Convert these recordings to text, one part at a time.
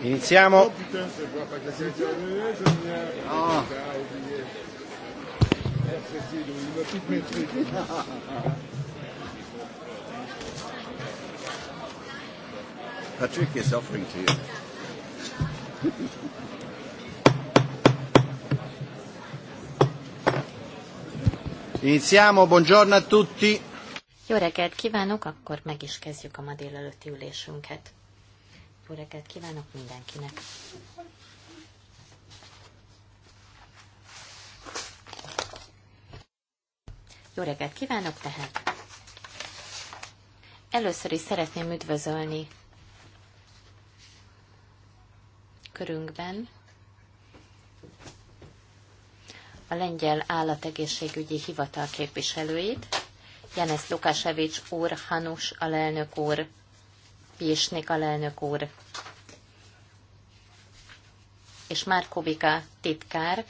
Iniziamo. Patrick is offering to you. Iniziamo, buongiorno a tutti. Jó reggelt kívánok, akkor meg is kezdjük a ma délelőtti ülésünket jó reggelt kívánok mindenkinek! Jó reggelt kívánok tehát! Először is szeretném üdvözölni körünkben a Lengyel Állategészségügyi Hivatal képviselőit, Janes Lukasevics úr, Hanus alelnök úr, Piesnik alelnök úr és már titkár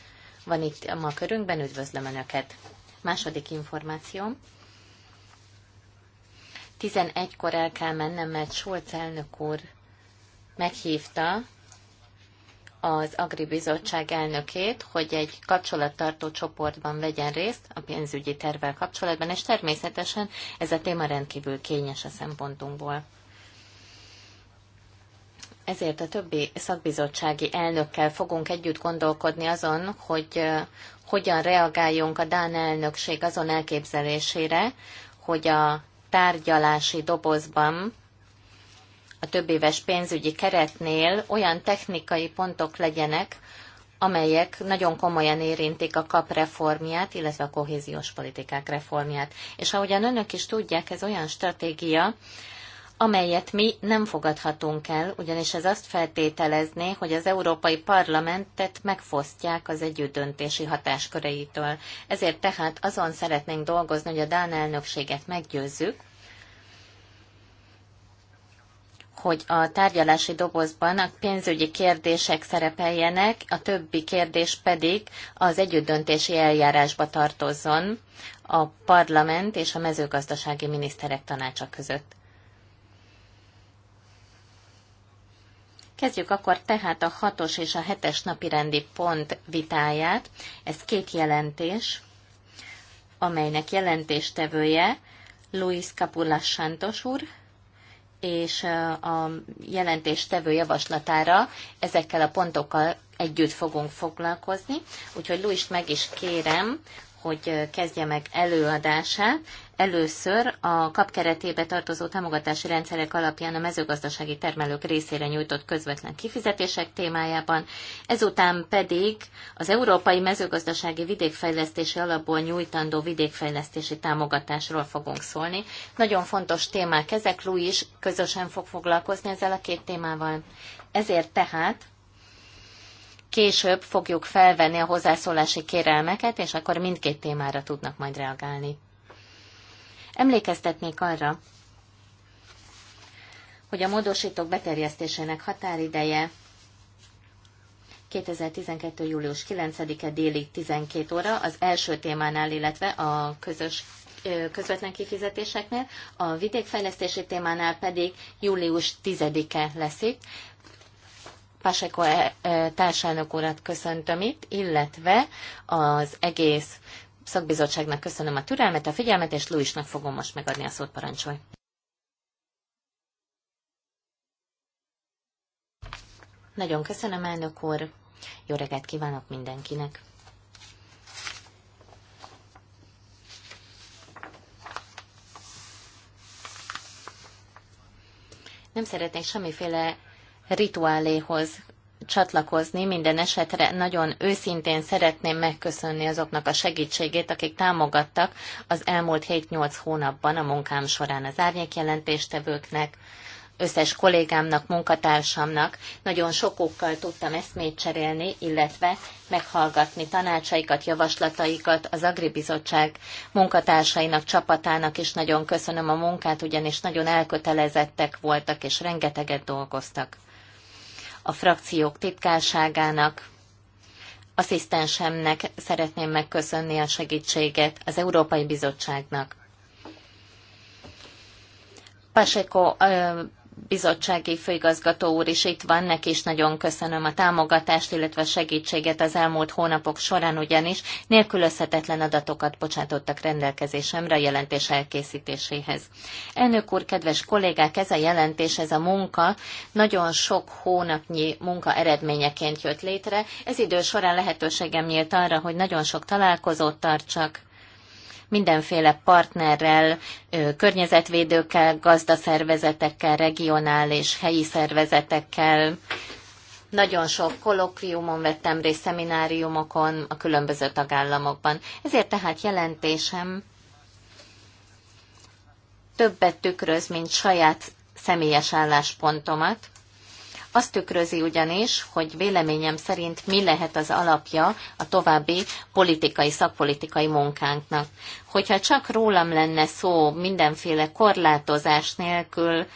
van itt ma körünkben, üdvözlöm Önöket. Második információ 11-kor el kell mennem, mert Solc elnök úr meghívta az Agri Bizottság elnökét, hogy egy kapcsolattartó csoportban vegyen részt a pénzügyi tervvel kapcsolatban, és természetesen ez a téma rendkívül kényes a szempontunkból ezért a többi szakbizottsági elnökkel fogunk együtt gondolkodni azon, hogy hogyan reagáljunk a Dán elnökség azon elképzelésére, hogy a tárgyalási dobozban a többéves pénzügyi keretnél olyan technikai pontok legyenek, amelyek nagyon komolyan érintik a kap reformját, illetve a kohéziós politikák reformját. És ahogyan önök is tudják, ez olyan stratégia, amelyet mi nem fogadhatunk el, ugyanis ez azt feltételezné, hogy az Európai Parlamentet megfosztják az együttdöntési hatásköreitől. Ezért tehát azon szeretnénk dolgozni, hogy a Dán elnökséget meggyőzzük, hogy a tárgyalási dobozban a pénzügyi kérdések szerepeljenek, a többi kérdés pedig az együttdöntési eljárásba tartozzon a parlament és a mezőgazdasági miniszterek tanácsa között. Kezdjük akkor tehát a hatos és a hetes napi rendi pont vitáját. Ez két jelentés, amelynek jelentéstevője Luis Capula Santos úr, és a jelentéstevő javaslatára ezekkel a pontokkal együtt fogunk foglalkozni. Úgyhogy Luis, meg is kérem, hogy kezdje meg előadását. Először a kap keretébe tartozó támogatási rendszerek alapján a mezőgazdasági termelők részére nyújtott közvetlen kifizetések témájában, ezután pedig az Európai Mezőgazdasági Vidékfejlesztési Alapból nyújtandó vidékfejlesztési támogatásról fogunk szólni. Nagyon fontos témák ezek, Louis közösen fog foglalkozni ezzel a két témával. Ezért tehát később fogjuk felvenni a hozzászólási kérelmeket, és akkor mindkét témára tudnak majd reagálni. Emlékeztetnék arra, hogy a módosítók beterjesztésének határideje 2012. július 9-e délig 12 óra az első témánál, illetve a közös közvetlen kifizetéseknél, a vidékfejlesztési témánál pedig július 10-e lesz itt. Paseko eh, eh, társelnök urat köszöntöm itt, illetve az egész szakbizottságnak köszönöm a türelmet, a figyelmet, és Luisnak fogom most megadni a szót, parancsolj. Nagyon köszönöm, elnök úr. Jó reggelt kívánok mindenkinek. Nem szeretnék semmiféle rituáléhoz csatlakozni. Minden esetre nagyon őszintén szeretném megköszönni azoknak a segítségét, akik támogattak az elmúlt 7-8 hónapban a munkám során az árnyékjelentéstevőknek, összes kollégámnak, munkatársamnak. Nagyon sokokkal tudtam eszmét cserélni, illetve meghallgatni tanácsaikat, javaslataikat az Agribizottság munkatársainak, csapatának is nagyon köszönöm a munkát, ugyanis nagyon elkötelezettek voltak és rengeteget dolgoztak a frakciók titkárságának, asszisztensemnek szeretném megköszönni a segítséget az Európai Bizottságnak. Paseko bizottsági főigazgató úr is itt van, neki is nagyon köszönöm a támogatást, illetve a segítséget az elmúlt hónapok során, ugyanis nélkülözhetetlen adatokat bocsátottak rendelkezésemre a jelentés elkészítéséhez. Elnök úr, kedves kollégák, ez a jelentés, ez a munka nagyon sok hónapnyi munka eredményeként jött létre. Ez idő során lehetőségem nyílt arra, hogy nagyon sok találkozót tartsak, mindenféle partnerrel, környezetvédőkkel, gazdaszervezetekkel, regionális, helyi szervezetekkel. Nagyon sok kolokviumon vettem részt, szemináriumokon a különböző tagállamokban. Ezért tehát jelentésem többet tükröz, mint saját személyes álláspontomat, azt tükrözi ugyanis, hogy véleményem szerint mi lehet az alapja a további politikai, szakpolitikai munkánknak. Hogyha csak rólam lenne szó mindenféle korlátozás nélkül,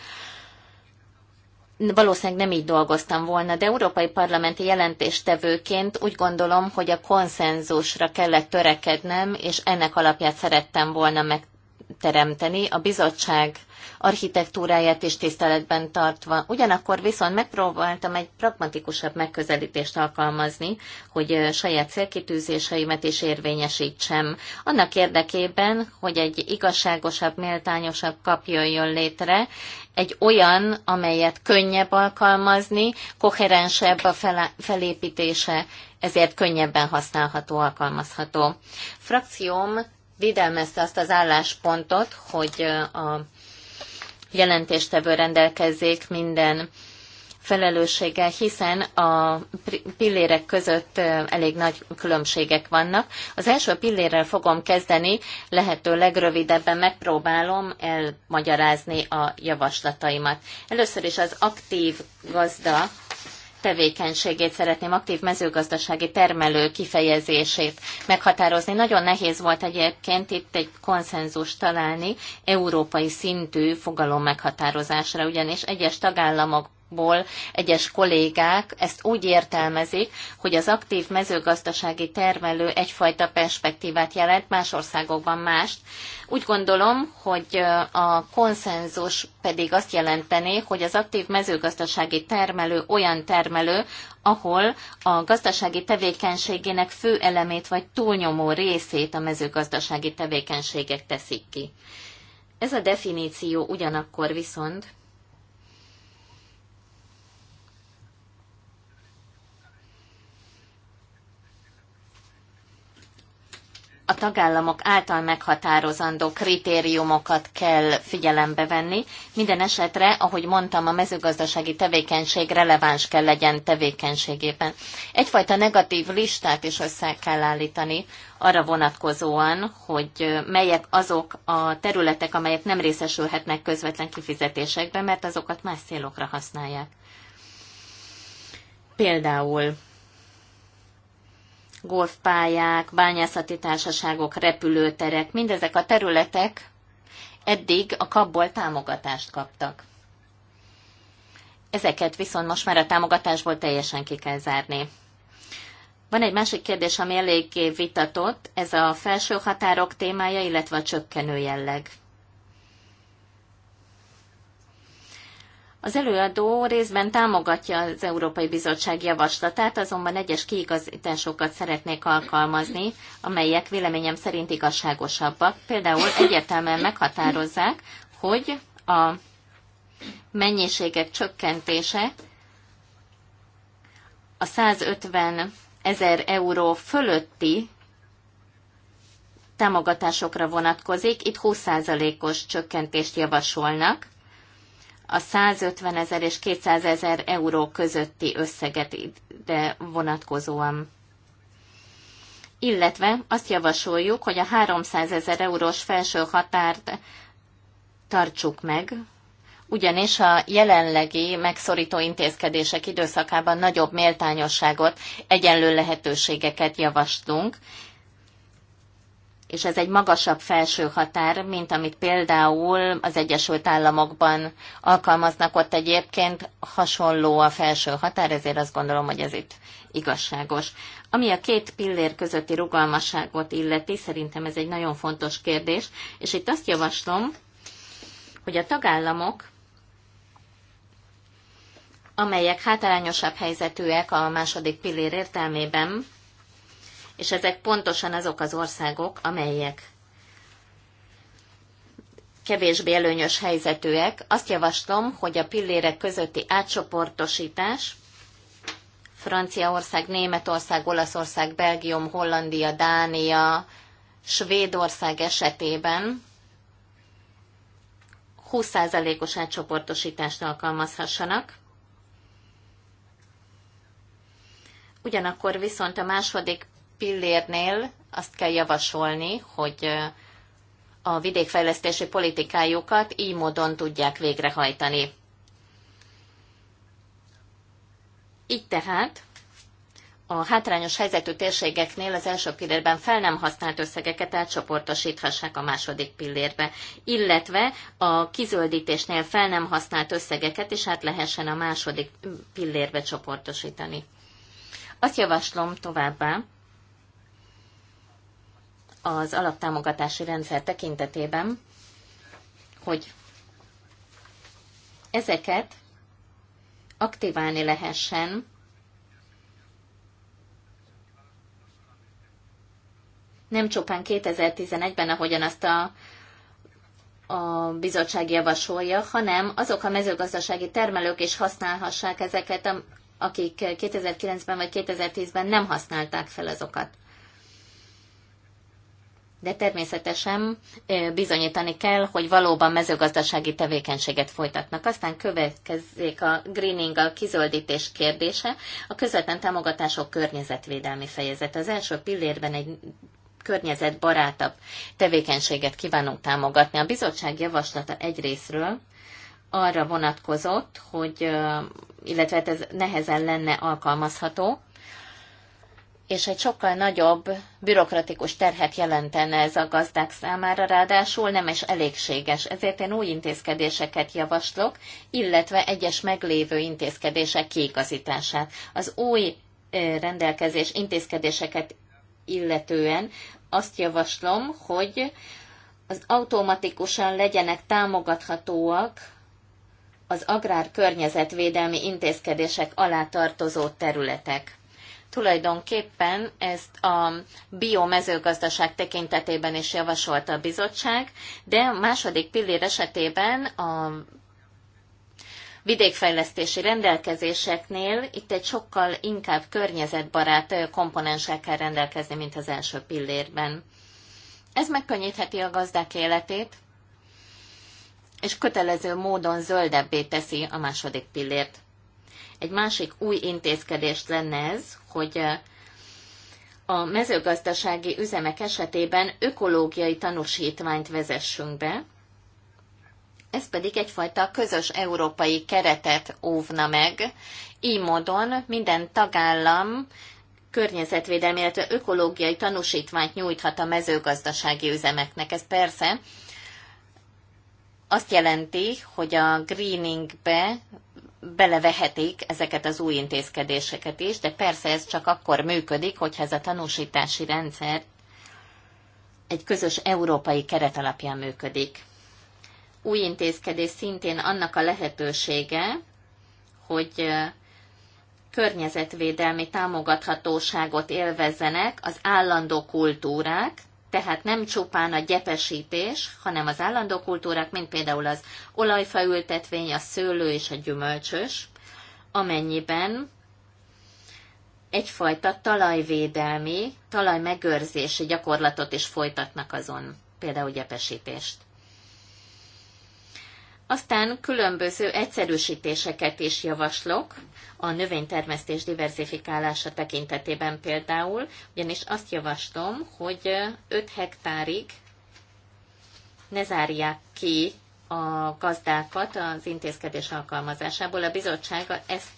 valószínűleg nem így dolgoztam volna, de európai parlamenti jelentéstevőként úgy gondolom, hogy a konszenzusra kellett törekednem, és ennek alapját szerettem volna meg teremteni, a bizottság architektúráját is tiszteletben tartva. Ugyanakkor viszont megpróbáltam egy pragmatikusabb megközelítést alkalmazni, hogy saját célkitűzéseimet is érvényesítsem. Annak érdekében, hogy egy igazságosabb, méltányosabb kapjon jön létre, egy olyan, amelyet könnyebb alkalmazni, koherensebb a felépítése, ezért könnyebben használható, alkalmazható. Frakcióm védelmezte azt az álláspontot, hogy a jelentéstevő rendelkezzék minden felelősséggel, hiszen a pillérek között elég nagy különbségek vannak. Az első pillérrel fogom kezdeni, lehető legrövidebben megpróbálom elmagyarázni a javaslataimat. Először is az aktív gazda tevékenységét szeretném, aktív mezőgazdasági termelő kifejezését meghatározni. Nagyon nehéz volt egyébként itt egy konszenzus találni európai szintű fogalom meghatározásra, ugyanis egyes tagállamok ból egyes kollégák ezt úgy értelmezik, hogy az aktív mezőgazdasági termelő egyfajta perspektívát jelent, más országokban mást. Úgy gondolom, hogy a konszenzus pedig azt jelenteni, hogy az aktív mezőgazdasági termelő olyan termelő, ahol a gazdasági tevékenységének fő elemét vagy túlnyomó részét a mezőgazdasági tevékenységek teszik ki. Ez a definíció ugyanakkor viszont a tagállamok által meghatározandó kritériumokat kell figyelembe venni. Minden esetre, ahogy mondtam, a mezőgazdasági tevékenység releváns kell legyen tevékenységében. Egyfajta negatív listát is össze kell állítani arra vonatkozóan, hogy melyek azok a területek, amelyek nem részesülhetnek közvetlen kifizetésekben, mert azokat más célokra használják. Például golfpályák, bányászati társaságok, repülőterek, mindezek a területek eddig a kapból támogatást kaptak. Ezeket viszont most már a támogatásból teljesen ki kell zárni. Van egy másik kérdés, ami eléggé vitatott, ez a felső határok témája, illetve a csökkenő jelleg. Az előadó részben támogatja az Európai Bizottság javaslatát, azonban egyes kiigazításokat szeretnék alkalmazni, amelyek véleményem szerint igazságosabbak. Például egyértelműen meghatározzák, hogy a mennyiségek csökkentése a 150 ezer euró fölötti támogatásokra vonatkozik, itt 20%-os csökkentést javasolnak, a 150 ezer és 200 ezer euró közötti összeget ide vonatkozóan. Illetve azt javasoljuk, hogy a 300 ezer eurós felső határt tartsuk meg, ugyanis a jelenlegi megszorító intézkedések időszakában nagyobb méltányosságot, egyenlő lehetőségeket javaslunk, és ez egy magasabb felső határ, mint amit például az Egyesült Államokban alkalmaznak, ott egyébként hasonló a felső határ, ezért azt gondolom, hogy ez itt igazságos. Ami a két pillér közötti rugalmasságot illeti, szerintem ez egy nagyon fontos kérdés, és itt azt javaslom, hogy a tagállamok amelyek hátrányosabb helyzetűek a második pillér értelmében, és ezek pontosan azok az országok, amelyek kevésbé előnyös helyzetűek. Azt javaslom, hogy a pillérek közötti átcsoportosítás Franciaország, Németország, Olaszország, Belgium, Hollandia, Dánia, Svédország esetében 20%-os átcsoportosítást alkalmazhassanak. Ugyanakkor viszont a második pillérnél azt kell javasolni, hogy a vidékfejlesztési politikájukat így módon tudják végrehajtani. Így tehát a hátrányos helyzetű térségeknél az első pillérben fel nem használt összegeket átcsoportosíthassák a második pillérbe, illetve a kizöldítésnél fel nem használt összegeket is át lehessen a második pillérbe csoportosítani. Azt javaslom továbbá, az alaptámogatási rendszer tekintetében, hogy ezeket aktiválni lehessen, nem csupán 2011-ben, ahogyan azt a, a bizottság javasolja, hanem azok a mezőgazdasági termelők is használhassák ezeket, akik 2009-ben vagy 2010-ben nem használták fel azokat de természetesen bizonyítani kell, hogy valóban mezőgazdasági tevékenységet folytatnak. Aztán következik a greening, a kizöldítés kérdése. A közvetlen támogatások környezetvédelmi fejezet. Az első pillérben egy környezetbarátabb tevékenységet kívánunk támogatni. A bizottság javaslata egyrésztről arra vonatkozott, hogy illetve hát ez nehezen lenne alkalmazható, és egy sokkal nagyobb bürokratikus terhet jelentene ez a gazdák számára, ráadásul nem is elégséges. Ezért én új intézkedéseket javaslok, illetve egyes meglévő intézkedések kiigazítását. Az új rendelkezés intézkedéseket illetően azt javaslom, hogy az automatikusan legyenek támogathatóak az agrár környezetvédelmi intézkedések alá tartozó területek. Tulajdonképpen ezt a biomezőgazdaság tekintetében is javasolta a bizottság, de a második pillér esetében a vidékfejlesztési rendelkezéseknél itt egy sokkal inkább környezetbarát komponensel kell rendelkezni, mint az első pillérben. Ez megkönnyítheti a gazdák életét, és kötelező módon zöldebbé teszi a második pillért. Egy másik új intézkedést lenne ez, hogy eh, a mezőgazdasági üzemek esetében ökológiai tanúsítványt vezessünk be, ez pedig egyfajta közös európai keretet óvna meg. Így módon minden tagállam környezetvédelmi, illetve ökológiai tanúsítványt nyújthat a mezőgazdasági üzemeknek. Ez persze azt jelenti, hogy a greeningbe belevehetik ezeket az új intézkedéseket is, de persze ez csak akkor működik, hogyha ez a tanúsítási rendszer egy közös európai keret alapján működik. Új intézkedés szintén annak a lehetősége, hogy környezetvédelmi támogathatóságot élvezzenek az állandó kultúrák, tehát nem csupán a gyepesítés, hanem az állandó kultúrák, mint például az olajfaültetvény, a szőlő és a gyümölcsös, amennyiben egyfajta talajvédelmi, talajmegőrzési gyakorlatot is folytatnak azon, például gyepesítést. Aztán különböző egyszerűsítéseket is javaslok, a növénytermesztés diversifikálása tekintetében például, ugyanis azt javaslom, hogy 5 hektárig ne zárják ki a gazdákat az intézkedés alkalmazásából. A bizottság ezt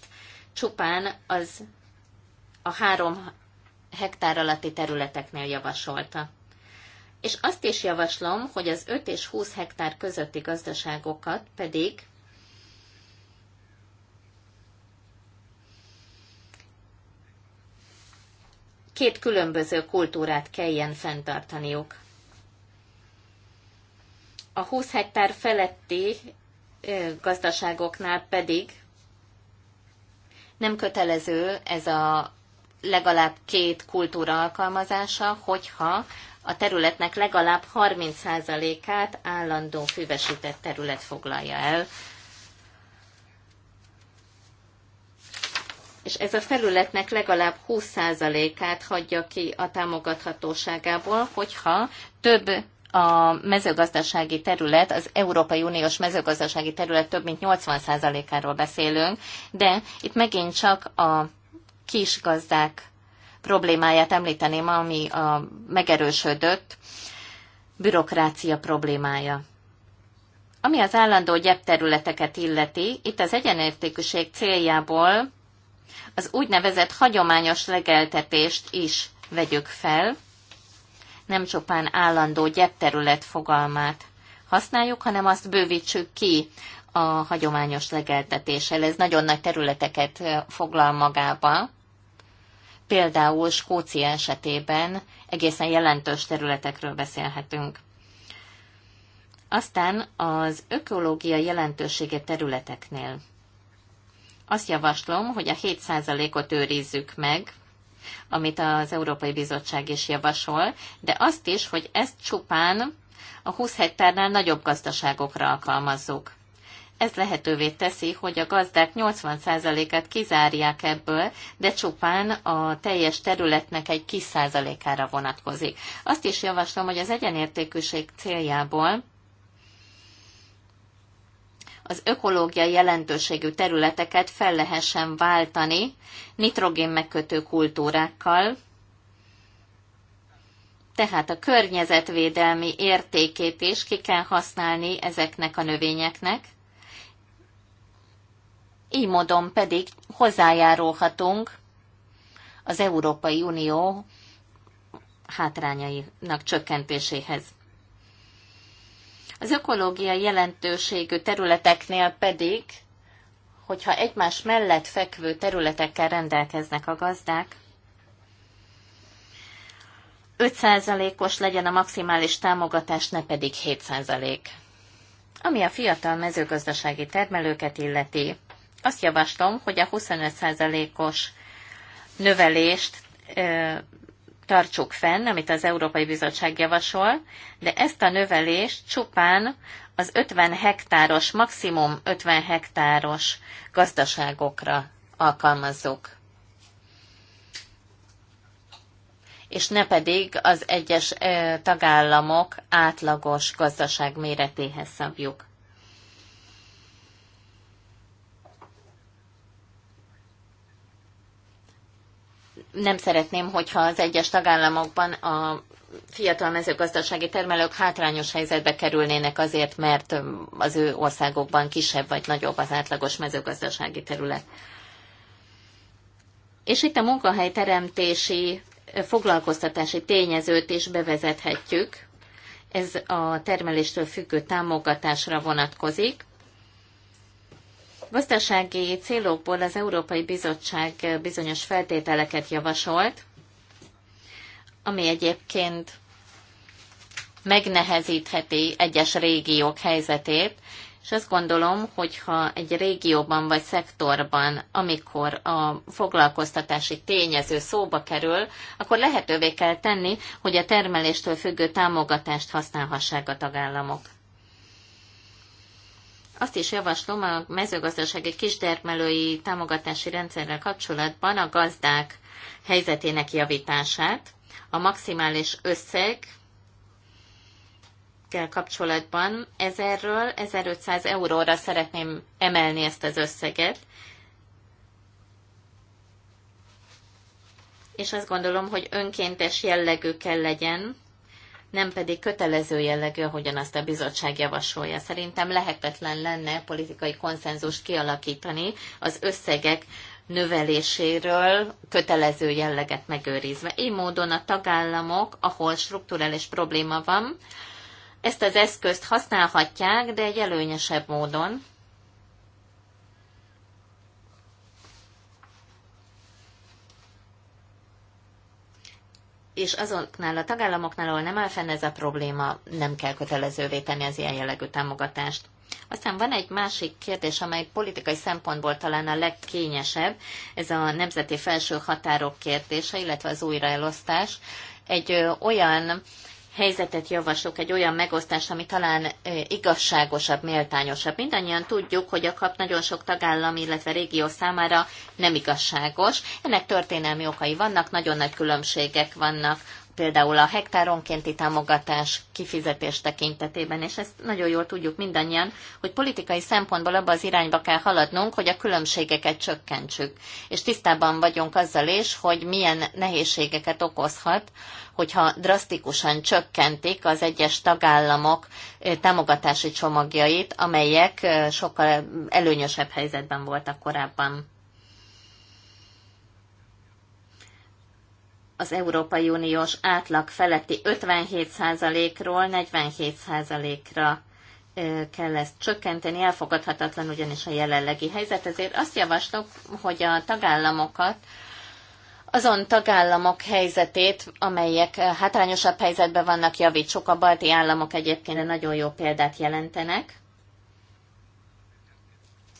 csupán az a három hektár alatti területeknél javasolta és azt is javaslom, hogy az 5 és 20 hektár közötti gazdaságokat pedig két különböző kultúrát kelljen fenntartaniuk. A 20 hektár feletti gazdaságoknál pedig nem kötelező ez a legalább két kultúra alkalmazása, hogyha a területnek legalább 30%-át állandó füvesített terület foglalja el. És ez a felületnek legalább 20%-át hagyja ki a támogathatóságából, hogyha több a mezőgazdasági terület, az Európai Uniós mezőgazdasági terület több mint 80%-áról beszélünk, de itt megint csak a kis gazdák problémáját említeném, ami a megerősödött bürokrácia problémája. Ami az állandó gyepterületeket illeti, itt az egyenértékűség céljából az úgynevezett hagyományos legeltetést is vegyük fel, nem csupán állandó gyepterület fogalmát használjuk, hanem azt bővítsük ki a hagyományos legeltetéssel. Ez nagyon nagy területeket foglal magába. Például Skócia esetében egészen jelentős területekről beszélhetünk. Aztán az ökológia jelentősége területeknél. Azt javaslom, hogy a 7%-ot őrizzük meg, amit az Európai Bizottság is javasol, de azt is, hogy ezt csupán a 20 hektárnál nagyobb gazdaságokra alkalmazzuk. Ez lehetővé teszi, hogy a gazdák 80%-át kizárják ebből, de csupán a teljes területnek egy kis százalékára vonatkozik. Azt is javaslom, hogy az egyenértékűség céljából az ökológiai jelentőségű területeket fel lehessen váltani nitrogén megkötő kultúrákkal, tehát a környezetvédelmi értékét is ki kell használni ezeknek a növényeknek, így módon pedig hozzájárulhatunk az Európai Unió hátrányainak csökkentéséhez. Az ökológiai jelentőségű területeknél pedig, hogyha egymás mellett fekvő területekkel rendelkeznek a gazdák, 5%-os legyen a maximális támogatás, ne pedig 7%. Ami a fiatal mezőgazdasági termelőket illeti, azt javaslom, hogy a 25%-os növelést tartsuk fenn, amit az Európai Bizottság javasol, de ezt a növelést csupán az 50 hektáros, maximum 50 hektáros gazdaságokra alkalmazzuk. És ne pedig az egyes tagállamok átlagos gazdaság méretéhez szabjuk. nem szeretném, hogyha az egyes tagállamokban a fiatal mezőgazdasági termelők hátrányos helyzetbe kerülnének azért, mert az ő országokban kisebb vagy nagyobb az átlagos mezőgazdasági terület. És itt a munkahelyteremtési foglalkoztatási tényezőt is bevezethetjük. Ez a termeléstől függő támogatásra vonatkozik. Gazdasági célokból az Európai Bizottság bizonyos feltételeket javasolt, ami egyébként megnehezítheti egyes régiók helyzetét, és azt gondolom, hogyha egy régióban vagy szektorban, amikor a foglalkoztatási tényező szóba kerül, akkor lehetővé kell tenni, hogy a termeléstől függő támogatást használhassák a tagállamok. Azt is javaslom a mezőgazdasági kisdermelői támogatási rendszerrel kapcsolatban a gazdák helyzetének javítását, a maximális összeg kell kapcsolatban 1000-ről 1500 euróra szeretném emelni ezt az összeget, és azt gondolom, hogy önkéntes jellegű kell legyen, nem pedig kötelező jellegű, ahogyan azt a bizottság javasolja. Szerintem lehetetlen lenne politikai konszenzust kialakítani az összegek növeléséről kötelező jelleget megőrizve. Így módon a tagállamok, ahol strukturális probléma van, ezt az eszközt használhatják, de egy előnyesebb módon, és azoknál a tagállamoknál, ahol nem áll fenn ez a probléma, nem kell kötelezővé tenni az ilyen jellegű támogatást. Aztán van egy másik kérdés, amely politikai szempontból talán a legkényesebb, ez a nemzeti felső határok kérdése, illetve az újraelosztás. Egy ö, olyan helyzetet javaslok, egy olyan megosztást, ami talán igazságosabb, méltányosabb. Mindannyian tudjuk, hogy a kap nagyon sok tagállam, illetve régió számára nem igazságos. Ennek történelmi okai vannak, nagyon nagy különbségek vannak például a hektáronkénti támogatás kifizetés tekintetében, és ezt nagyon jól tudjuk mindannyian, hogy politikai szempontból abba az irányba kell haladnunk, hogy a különbségeket csökkentsük. És tisztában vagyunk azzal is, hogy milyen nehézségeket okozhat, hogyha drasztikusan csökkentik az egyes tagállamok támogatási csomagjait, amelyek sokkal előnyösebb helyzetben voltak korábban. az Európai Uniós átlag feletti 57%-ról 47%-ra kell ezt csökkenteni, elfogadhatatlan ugyanis a jelenlegi helyzet. Ezért azt javaslok, hogy a tagállamokat, azon tagállamok helyzetét, amelyek hátrányosabb helyzetben vannak, javítsuk. A balti államok egyébként nagyon jó példát jelentenek.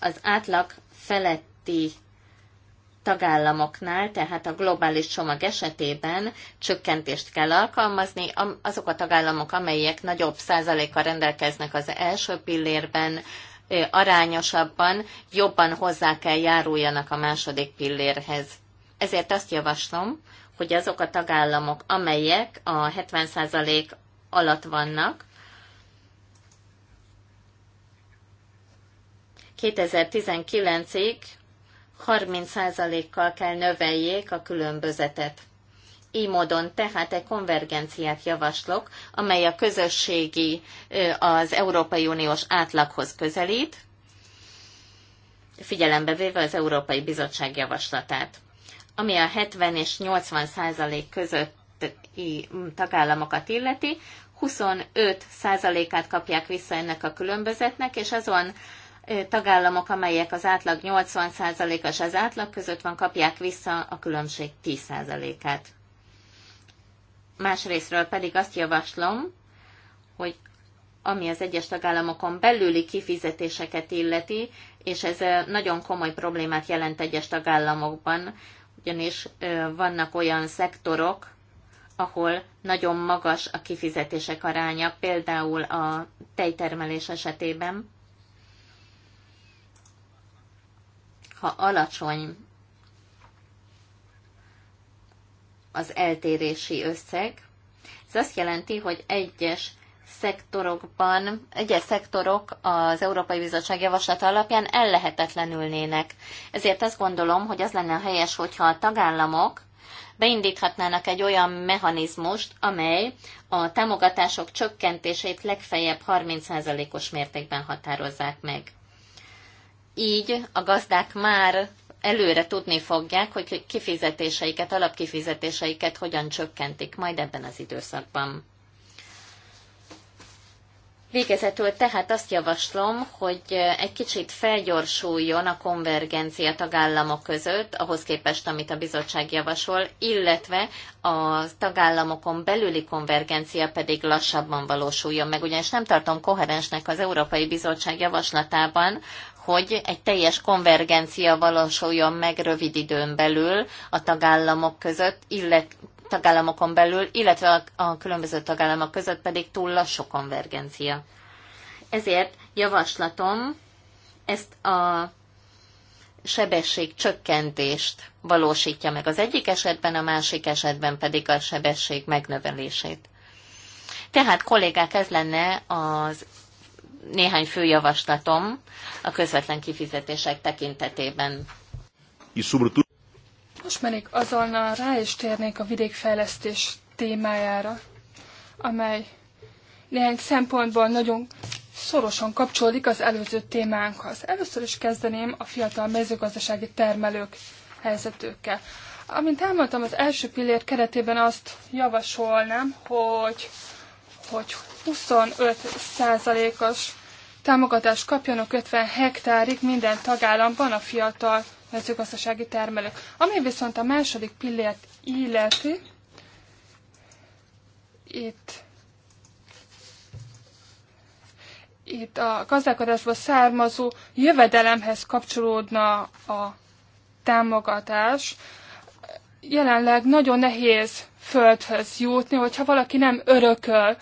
Az átlag feletti tagállamoknál, tehát a globális csomag esetében csökkentést kell alkalmazni. Azok a tagállamok, amelyek nagyobb százalékkal rendelkeznek az első pillérben, arányosabban, jobban hozzá kell járuljanak a második pillérhez. Ezért azt javaslom, hogy azok a tagállamok, amelyek a 70% alatt vannak, 2019-ig 30%-kal kell növeljék a különbözetet. Így módon tehát egy konvergenciát javaslok, amely a közösségi, az Európai Uniós átlaghoz közelít, figyelembe véve az Európai Bizottság javaslatát, ami a 70 és 80 százalék közötti tagállamokat illeti, 25 százalékát kapják vissza ennek a különbözetnek, és azon tagállamok, amelyek az átlag 80%-as az átlag között van, kapják vissza a különbség 10%-át. Másrésztről pedig azt javaslom, hogy ami az egyes tagállamokon belüli kifizetéseket illeti, és ez nagyon komoly problémát jelent egyes tagállamokban, ugyanis vannak olyan szektorok, ahol nagyon magas a kifizetések aránya, például a tejtermelés esetében, ha alacsony az eltérési összeg, ez azt jelenti, hogy egyes szektorokban, egyes szektorok az Európai Bizottság javaslata alapján ellehetetlenülnének. Ezért azt gondolom, hogy az lenne helyes, hogyha a tagállamok beindíthatnának egy olyan mechanizmust, amely a támogatások csökkentését legfeljebb 30%-os mértékben határozzák meg így a gazdák már előre tudni fogják, hogy kifizetéseiket, alapkifizetéseiket hogyan csökkentik majd ebben az időszakban. Végezetül tehát azt javaslom, hogy egy kicsit felgyorsuljon a konvergencia tagállamok között, ahhoz képest, amit a bizottság javasol, illetve a tagállamokon belüli konvergencia pedig lassabban valósuljon meg, ugyanis nem tartom koherensnek az Európai Bizottság javaslatában, hogy egy teljes konvergencia valósuljon meg rövid időn belül a tagállamok között, illet, tagállamokon belül, illetve a, a különböző tagállamok között pedig túl lassú konvergencia. Ezért javaslatom ezt a sebesség csökkentést valósítja meg az egyik esetben, a másik esetben pedig a sebesség megnövelését. Tehát kollégák, ez lenne az néhány fő javaslatom a közvetlen kifizetések tekintetében. Most pedig azonnal rá is térnék a vidékfejlesztés témájára, amely néhány szempontból nagyon szorosan kapcsolódik az előző témánkhoz. Először is kezdeném a fiatal mezőgazdasági termelők helyzetőkkel, Amint elmondtam, az első pillér keretében azt javasolnám, hogy, hogy 25%-os támogatást kapjanak 50 hektárig minden tagállamban a fiatal mezőgazdasági termelők. Ami viszont a második pillért illeti, itt, itt a gazdálkodásból származó jövedelemhez kapcsolódna a támogatás. Jelenleg nagyon nehéz földhöz jutni, hogyha valaki nem örököl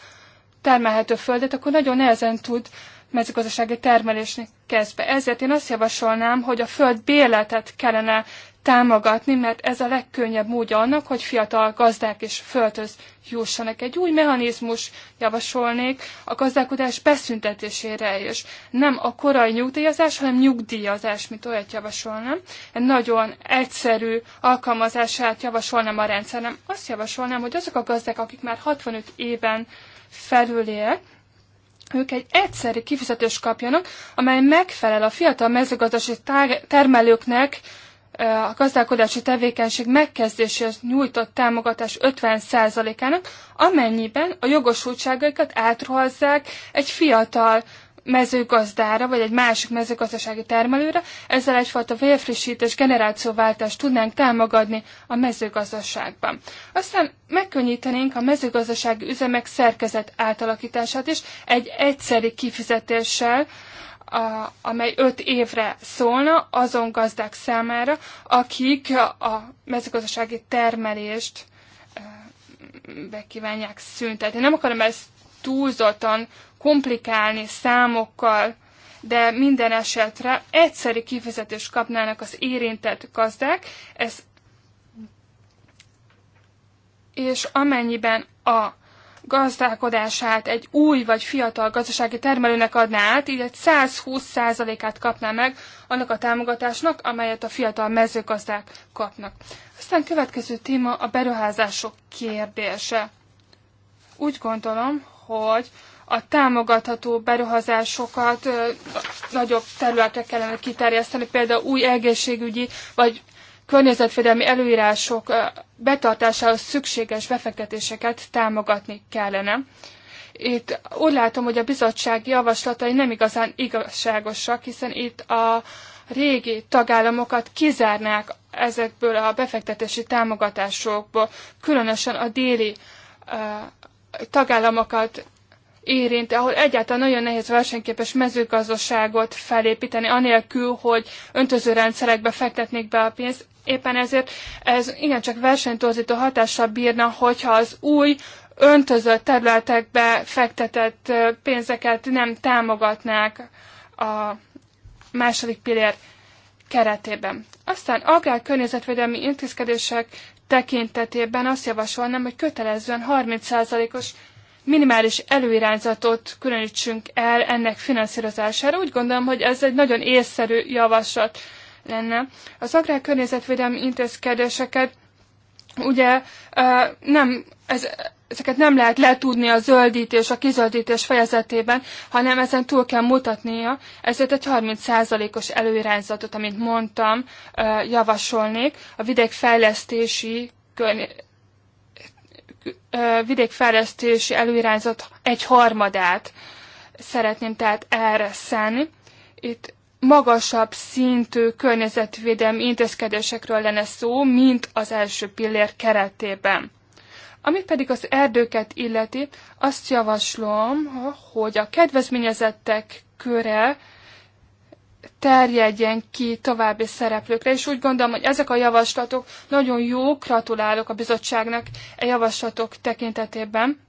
termelhető földet, akkor nagyon nehezen tud mezőgazdasági termelésnek kezdve. Ezért én azt javasolnám, hogy a föld bérletet kellene támogatni, mert ez a legkönnyebb módja annak, hogy fiatal gazdák és földhöz jussanak. Egy új mechanizmus javasolnék a gazdálkodás beszüntetésére is. Nem a korai nyugdíjazás, hanem nyugdíjazás, mint olyat javasolnám. Egy nagyon egyszerű alkalmazását javasolnám a rendszerem. Azt javasolnám, hogy azok a gazdák, akik már 65 éven felüliek, ők egy egyszerű kifizetést kapjanak, amely megfelel a fiatal mezőgazdasági termelőknek a gazdálkodási tevékenység megkezdéséhez nyújtott támogatás 50%-ának, amennyiben a jogosultságaikat átruhazzák egy fiatal mezőgazdára, vagy egy másik mezőgazdasági termelőre, ezzel egyfajta vérfrissítés, generációváltást tudnánk támogatni a mezőgazdaságban. Aztán megkönnyítenénk a mezőgazdasági üzemek szerkezet átalakítását is egy egyszeri kifizetéssel, a, amely öt évre szólna azon gazdák számára, akik a mezőgazdasági termelést eh, bekívánják szüntetni. Nem akarom ezt túlzottan komplikálni számokkal, de minden esetre egyszeri kifizetést kapnának az érintett gazdák, ez és amennyiben a gazdálkodását egy új vagy fiatal gazdasági termelőnek adná át, így egy 120%-át kapná meg annak a támogatásnak, amelyet a fiatal mezőgazdák kapnak. Aztán következő téma a beruházások kérdése. Úgy gondolom, hogy a támogatható beruházásokat nagyobb területre kellene kiterjeszteni, például új egészségügyi vagy környezetvédelmi előírások betartásához szükséges befektetéseket támogatni kellene. Itt úgy látom, hogy a bizottság javaslatai nem igazán igazságosak, hiszen itt a régi tagállamokat kizárnák ezekből a befektetési támogatásokból, különösen a déli tagállamokat érint, ahol egyáltalán nagyon nehéz versenyképes mezőgazdaságot felépíteni, anélkül, hogy öntöző rendszerekbe fektetnék be a pénzt. Éppen ezért ez igencsak versenytorzító hatással bírna, hogyha az új öntözött területekbe fektetett pénzeket nem támogatnák a második pillér keretében. Aztán agrár környezetvédelmi intézkedések tekintetében azt javasolnám, hogy kötelezően 30%-os minimális előirányzatot különítsünk el ennek finanszírozására. Úgy gondolom, hogy ez egy nagyon észszerű javaslat lenne. Az környezetvédelmi intézkedéseket ugye nem, ez, ezeket nem lehet letudni a zöldítés, a kizöldítés fejezetében, hanem ezen túl kell mutatnia, ezért egy 30%-os előirányzatot, amit mondtam, javasolnék a vidékfejlesztési vidékfejlesztési előirányzat egy harmadát szeretném tehát erre szállni. Itt magasabb szintű környezetvédelmi intézkedésekről lenne szó, mint az első pillér keretében. Ami pedig az erdőket illeti, azt javaslom, hogy a kedvezményezettek köre terjedjen ki további szereplőkre, és úgy gondolom, hogy ezek a javaslatok nagyon jók, gratulálok a bizottságnak e javaslatok tekintetében.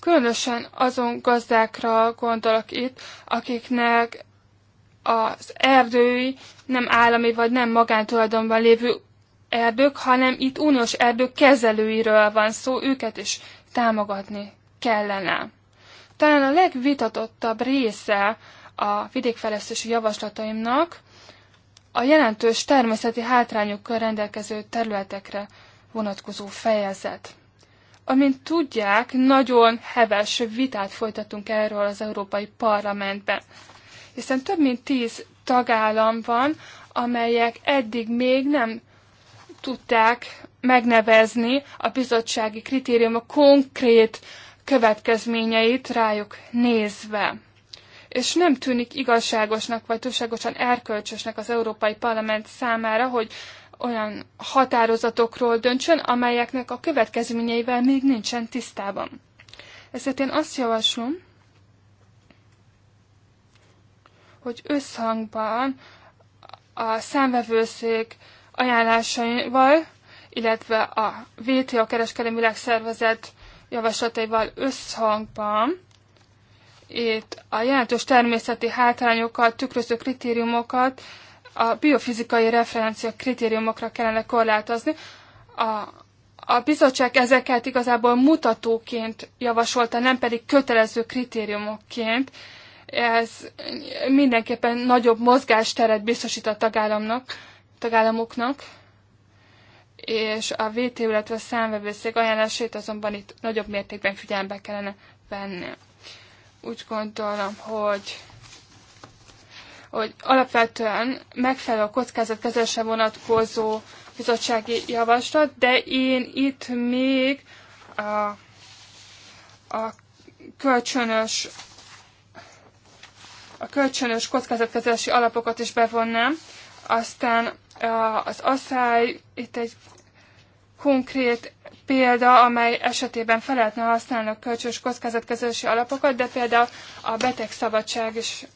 Különösen azon gazdákra gondolok itt, akiknek az erdői nem állami vagy nem magántulajdonban lévő erdők, hanem itt uniós erdők kezelőiről van szó, őket is támogatni kellene. Talán a legvitatottabb része a vidékfejlesztési javaslataimnak a jelentős természeti hátrányokkal rendelkező területekre vonatkozó fejezet. Amint tudják, nagyon heves vitát folytatunk erről az Európai Parlamentben, hiszen több mint tíz tagállam van, amelyek eddig még nem tudták megnevezni a bizottsági kritériumok konkrét következményeit rájuk nézve és nem tűnik igazságosnak vagy túlságosan erkölcsösnek az Európai Parlament számára, hogy olyan határozatokról döntsön, amelyeknek a következményeivel még nincsen tisztában. Ezért én azt javaslom, hogy összhangban a számvevőszék ajánlásaival, illetve a WTO kereskedelmi világszervezet javaslataival összhangban itt a jelentős természeti hátrányokat, tükröző kritériumokat, a biofizikai referencia kritériumokra kellene korlátozni. A, a bizottság ezeket igazából mutatóként javasolta, nem pedig kötelező kritériumokként. Ez mindenképpen nagyobb mozgásteret biztosít a tagállamnak, tagállamoknak, és a VT, illetve a számvevőszék ajánlásait azonban itt nagyobb mértékben figyelembe kellene venni úgy gondolom, hogy hogy alapvetően megfelel a kockázatkezelésre vonatkozó bizottsági javaslat, de én itt még a, a kölcsönös a kölcsönös kockázatkezelési alapokat is bevonnám. Aztán az asszály itt egy konkrét példa, amely esetében fel lehetne használni a kölcsös kockázatkezelési alapokat, de például a betegszabadság is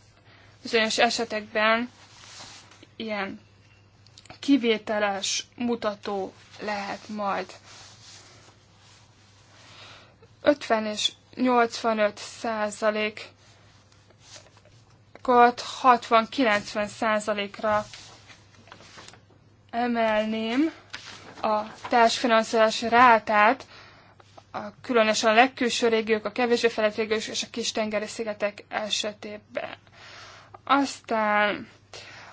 bizonyos esetekben ilyen kivételes mutató lehet majd. 50 és 85 százalék 60-90 százalékra emelném a társfinanszírozás rátát, a különösen a legkülső régiók, a kevésbé felett régiók és a kis tengeri szigetek esetében. Aztán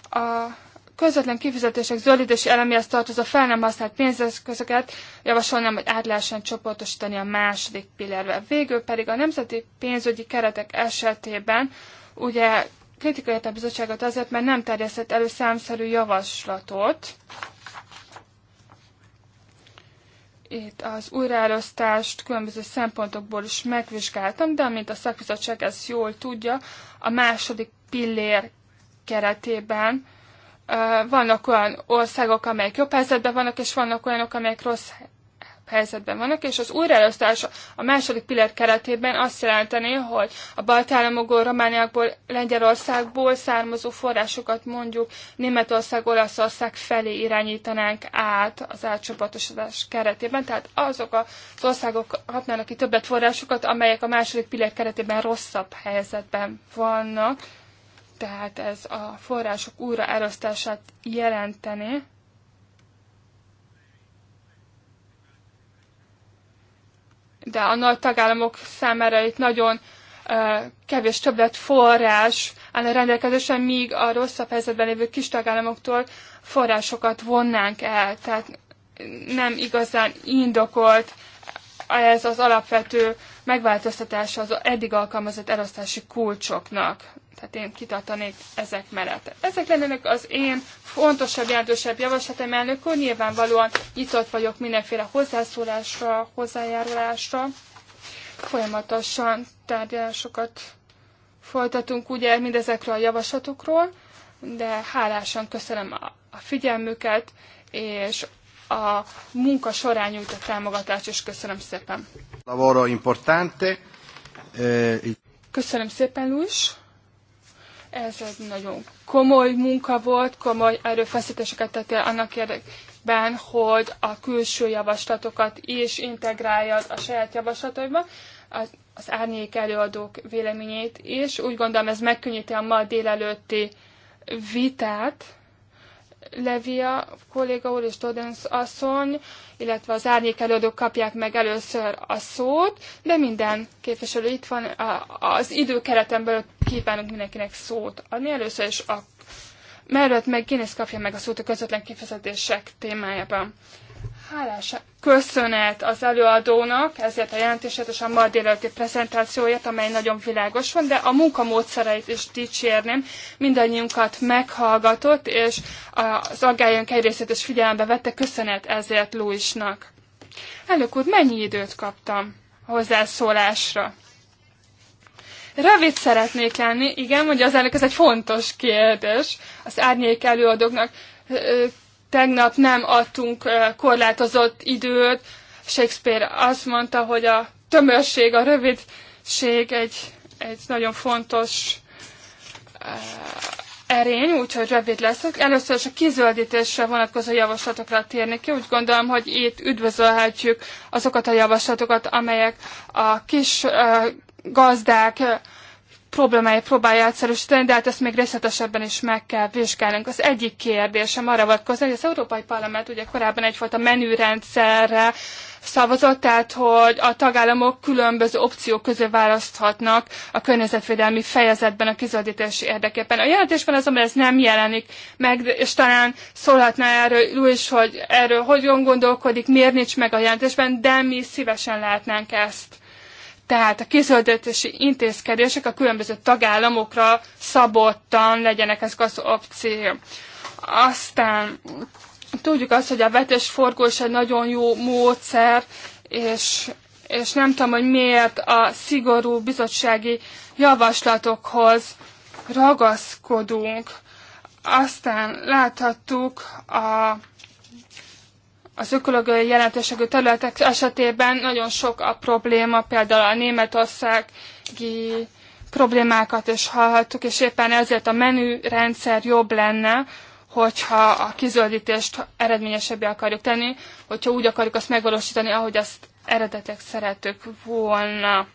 a közvetlen kifizetések zöldítési elemihez tartozó fel nem használt pénzeszközöket javasolnám, hogy át lehessen csoportosítani a második pillérbe. Végül pedig a nemzeti pénzügyi keretek esetében ugye kritikai a bizottságot azért, mert nem terjesztett elő számszerű javaslatot, itt az újraelosztást különböző szempontokból is megvizsgáltam, de amint a szakbizottság ezt jól tudja, a második pillér keretében vannak olyan országok, amelyek jobb helyzetben vannak, és vannak olyanok, amelyek rossz helyzetben vannak, és az újraelosztás a második pillér keretében azt jelenteni, hogy a baltállamokból, Romániákból, Lengyelországból származó forrásokat mondjuk Németország, Olaszország felé irányítanánk át az átcsoportosodás keretében. Tehát azok az országok kapnának ki többet forrásokat, amelyek a második pillér keretében rosszabb helyzetben vannak. Tehát ez a források újraelosztását jelenteni de a nagy tagállamok számára itt nagyon kevés többlet forrás áll a rendelkezésre, míg a rosszabb helyzetben lévő kis tagállamoktól forrásokat vonnánk el. Tehát nem igazán indokolt ez az alapvető megváltoztatása az eddig alkalmazott elosztási kulcsoknak. Tehát én kitartanék ezek mellett. Ezek lennének az én fontosabb, jelentősebb javaslatom elnök úr. Nyilvánvalóan nyitott vagyok mindenféle hozzászólásra, hozzájárulásra. Folyamatosan tárgyalásokat folytatunk ugye mindezekről a javaslatokról, de hálásan köszönöm a, a figyelmüket, és a munka során nyújtott támogatást, és köszönöm szépen. Lavoro importante. Eh, köszönöm szépen, Luis. Ez egy nagyon komoly munka volt, komoly erőfeszítéseket tettél annak érdekében, hogy a külső javaslatokat is integráljad a saját javaslataiba, az, az árnyék előadók véleményét és Úgy gondolom, ez megkönnyíti a ma délelőtti vitát, Levia kolléga úr és Todens asszony, illetve az árnyék előadók kapják meg először a szót, de minden képviselő itt van, az időkereten belül kívánunk mindenkinek szót adni először, és a mellett meg Guinness kapja meg a szót a közvetlen kifizetések témájában. Hálás köszönet az előadónak ezért a jelentését és a ma délelőtti prezentációját, amely nagyon világos van, de a munkamódszereit is dicsérném. Mindannyiunkat meghallgatott, és az aggályunk egy részét is figyelembe vette. Köszönet ezért Luisnak. Elnök úr, mennyi időt kaptam a hozzászólásra? Rövid szeretnék lenni, igen, mondja az elnök, ez egy fontos kérdés az árnyék előadóknak tegnap nem adtunk korlátozott időt. Shakespeare azt mondta, hogy a tömörség, a rövidség egy, egy nagyon fontos erény, úgyhogy rövid leszek. Először is a kizöldítésre vonatkozó javaslatokra térnék ki. Úgy gondolom, hogy itt üdvözölhetjük azokat a javaslatokat, amelyek a kis gazdák problémáját próbálja egyszerűsíteni, de hát ezt még részletesebben is meg kell vizsgálnunk. Az egyik kérdésem arra vonatkozik, hogy az Európai Parlament ugye korábban egyfajta menürendszerre szavazott, tehát hogy a tagállamok különböző opciók közé választhatnak a környezetvédelmi fejezetben a kizöldítési érdekében. A jelentésben azonban ez nem jelenik meg, és talán szólhatná erről Louis, hogy erről hogyan gondolkodik, miért nincs meg a jelentésben, de mi szívesen látnánk ezt. Tehát a kiszöldetési intézkedések a különböző tagállamokra szabottan legyenek ezek az opció. Aztán tudjuk azt, hogy a vetés forgó is egy nagyon jó módszer, és, és nem tudom, hogy miért a szigorú bizottsági javaslatokhoz ragaszkodunk. Aztán láthattuk a az ökológiai jelentőségű területek esetében nagyon sok a probléma, például a németországi problémákat is hallhattuk, és éppen ezért a menürendszer jobb lenne, hogyha a kizöldítést eredményesebbé akarjuk tenni, hogyha úgy akarjuk azt megvalósítani, ahogy azt eredetileg szeretük volna.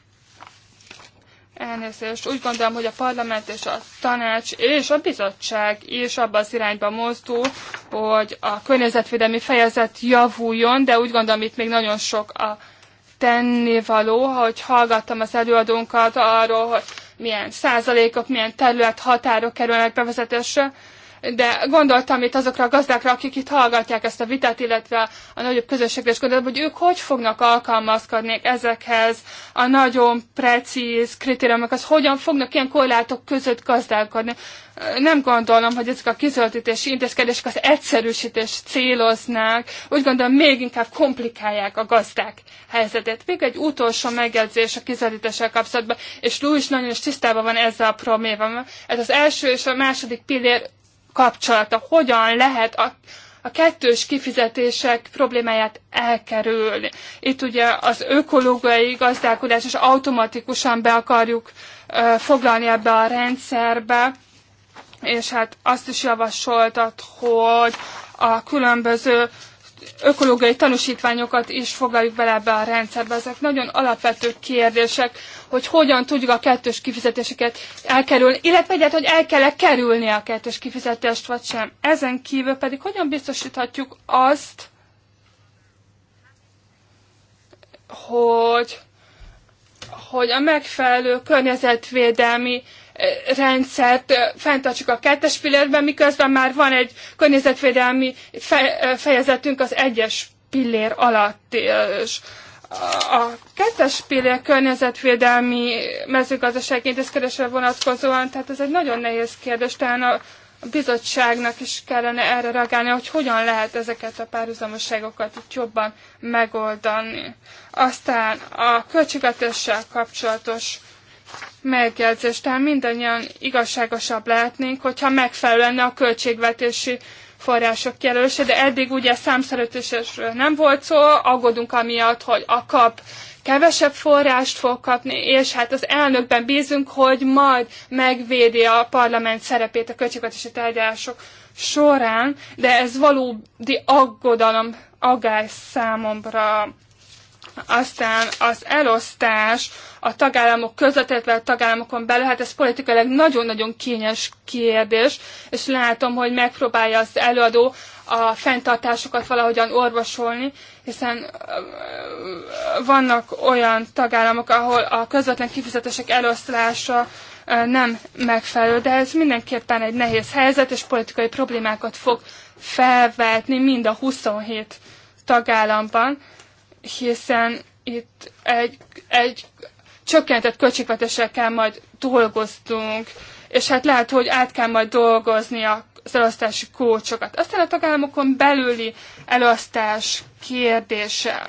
Elnézést. Úgy gondolom, hogy a parlament és a tanács és a bizottság is abba az irányba mozdul, hogy a környezetvédelmi fejezet javuljon, de úgy gondolom, itt még nagyon sok a tennivaló, ahogy hallgattam az előadónkat arról, hogy milyen százalékok, milyen terület határok kerülnek bevezetésre, de gondoltam itt azokra a gazdákra, akik itt hallgatják ezt a vitát, illetve a nagyobb közösségre, és gondoltam, hogy ők hogy fognak alkalmazkodni ezekhez a nagyon precíz kritériumokhoz, hogyan fognak ilyen korlátok között gazdálkodni. Nem gondolom, hogy ezek a kizöldítési intézkedések az egyszerűsítést céloznák, úgy gondolom még inkább komplikálják a gazdák helyzetét. Még egy utolsó megjegyzés a kizöldítéssel kapcsolatban, és Louis is nagyon is tisztában van ezzel a problémával. Ez az első és a második pillér kapcsolata, hogyan lehet a, a kettős kifizetések problémáját elkerülni. Itt ugye az ökológiai gazdálkodás is automatikusan be akarjuk ö, foglalni ebbe a rendszerbe, és hát azt is javasoltad, hogy a különböző ökológiai tanúsítványokat is foglaljuk bele ebbe a rendszerbe. Ezek nagyon alapvető kérdések, hogy hogyan tudjuk a kettős kifizetéseket elkerülni, illetve egyáltalán, hogy el kell -e kerülni a kettős kifizetést, vagy sem. Ezen kívül pedig hogyan biztosíthatjuk azt, hogy, hogy a megfelelő környezetvédelmi uh, rendszert fenntartsuk a kettes pillérben, miközben már van egy környezetvédelmi fejezetünk az egyes pillér alatt. És a kettes pillér környezetvédelmi mezőgazdasági intézkedésre vonatkozóan, tehát ez egy nagyon nehéz kérdés, talán a bizottságnak is kellene erre reagálni, hogy hogyan lehet ezeket a párhuzamoságokat itt jobban megoldani. Aztán a költségvetéssel kapcsolatos megjegyzés. Tehát mindannyian igazságosabb lehetnénk, hogyha megfelelő lenne a költségvetési források jelölése, de eddig ugye számszerűtésről nem volt szó, aggódunk amiatt, hogy a kap kevesebb forrást fog kapni, és hát az elnökben bízunk, hogy majd megvédi a parlament szerepét a költségvetési tárgyalások során, de ez valódi aggodalom, aggály számomra aztán az elosztás a tagállamok között, illetve a tagállamokon belül, hát ez politikailag nagyon-nagyon kényes kérdés, és látom, hogy megpróbálja az előadó a fenntartásokat valahogyan orvosolni, hiszen vannak olyan tagállamok, ahol a közvetlen kifizetések elosztása nem megfelelő, de ez mindenképpen egy nehéz helyzet, és politikai problémákat fog felvetni mind a 27 tagállamban hiszen itt egy, egy csökkentett költségvetéssel kell majd dolgoztunk, és hát lehet, hogy át kell majd dolgozni az elosztási kócsokat. Aztán a tagállamokon belüli elosztás kérdése.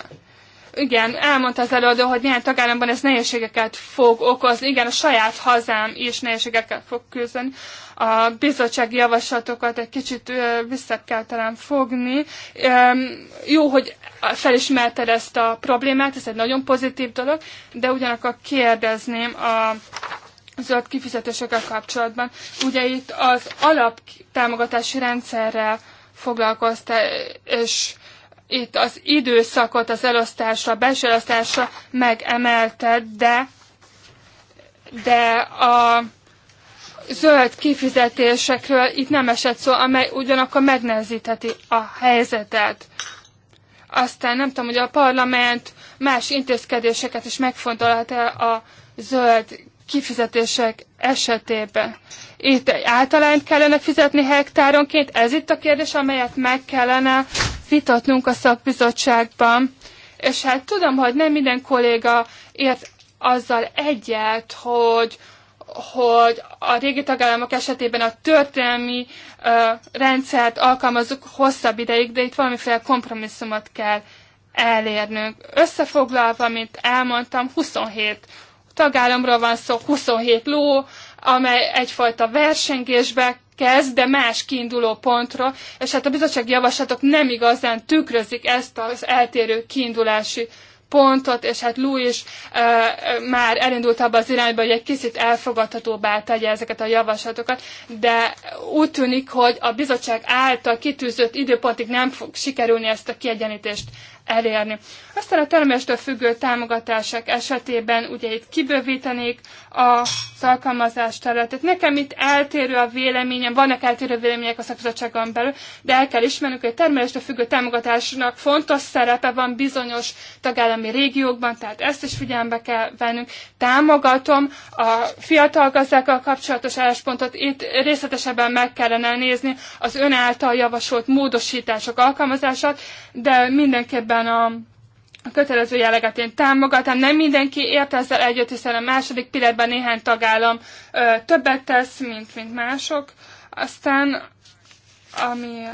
Igen, elmondta az előadó, hogy néhány tagállamban ez nehézségeket fog okozni. Igen, a saját hazám is nehézségeket fog küzdeni a bizottsági javaslatokat egy kicsit vissza kell talán fogni. Jó, hogy felismerted ezt a problémát, ez egy nagyon pozitív dolog, de ugyanakkor kérdezném a zöld kifizetésekkel kapcsolatban. Ugye itt az alaptámogatási rendszerrel foglalkoztál, és itt az időszakot az elosztásra, a belső elosztásra megemelted, de, de a zöld kifizetésekről itt nem esett szó, amely ugyanakkor megnehezítheti a helyzetet. Aztán nem tudom, hogy a parlament más intézkedéseket is megfontolhat -e a zöld kifizetések esetében. Itt általányt kellene fizetni hektáronként, ez itt a kérdés, amelyet meg kellene vitatnunk a szakbizottságban. És hát tudom, hogy nem minden kolléga ért azzal egyet, hogy, hogy a régi tagállamok esetében a történelmi uh, rendszert alkalmazzuk hosszabb ideig, de itt valamiféle kompromisszumot kell elérnünk. Összefoglalva, mint elmondtam, 27 tagállamról van szó, 27 ló, amely egyfajta versengésbe kezd, de más kiinduló pontra, és hát a bizottsági javaslatok nem igazán tükrözik ezt az eltérő kiindulási uh, pontot, és hát Louis e, már elindult abba az irányba, hogy egy kicsit elfogadhatóbbá tegye ezeket a javaslatokat, de úgy tűnik, hogy a bizottság által kitűzött időpontig nem fog sikerülni ezt a kiegyenlítést elérni. Aztán a termestől függő támogatások esetében ugye itt kibővítenék a alkalmazás területet. Nekem itt eltérő a véleményem, vannak eltérő vélemények a szakbizottságon belül, de el kell ismernünk, hogy a termeléstől függő támogatásnak fontos szerepe van bizonyos tagállami régiókban, tehát ezt is figyelembe kell vennünk. Támogatom a fiatal gazdákkal kapcsolatos álláspontot, itt részletesebben meg kellene nézni az ön által javasolt módosítások alkalmazását, de mindenképpen ebben a a kötelező jelleget én támogatom nem mindenki ért ezzel együtt, hiszen a második pillanatban néhány tagállam ö, többet tesz, mint, mint mások. Aztán, ami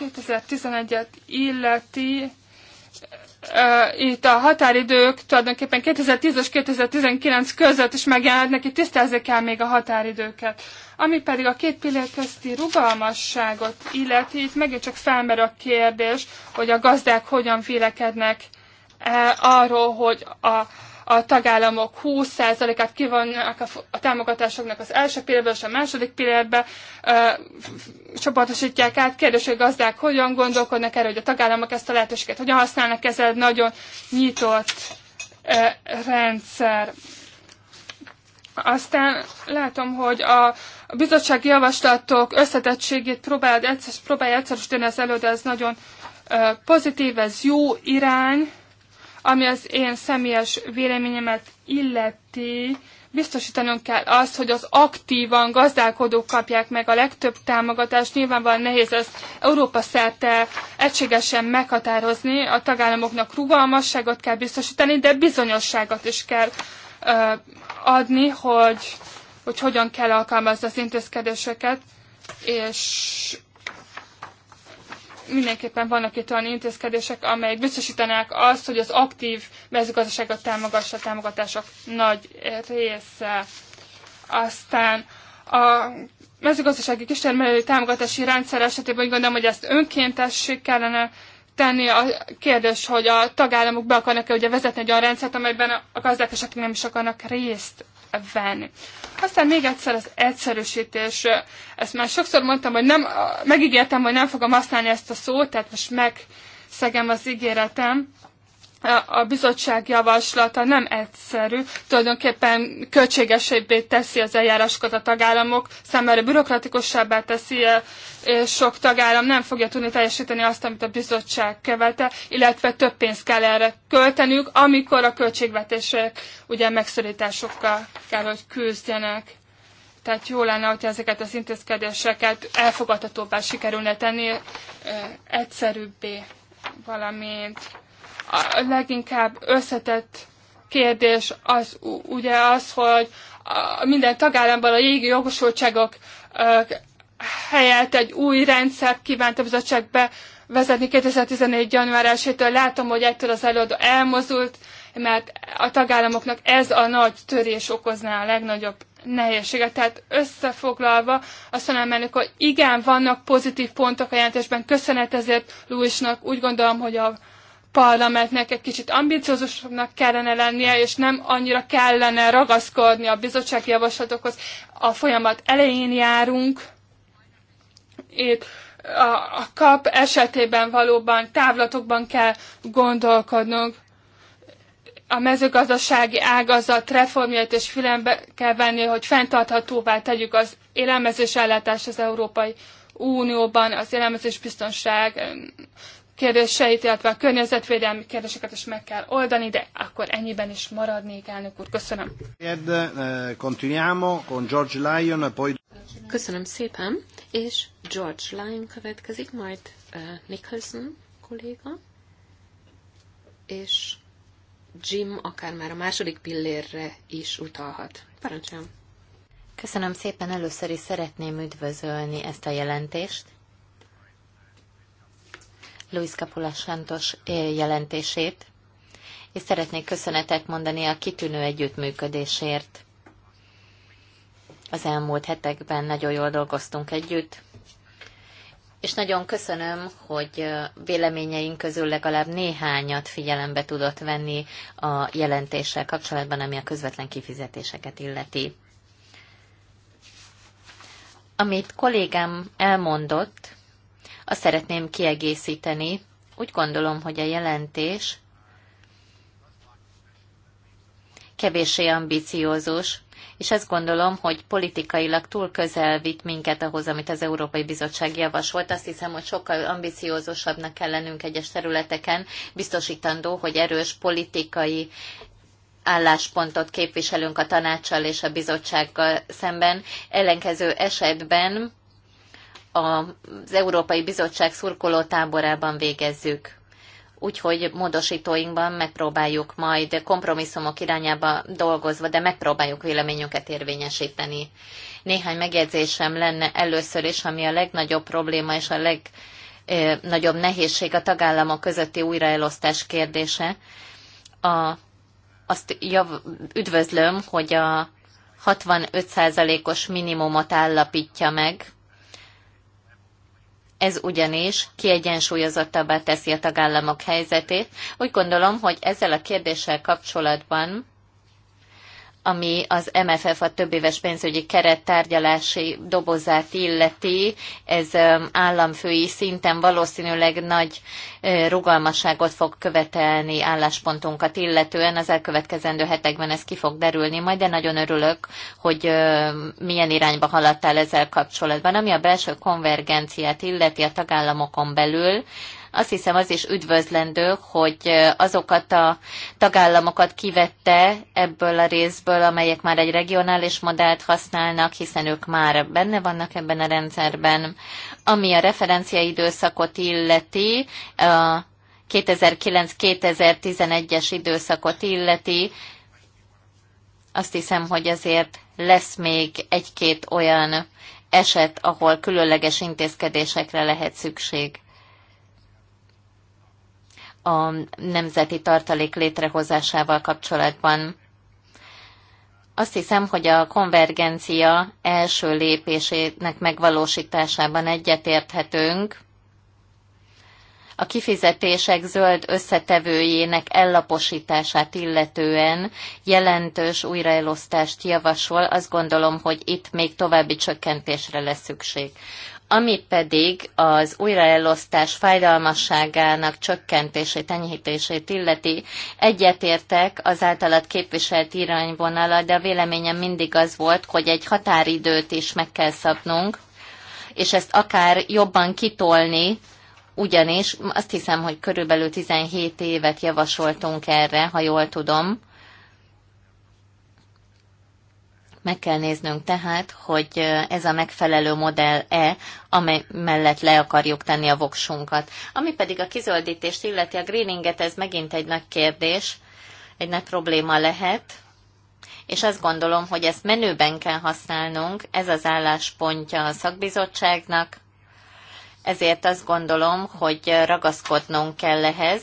2011-et illeti, uh, itt a határidők tulajdonképpen 2010 és 2019 között is megjelennek, itt tisztázni kell még a határidőket. Ami pedig a két pillér közti rugalmasságot illeti, itt megint csak felmerül a kérdés, hogy a gazdák hogyan vélekednek uh, arról, hogy a a tagállamok 20%-át kivonják a, a támogatásoknak az első pillérből és a második pillérbe csoportosítják át. Kérdés, hogy gazdák hogyan gondolkodnak erről, hogy a tagállamok ezt a lehetőséget hogyan használnak, ez egy nagyon nyitott rendszer. Aztán látom, hogy a bizottsági javaslatok összetettségét egyszer, próbálja egyszerűsíteni az elő, de ez nagyon pozitív, ez jó irány, ami az én személyes véleményemet illeti, biztosítanunk kell azt, hogy az aktívan gazdálkodók kapják meg a legtöbb támogatást. Nyilvánvalóan nehéz ezt Európa szerte egységesen meghatározni. A tagállamoknak rugalmasságot kell biztosítani, de bizonyosságot is kell ö, adni, hogy, hogy hogyan kell alkalmazni az intézkedéseket, és mindenképpen vannak itt olyan intézkedések, amelyek biztosítanák azt, hogy az aktív mezőgazdaságot támogassa a támogatások nagy része. Aztán a mezőgazdasági kistermelői támogatási rendszer esetében úgy gondolom, hogy ezt önkéntesség kellene tenni. A kérdés, hogy a tagállamok be akarnak-e ugye vezetni egy olyan rendszert, amelyben a gazdák esetleg nem is akarnak részt venni. Aztán még egyszer az egyszerűsítés. Ezt már sokszor mondtam, hogy nem, megígértem, hogy nem fogom használni ezt a szót, tehát most megszegem az ígéretem a bizottság javaslata nem egyszerű, tulajdonképpen költségesebbé teszi az eljárásokat a tagállamok, számára bürokratikusabbá teszi, és e, e, sok tagállam nem fogja tudni teljesíteni azt, amit a bizottság követel, illetve több pénzt kell erre Költeniük, amikor a költségvetések ugye megszorításokkal kell, hogy küzdjenek. Tehát jó lenne, hogy ezeket az intézkedéseket elfogadhatóbbá sikerülne tenni, e, egyszerűbbé valamint a leginkább összetett kérdés az ugye az, hogy minden tagállamban a jégi jogosultságok helyett egy új rendszer kívánt a bizottság bevezetni 2014. január 1-től. Látom, hogy ettől az előadó elmozdult, mert a tagállamoknak ez a nagy törés okozná a legnagyobb nehézséget. Tehát összefoglalva azt mondom, ennek, hogy igen, vannak pozitív pontok a jelentésben, köszönet ezért Luisnak. Úgy gondolom, hogy a parlamentnek egy kicsit ambiciózusabbnak kellene lennie, és nem annyira kellene ragaszkodni a bizottsági javaslatokhoz. A folyamat elején járunk, itt a kap esetében valóban távlatokban kell gondolkodnunk. A mezőgazdasági ágazat reformjait és figyelembe kell venni, hogy fenntarthatóvá tegyük az élelmezés ellátást az Európai Unióban, az élelmezés biztonság kérdéseit, illetve a környezetvédelmi kérdéseket is meg kell oldani, de akkor ennyiben is maradnék, elnök úr. Köszönöm. Eh, Köszönöm szépen, és George Lyon következik, majd eh, Nicholson kolléga, és Jim akár már a második pillérre is utalhat. Parancsoljon! Köszönöm szépen, először is szeretném üdvözölni ezt a jelentést, Luis Capula Santos eh, jelentését, és szeretnék köszönetet mondani a kitűnő együttműködésért. Az elmúlt hetekben nagyon jól dolgoztunk együtt, és nagyon köszönöm, hogy eh, véleményeink közül legalább néhányat figyelembe tudott venni a jelentéssel kapcsolatban, ami a közvetlen kifizetéseket illeti. Amit kollégám elmondott, azt szeretném kiegészíteni. Úgy gondolom, hogy a jelentés kevéssé ambiciózus, és azt gondolom, hogy politikailag túl közel vitt minket ahhoz, amit az Európai Bizottság javasolt. Azt hiszem, hogy sokkal ambiciózusabbnak kell lennünk egyes területeken, biztosítandó, hogy erős politikai álláspontot képviselünk a tanácssal és a bizottsággal szemben. Ellenkező esetben az Európai Bizottság szurkoló táborában végezzük. Úgyhogy módosítóinkban megpróbáljuk majd kompromisszumok irányába dolgozva, de megpróbáljuk véleményünket érvényesíteni. Néhány megjegyzésem lenne először is, ami a legnagyobb probléma és a legnagyobb nehézség a tagállamok közötti újraelosztás kérdése. A, azt jav, üdvözlöm, hogy a 65%-os minimumot állapítja meg ez ugyanis kiegyensúlyozottabbá teszi a tagállamok helyzetét. Úgy gondolom, hogy ezzel a kérdéssel kapcsolatban ami az MFF a éves pénzügyi keret tárgyalási dobozát illeti, ez um, államfői szinten valószínűleg nagy uh, rugalmasságot fog követelni álláspontunkat illetően. Az elkövetkezendő hetekben ez ki fog derülni majd, de nagyon örülök, hogy uh, milyen irányba haladtál ezzel kapcsolatban. Ami a belső konvergenciát illeti a tagállamokon belül, azt hiszem az is üdvözlendő, hogy azokat a tagállamokat kivette ebből a részből, amelyek már egy regionális modellt használnak, hiszen ők már benne vannak ebben a rendszerben. Ami a referencia időszakot illeti, a 2009-2011-es időszakot illeti, azt hiszem, hogy azért lesz még egy-két olyan eset, ahol különleges intézkedésekre lehet szükség a nemzeti tartalék létrehozásával kapcsolatban. Azt hiszem, hogy a konvergencia első lépésének megvalósításában egyetérthetünk. A kifizetések zöld összetevőjének ellaposítását illetően jelentős újraelosztást javasol, azt gondolom, hogy itt még további csökkentésre lesz szükség ami pedig az újraelosztás fájdalmasságának csökkentését, enyhítését illeti, egyetértek az általad képviselt irányvonala, de a véleményem mindig az volt, hogy egy határidőt is meg kell szabnunk, és ezt akár jobban kitolni, ugyanis azt hiszem, hogy körülbelül 17 évet javasoltunk erre, ha jól tudom, Meg kell néznünk tehát, hogy ez a megfelelő modell-e, amely mellett le akarjuk tenni a voksunkat. Ami pedig a kizöldítést illeti a greeninget, ez megint egy nagy kérdés, egy nagy probléma lehet, és azt gondolom, hogy ezt menőben kell használnunk, ez az álláspontja a szakbizottságnak, ezért azt gondolom, hogy ragaszkodnunk kell ehhez,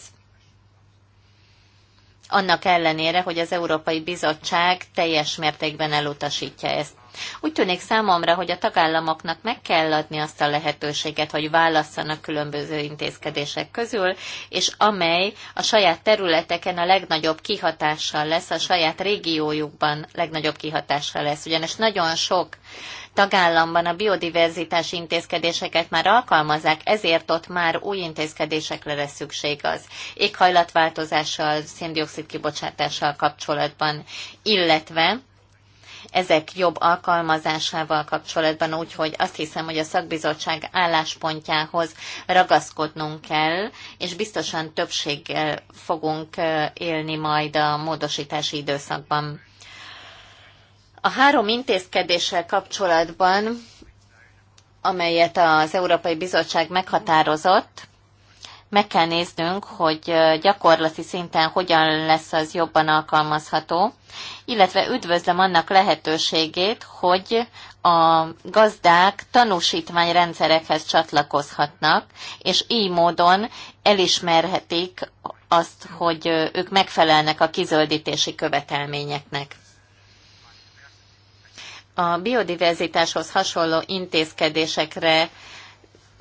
annak ellenére, hogy az Európai Bizottság teljes mértékben elutasítja ezt. Úgy tűnik számomra, hogy a tagállamoknak meg kell adni azt a lehetőséget, hogy válasszanak különböző intézkedések közül, és amely a saját területeken a legnagyobb kihatással lesz, a saját régiójukban legnagyobb kihatással lesz. Ugyanis nagyon sok tagállamban a biodiverzitás intézkedéseket már alkalmazzák, ezért ott már új intézkedésekre lesz szükség az éghajlatváltozással, széndiokszid kibocsátással kapcsolatban, illetve ezek jobb alkalmazásával kapcsolatban, úgyhogy azt hiszem, hogy a szakbizottság álláspontjához ragaszkodnunk kell, és biztosan többséggel fogunk élni majd a módosítási időszakban. A három intézkedéssel kapcsolatban, amelyet az Európai Bizottság meghatározott, meg kell néznünk, hogy gyakorlati szinten hogyan lesz az jobban alkalmazható, illetve üdvözlöm annak lehetőségét, hogy a gazdák tanúsítványrendszerekhez csatlakozhatnak, és így módon elismerhetik azt, hogy ők megfelelnek a kizöldítési követelményeknek. A biodiverzitáshoz hasonló intézkedésekre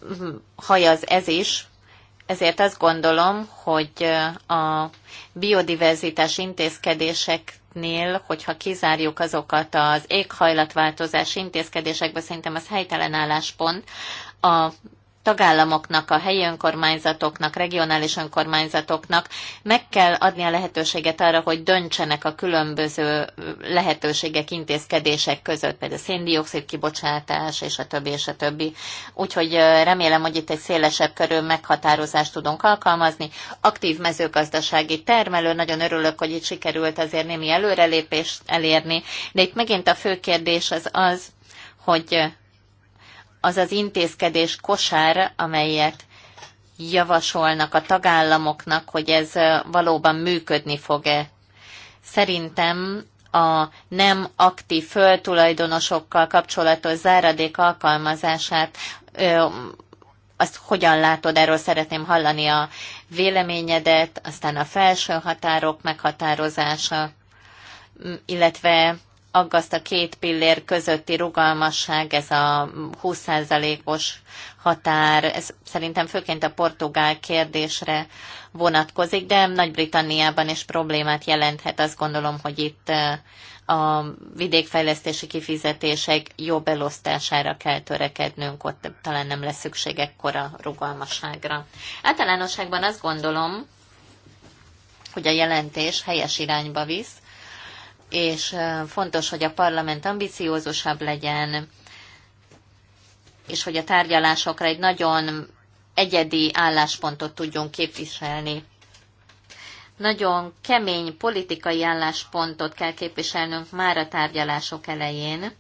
hm, hajaz ez is, ezért azt gondolom, hogy a biodiverzitás intézkedések területnél, hogyha kizárjuk azokat az éghajlatváltozás intézkedésekbe, szerintem az helytelen álláspont, a tagállamoknak, a helyi önkormányzatoknak, regionális önkormányzatoknak meg kell adni a lehetőséget arra, hogy döntsenek a különböző lehetőségek, intézkedések között, például széndiokszid kibocsátás, és a többi, és a többi. Úgyhogy remélem, hogy itt egy szélesebb körül meghatározást tudunk alkalmazni. Aktív mezőgazdasági termelő, nagyon örülök, hogy itt sikerült azért némi előrelépést elérni, de itt megint a fő kérdés az az, hogy az az intézkedés kosár, amelyet javasolnak a tagállamoknak, hogy ez valóban működni fog-e. Szerintem a nem aktív föltulajdonosokkal kapcsolatos záradék alkalmazását azt hogyan látod, erről szeretném hallani a véleményedet, aztán a felső határok meghatározása, illetve aggaszt a két pillér közötti rugalmasság, ez a 20%-os határ, ez szerintem főként a portugál kérdésre vonatkozik, de Nagy-Britanniában is problémát jelenthet. Azt gondolom, hogy itt eh, a vidékfejlesztési kifizetések jobb elosztására kell törekednünk, ott talán nem lesz szükség ekkora rugalmasságra. Általánosságban azt gondolom, hogy a jelentés helyes irányba visz, és fontos, hogy a parlament ambiciózusabb legyen, és hogy a tárgyalásokra egy nagyon egyedi álláspontot tudjunk képviselni. Nagyon kemény politikai álláspontot kell képviselnünk már a tárgyalások elején,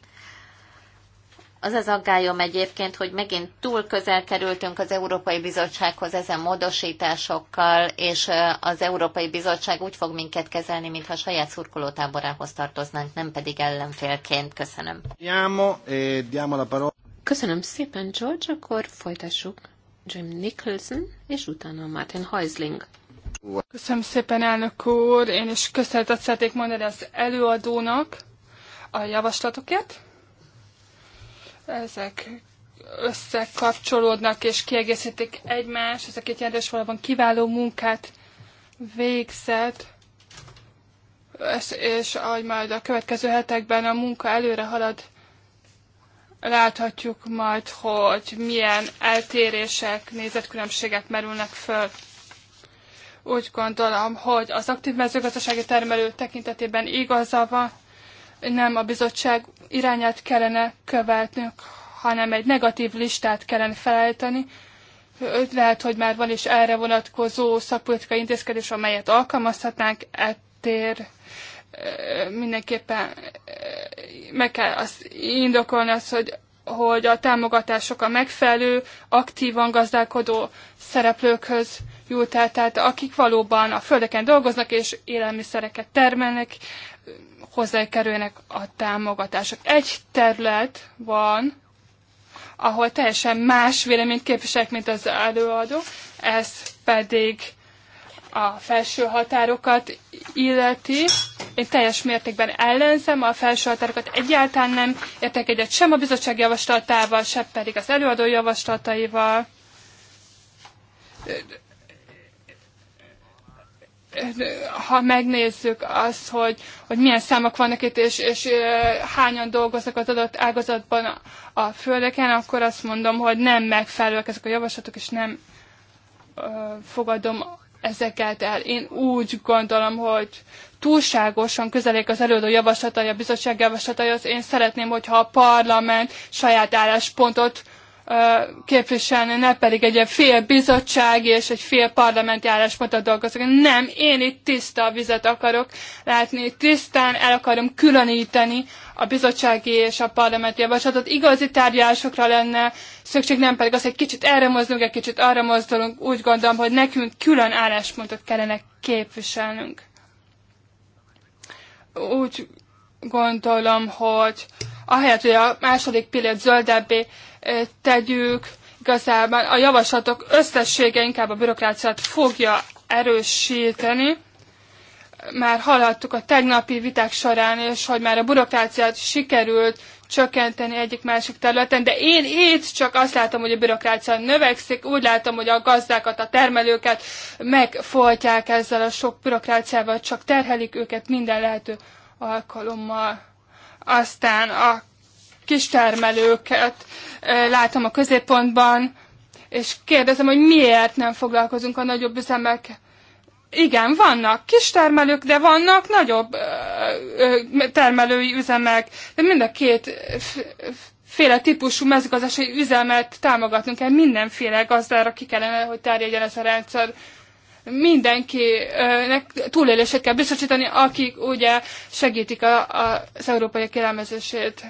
az az aggályom egyébként, hogy megint túl közel kerültünk az Európai Bizottsághoz ezen módosításokkal, és az Európai Bizottság úgy fog minket kezelni, mintha a saját szurkolótáborához tartoznánk, nem pedig ellenfélként. Köszönöm. Eh, Köszönöm szépen, George, akkor folytassuk. Jim Nicholson, és utána Martin Heusling. Köszönöm szépen, elnök úr! Én is köszönetet szeretnék mondani az előadónak a javaslatokért ezek összekapcsolódnak és kiegészítik egymást. Ez a két jelentés valóban kiváló munkát végzett, és, és ahogy majd a következő hetekben a munka előre halad, láthatjuk majd, hogy milyen eltérések, nézetkülönbségek merülnek föl. Úgy gondolom, hogy az aktív mezőgazdasági termelő tekintetében igaza van, nem a bizottság irányát kellene követnünk, hanem egy negatív listát kellene felállítani. Lehet, hogy már van is erre vonatkozó szakpolitikai intézkedés, amelyet alkalmazhatnánk, ettér mindenképpen meg kell azt indokolni azt, hogy hogy a támogatások a megfelelő, aktívan gazdálkodó szereplőkhöz jut el, tehát akik valóban a földeken dolgoznak és élelmiszereket termelnek, hozzákerülnek a támogatások. Egy terület van, ahol teljesen más véleményt képviselek, mint az előadó, ez pedig a felső határokat illeti. Én teljes mértékben ellenzem a felső határokat, egyáltalán nem értek egyet sem a bizottság javaslatával, sem pedig az előadó javaslataival ha megnézzük azt, hogy, hogy milyen számok vannak itt, és, és hányan dolgoznak az adott ágazatban a, a földeken, akkor azt mondom, hogy nem megfelelőek ezek a javaslatok, és nem ö, fogadom ezeket el. Én úgy gondolom, hogy túlságosan közelék az előadó javaslatai, a bizottság javaslatai, az én szeretném, hogyha a parlament saját álláspontot képviselni, ne pedig egy fél bizottság és egy fél parlamenti álláspontot dolgozok. Nem, én itt tiszta vizet akarok látni, tisztán el akarom különíteni a bizottsági és a parlamenti javaslatot. Igazi tárgyalásokra lenne szükség, nem pedig az, hogy kicsit erre mozdulunk, egy kicsit arra mozdulunk. Úgy gondolom, hogy nekünk külön álláspontot kellene képviselnünk. Úgy gondolom, hogy ahelyett, hogy a második pillanat zöldebbé tegyük. Igazából a javaslatok összessége inkább a bürokráciát fogja erősíteni. Már hallhattuk a tegnapi viták során, és hogy már a bürokráciát sikerült csökkenteni egyik-másik területen, de én itt csak azt látom, hogy a bürokrácia növekszik, úgy látom, hogy a gazdákat, a termelőket megfoltják ezzel a sok bürokráciával, csak terhelik őket minden lehető alkalommal. Aztán a kistermelőket látom a középpontban, és kérdezem, hogy miért nem foglalkozunk a nagyobb üzemek. Igen, vannak kistermelők, de vannak nagyobb termelői üzemek, de mind a két féle típusú mezőgazdasági üzemet támogatnunk kell, mindenféle gazdára ki kellene, hogy terjedjen ez a rendszer. Mindenkinek túlélését kell biztosítani, akik ugye segítik a, a, az európai kérelmezését.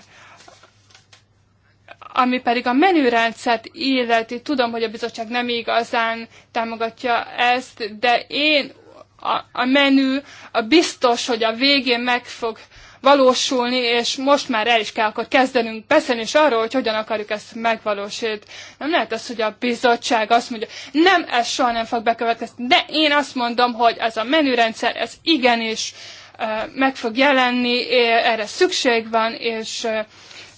Ami pedig a menürendszert illeti, tudom, hogy a bizottság nem igazán támogatja ezt, de én a, a menü a biztos, hogy a végén meg fog valósulni, és most már el is kell akkor kezdenünk beszélni és arról, hogy hogyan akarjuk ezt megvalósítani. Nem lehet az, hogy a bizottság azt mondja, nem, ez soha nem fog bekövetkezni, de én azt mondom, hogy ez a menürendszer, ez igenis meg fog jelenni, erre szükség van, és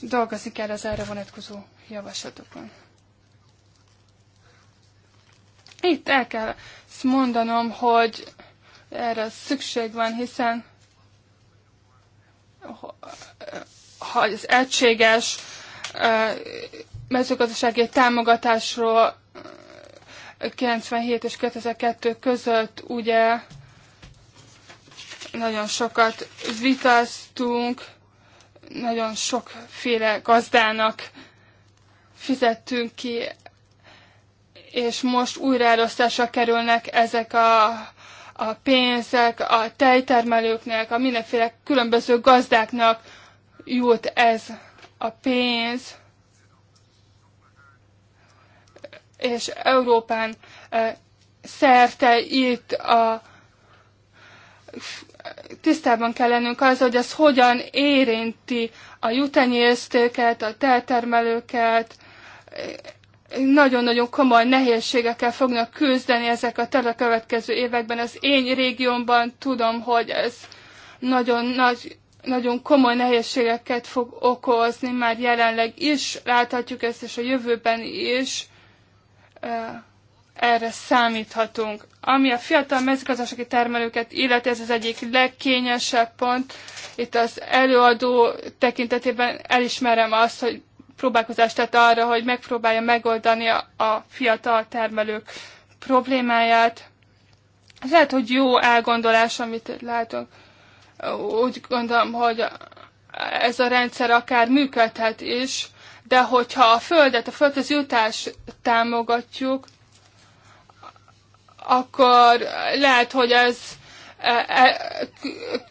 dolgozik el az erre vonatkozó javaslatokon. Itt el kell mondanom, hogy erre szükség van, hiszen ha az egységes mezőgazdasági támogatásról 97 és 2002 között ugye nagyon sokat vitáztunk, nagyon sokféle gazdának fizettünk ki, és most újraelosztásra kerülnek ezek a, a pénzek, a tejtermelőknek, a mindenféle különböző gazdáknak jut ez a pénz. És Európán eh, szerte itt a tisztában kell lennünk az, hogy ez hogyan érinti a jutenyésztőket, a teltermelőket, nagyon-nagyon komoly nehézségekkel fognak küzdeni ezek a terület következő években. Az én régiómban tudom, hogy ez nagyon nagy nagyon komoly nehézségeket fog okozni, már jelenleg is láthatjuk ezt, és a jövőben is erre számíthatunk. Ami a fiatal mezőgazdasági termelőket illeti, ez az egyik legkényesebb pont. Itt az előadó tekintetében elismerem azt, hogy próbálkozást tett arra, hogy megpróbálja megoldani a fiatal termelők problémáját. Ez lehet, hogy jó elgondolás, amit látunk. Úgy gondolom, hogy ez a rendszer akár működhet is, de hogyha a földet, a földhöz jutást támogatjuk, akkor lehet, hogy ez e, e,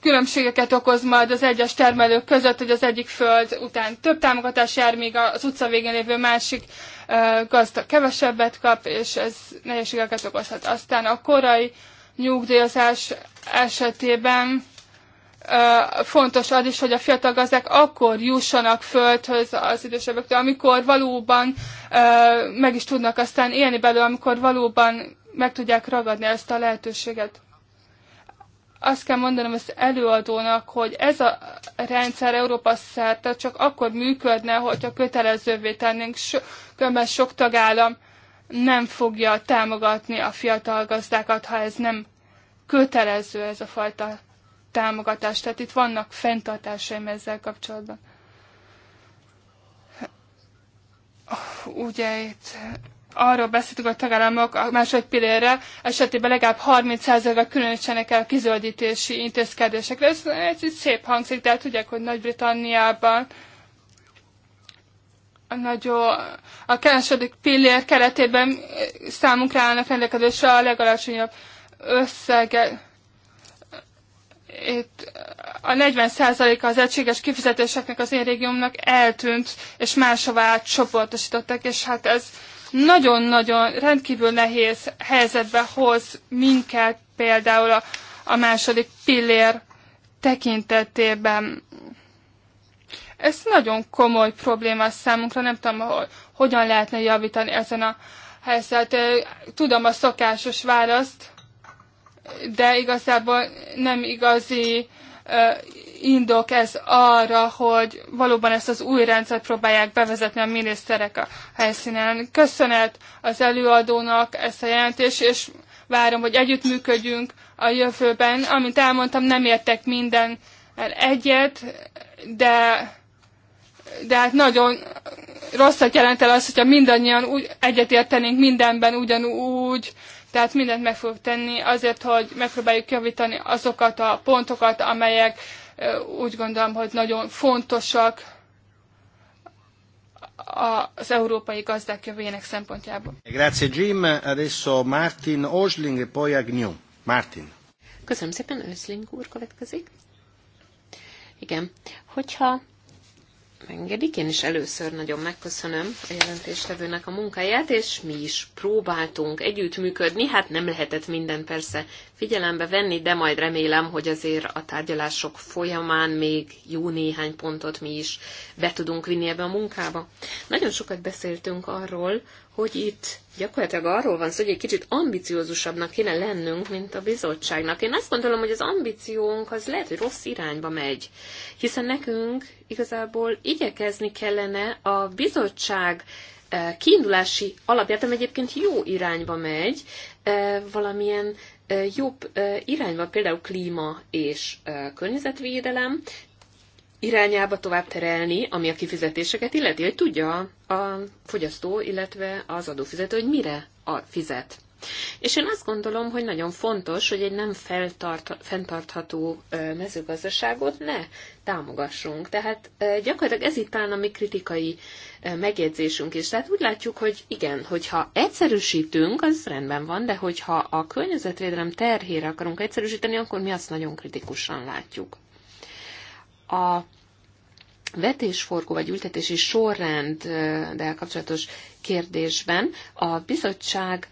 különbségeket okoz majd az egyes termelők között, hogy az egyik föld után több támogatás jár, míg az utca végén lévő másik e, gazda kevesebbet kap, és ez nehézségeket okozhat. Aztán a korai nyugdíjazás esetében fontos az is, hogy a fiatal gazdák akkor jussanak földhöz az idősebbektől, amikor valóban meg is tudnak aztán élni belőle, amikor valóban meg tudják ragadni ezt a lehetőséget. Azt kell mondanom az előadónak, hogy ez a rendszer Európa szerte csak akkor működne, hogyha kötelezővé tennénk, so, különben sok tagállam nem fogja támogatni a fiatal gazdákat, ha ez nem kötelező ez a fajta támogatás. Tehát itt vannak fenntartásaim ezzel kapcsolatban. Ugye itt arról beszéltük hogy a tagállamok a második pillérre esetében legalább 30 a különítsenek el kizöldítési intézkedésekre. Ez, ez szép hangzik, de hát tudják, hogy Nagy-Britanniában a nagyó, a második pillér keretében számunkra állnak rendelkezésre a legalacsonyabb összege. Itt a 40%-a az egységes kifizetéseknek az én régiómnak eltűnt, és máshová csoportosították, és hát ez, nagyon-nagyon rendkívül nehéz helyzetbe hoz minket például a, a második pillér tekintetében. Ez nagyon komoly probléma számunkra, nem tudom, hogy hogyan lehetne javítani ezen a helyzet. Tudom a szokásos választ, de igazából nem igazi indok ez arra, hogy valóban ezt az új rendszert próbálják bevezetni a miniszterek a helyszínen. Köszönet az előadónak ezt a jelentést, és várom, hogy együttműködjünk a jövőben. Amint elmondtam, nem értek minden egyet, de, de hát nagyon rosszat jelent el az, hogyha mindannyian úgy egyetértenénk mindenben ugyanúgy, tehát mindent meg fogok tenni azért, hogy megpróbáljuk javítani azokat a pontokat, amelyek úgy gondolom, hogy nagyon fontosak az európai gazdák jövőjének szempontjából. Grazie Jim, adesso Martin Osling, e poi Agnew. Martin. Köszönöm szépen, Ösling úr következik. Igen, hogyha megengedik. Én is először nagyon megköszönöm a jelentéstevőnek a munkáját, és mi is próbáltunk együttműködni. Hát nem lehetett minden persze figyelembe venni, de majd remélem, hogy azért a tárgyalások folyamán még jó néhány pontot mi is be tudunk vinni ebbe a munkába. Nagyon sokat beszéltünk arról, hogy itt gyakorlatilag arról van szó, hogy egy kicsit ambiciózusabbnak kéne lennünk, mint a bizottságnak. Én azt gondolom, hogy az ambíciónk az lehet, hogy rossz irányba megy, hiszen nekünk igazából igyekezni kellene a bizottság eh, kiindulási alapját, ami egyébként jó irányba megy, eh, valamilyen eh, jobb irányba, például klíma és környezetvédelem, irányába tovább terelni, ami a kifizetéseket illeti, hogy tudja a fogyasztó, illetve az adófizető, hogy mire a fizet. És én azt gondolom, hogy nagyon fontos, hogy egy nem feltart, fenntartható mezőgazdaságot ne támogassunk. Tehát gyakorlatilag ez itt talán a mi kritikai megjegyzésünk is. Tehát úgy látjuk, hogy igen, hogyha egyszerűsítünk, az rendben van, de hogyha a környezetvédelem terhére akarunk egyszerűsíteni, akkor mi azt nagyon kritikusan látjuk a vetésforgó vagy ültetési sorrenddel kapcsolatos kérdésben a bizottság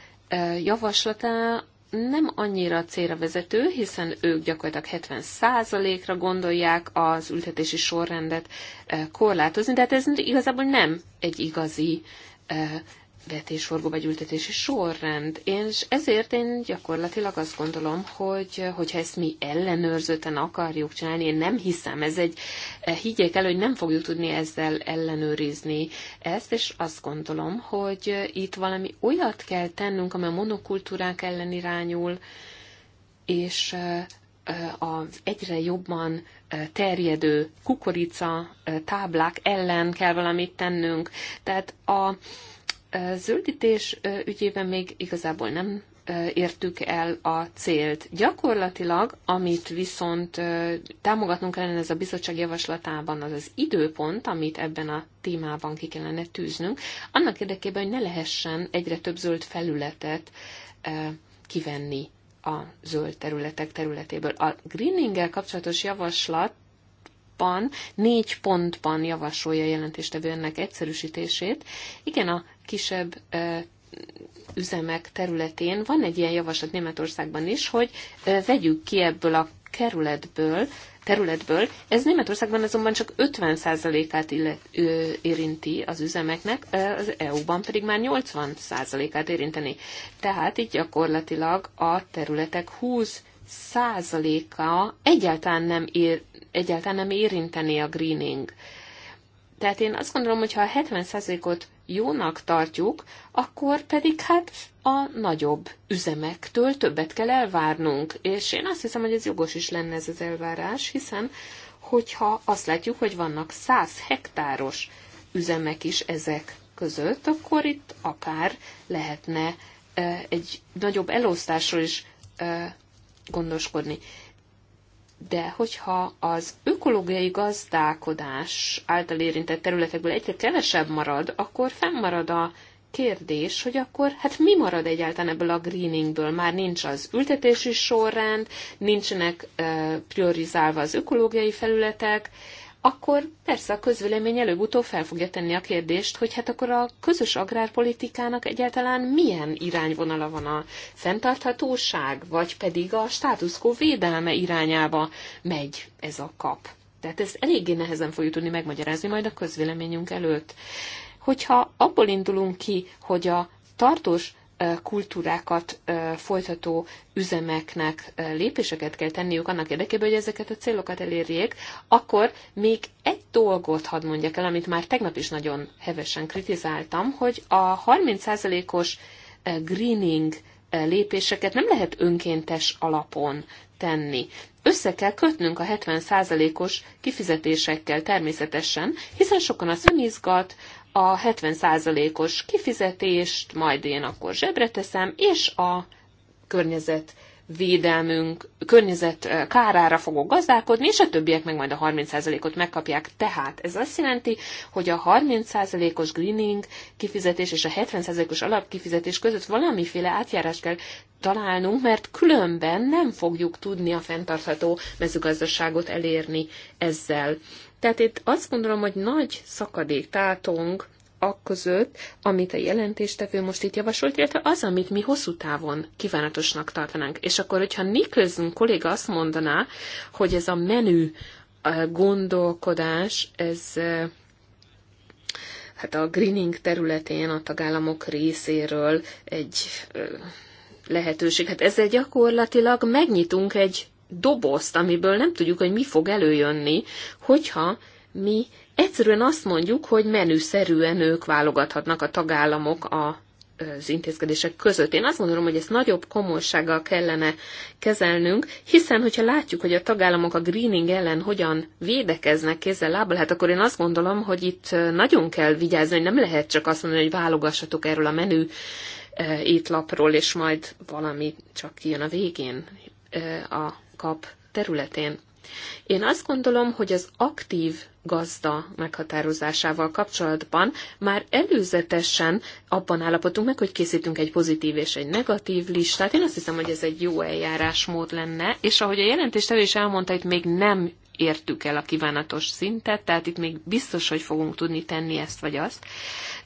javaslata nem annyira célra vezető, hiszen ők gyakorlatilag 70%-ra gondolják az ültetési sorrendet korlátozni, de hát ez igazából nem egy igazi vetésforgó vagy ültetési sorrend. Én, és ezért én gyakorlatilag azt gondolom, hogy hogyha ezt mi ellenőrzőten akarjuk csinálni, én nem hiszem, ez egy, e, higgyék el, hogy nem fogjuk tudni ezzel ellenőrizni ezt, és azt gondolom, hogy itt valami olyat kell tennünk, amely a monokultúrák ellen irányul, és e, e, az egyre jobban terjedő kukorica táblák ellen kell valamit tennünk. Tehát a zöldítés ügyében még igazából nem értük el a célt. Gyakorlatilag, amit viszont támogatnunk kellene ez a bizottság javaslatában, az az időpont, amit ebben a témában ki kellene tűznünk, annak érdekében, hogy ne lehessen egyre több zöld felületet kivenni a zöld területek területéből. A greeninggel kapcsolatos javaslat pontban, négy pontban javasolja a jelentéstevő ennek egyszerűsítését. Igen, a kisebb üzemek területén van egy ilyen javaslat Németországban is, hogy vegyük ki ebből a kerületből, területből. Ez Németországban azonban csak 50%-át érinti az üzemeknek, az EU-ban pedig már 80%-át érinteni. Tehát így gyakorlatilag a területek 20 százaléka egyáltalán nem, ér, egyáltalán nem érinteni a greening. Tehát én azt gondolom, hogy ha a 70 százalékot jónak tartjuk, akkor pedig hát a nagyobb üzemektől többet kell elvárnunk. És én azt hiszem, hogy ez jogos is lenne ez az elvárás, hiszen hogyha azt látjuk, hogy vannak 100 hektáros üzemek is ezek között, akkor itt akár lehetne eh, egy nagyobb elosztásról is eh, gondoskodni. De hogyha az ökológiai gazdálkodás által érintett területekből egyre kevesebb marad, akkor fennmarad a kérdés, hogy akkor hát mi marad egyáltalán ebből a greeningből? Már nincs az ültetési sorrend, nincsenek e, priorizálva az ökológiai felületek, akkor persze a közvélemény előbb-utóbb fel fogja tenni a kérdést, hogy hát akkor a közös agrárpolitikának egyáltalán milyen irányvonala van a fenntarthatóság, vagy pedig a status quo védelme irányába megy ez a kap. Tehát ez eléggé nehezen fogjuk tudni megmagyarázni majd a közvéleményünk előtt. Hogyha abból indulunk ki, hogy a tartós kultúrákat folytató üzemeknek lépéseket kell tenniük annak érdekében, hogy ezeket a célokat elérjék, akkor még egy dolgot hadd mondjak el, amit már tegnap is nagyon hevesen kritizáltam, hogy a 30%-os greening lépéseket nem lehet önkéntes alapon tenni. Össze kell kötnünk a 70%-os kifizetésekkel természetesen, hiszen sokan az önizgat, a 70%-os kifizetést majd én akkor zsebre teszem, és a környezet védelmünk, környezet kárára fogok gazdálkodni, és a többiek meg majd a 30%-ot megkapják. Tehát ez azt jelenti, hogy a 30%-os greening kifizetés és a 70%-os alapkifizetés között valamiféle átjárás kell találnunk, mert különben nem fogjuk tudni a fenntartható mezőgazdaságot elérni ezzel. Tehát itt azt gondolom, hogy nagy szakadék tátong a között, amit a jelentéstevő most itt javasolt, illetve az, amit mi hosszú távon kívánatosnak tartanánk. És akkor, hogyha Niklözünk kolléga azt mondaná, hogy ez a menü a gondolkodás, ez hát a greening területén a tagállamok részéről egy lehetőség. Hát ezzel gyakorlatilag megnyitunk egy dobozt, amiből nem tudjuk, hogy mi fog előjönni, hogyha mi egyszerűen azt mondjuk, hogy menüszerűen ők válogathatnak a tagállamok a az intézkedések között. Én azt gondolom, hogy ezt nagyobb komolysággal kellene kezelnünk, hiszen hogyha látjuk, hogy a tagállamok a greening ellen hogyan védekeznek kézzel lábbal, hát akkor én azt gondolom, hogy itt nagyon kell vigyázni, hogy nem lehet csak azt mondani, hogy válogassatok erről a menü e, étlapról, és majd valami csak kijön a végén e, a kap területén. Én azt gondolom, hogy az aktív gazda meghatározásával kapcsolatban már előzetesen abban állapotunk meg, hogy készítünk egy pozitív és egy negatív listát. Én azt hiszem, hogy ez egy jó eljárásmód lenne, és ahogy a jelentéstevő is elmondta, itt még nem értük el a kívánatos szintet, tehát itt még biztos, hogy fogunk tudni tenni ezt vagy azt.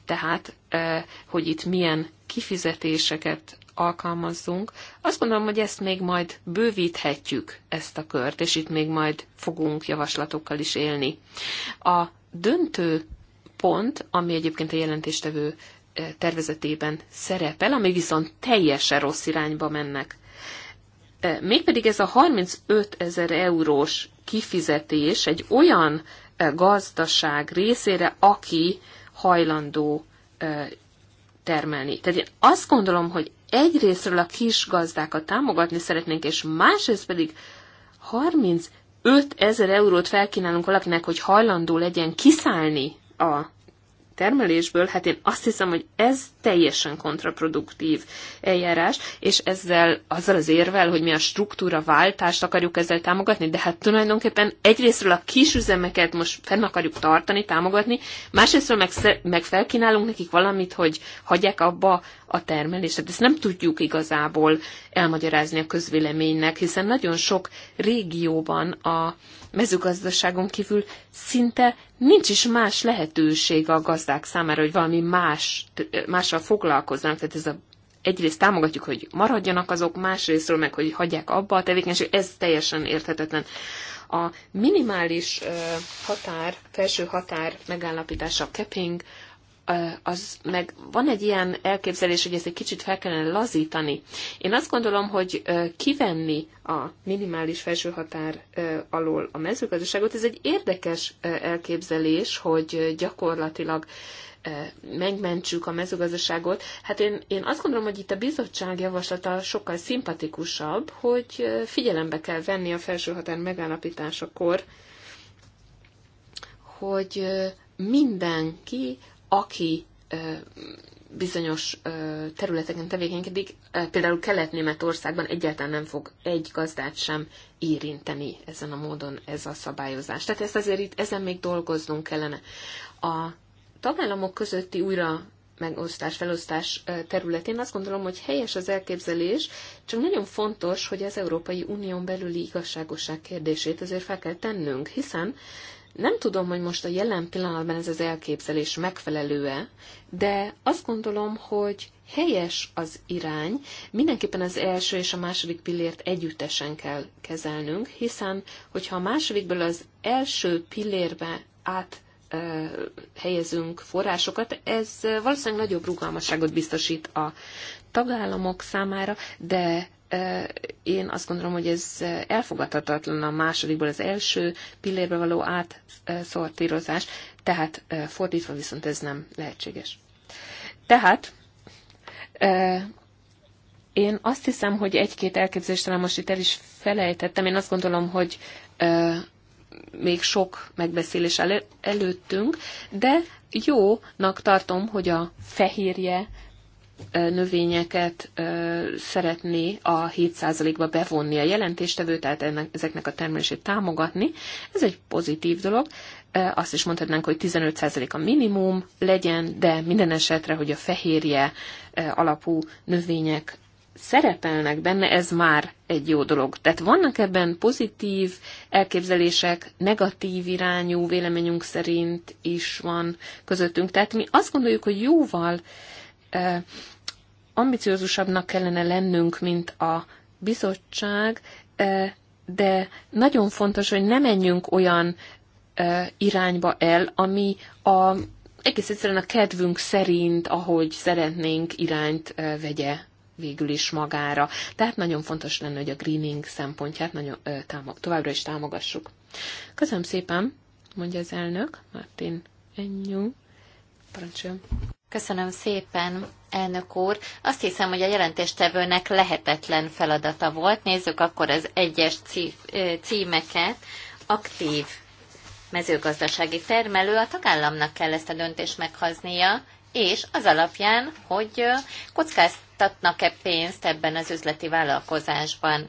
Tehát, eh, hogy itt milyen kifizetéseket alkalmazzunk. Azt gondolom, hogy ezt még majd bővíthetjük, ezt a kört, és itt még majd fogunk javaslatokkal is élni. A döntő pont, ami egyébként a jelentéstevő eh, tervezetében szerepel, ami viszont teljesen rossz irányba mennek. Eh, mégpedig ez a 35 ezer eurós kifizetés egy olyan eh, gazdaság részére, aki hajlandó termelni. Tehát én azt gondolom, hogy egyrésztről a kis gazdákat támogatni szeretnénk, és másrészt pedig 35 ezer eurót felkínálunk valakinek, hogy hajlandó legyen kiszállni a termelésből, hát én azt hiszem, hogy ez teljesen kontraproduktív eljárás, és ezzel, azzal az érvel, hogy mi a struktúra váltást akarjuk ezzel támogatni, de hát tulajdonképpen egyrésztről a kisüzemeket most fenn akarjuk tartani, támogatni, másrésztről meg, meg felkínálunk nekik valamit, hogy hagyják abba a termelést. Tehát ezt nem tudjuk igazából elmagyarázni a közvéleménynek, hiszen nagyon sok régióban a mezőgazdaságon kívül szinte nincs is más lehetőség a gazdák számára, hogy valami más, mással foglalkoznak. Tehát ez a egyrészt támogatjuk, hogy maradjanak azok, másrésztről meg, hogy hagyják abba a tevékenységet, ez teljesen érthetetlen. A minimális határ, felső határ megállapítása a capping az meg van egy ilyen elképzelés, hogy ezt egy kicsit fel kellene lazítani. Én azt gondolom, hogy kivenni a minimális felső határ alól a mezőgazdaságot, ez egy érdekes elképzelés, hogy gyakorlatilag megmentsük a mezőgazdaságot. Hát én, én azt gondolom, hogy itt a bizottság javaslata sokkal szimpatikusabb, hogy figyelembe kell venni a felső határ megállapításakor, hogy mindenki aki bizonyos területeken tevékenykedik, például Kelet-Németországban egyáltalán nem fog egy gazdát sem érinteni ezen a módon ez a szabályozás. Tehát ezt azért itt ezen még dolgoznunk kellene. A tagállamok közötti újra megosztás, felosztás területén azt gondolom, hogy helyes az elképzelés, csak nagyon fontos, hogy az Európai Unión belüli igazságosság kérdését azért fel kell tennünk, hiszen nem tudom, hogy most a jelen pillanatban ez az elképzelés megfelelő-e, de azt gondolom, hogy helyes az irány, mindenképpen az első és a második pillért együttesen kell kezelnünk, hiszen hogyha a másodikből az első pillérbe át helyezünk forrásokat, ez valószínűleg nagyobb rugalmasságot biztosít a tagállamok számára, de én azt gondolom, hogy ez elfogadhatatlan a másodikból az első pillérbe való átszortírozás, tehát fordítva viszont ez nem lehetséges. Tehát én azt hiszem, hogy egy-két elképzelést talán most itt el is felejtettem. Én azt gondolom, hogy még sok megbeszélés előttünk, de jónak tartom, hogy a fehérje növényeket szeretné a 7%-ba bevonni a jelentéstevő, tehát ennek, ezeknek a termelését támogatni. Ez egy pozitív dolog. Azt is mondhatnánk, hogy 15% a minimum legyen, de minden esetre, hogy a fehérje alapú növények szerepelnek benne, ez már egy jó dolog. Tehát vannak ebben pozitív elképzelések, negatív irányú véleményünk szerint is van közöttünk. Tehát mi azt gondoljuk, hogy jóval ambiciózusabbnak kellene lennünk, mint a bizottság, de nagyon fontos, hogy ne menjünk olyan irányba el, ami a, egész egyszerűen a kedvünk szerint, ahogy szeretnénk irányt vegye végül is magára. Tehát nagyon fontos lenne, hogy a greening szempontját nagyon, ö, támog, továbbra is támogassuk. Köszönöm szépen, mondja az elnök, Martin Ennyú. Parancsoljon. Köszönöm szépen, elnök úr. Azt hiszem, hogy a jelentéstevőnek lehetetlen feladata volt. Nézzük akkor az egyes címeket. Aktív mezőgazdasági termelő, a tagállamnak kell ezt a döntést meghaznia, és az alapján, hogy kockáztatnak-e pénzt ebben az üzleti vállalkozásban.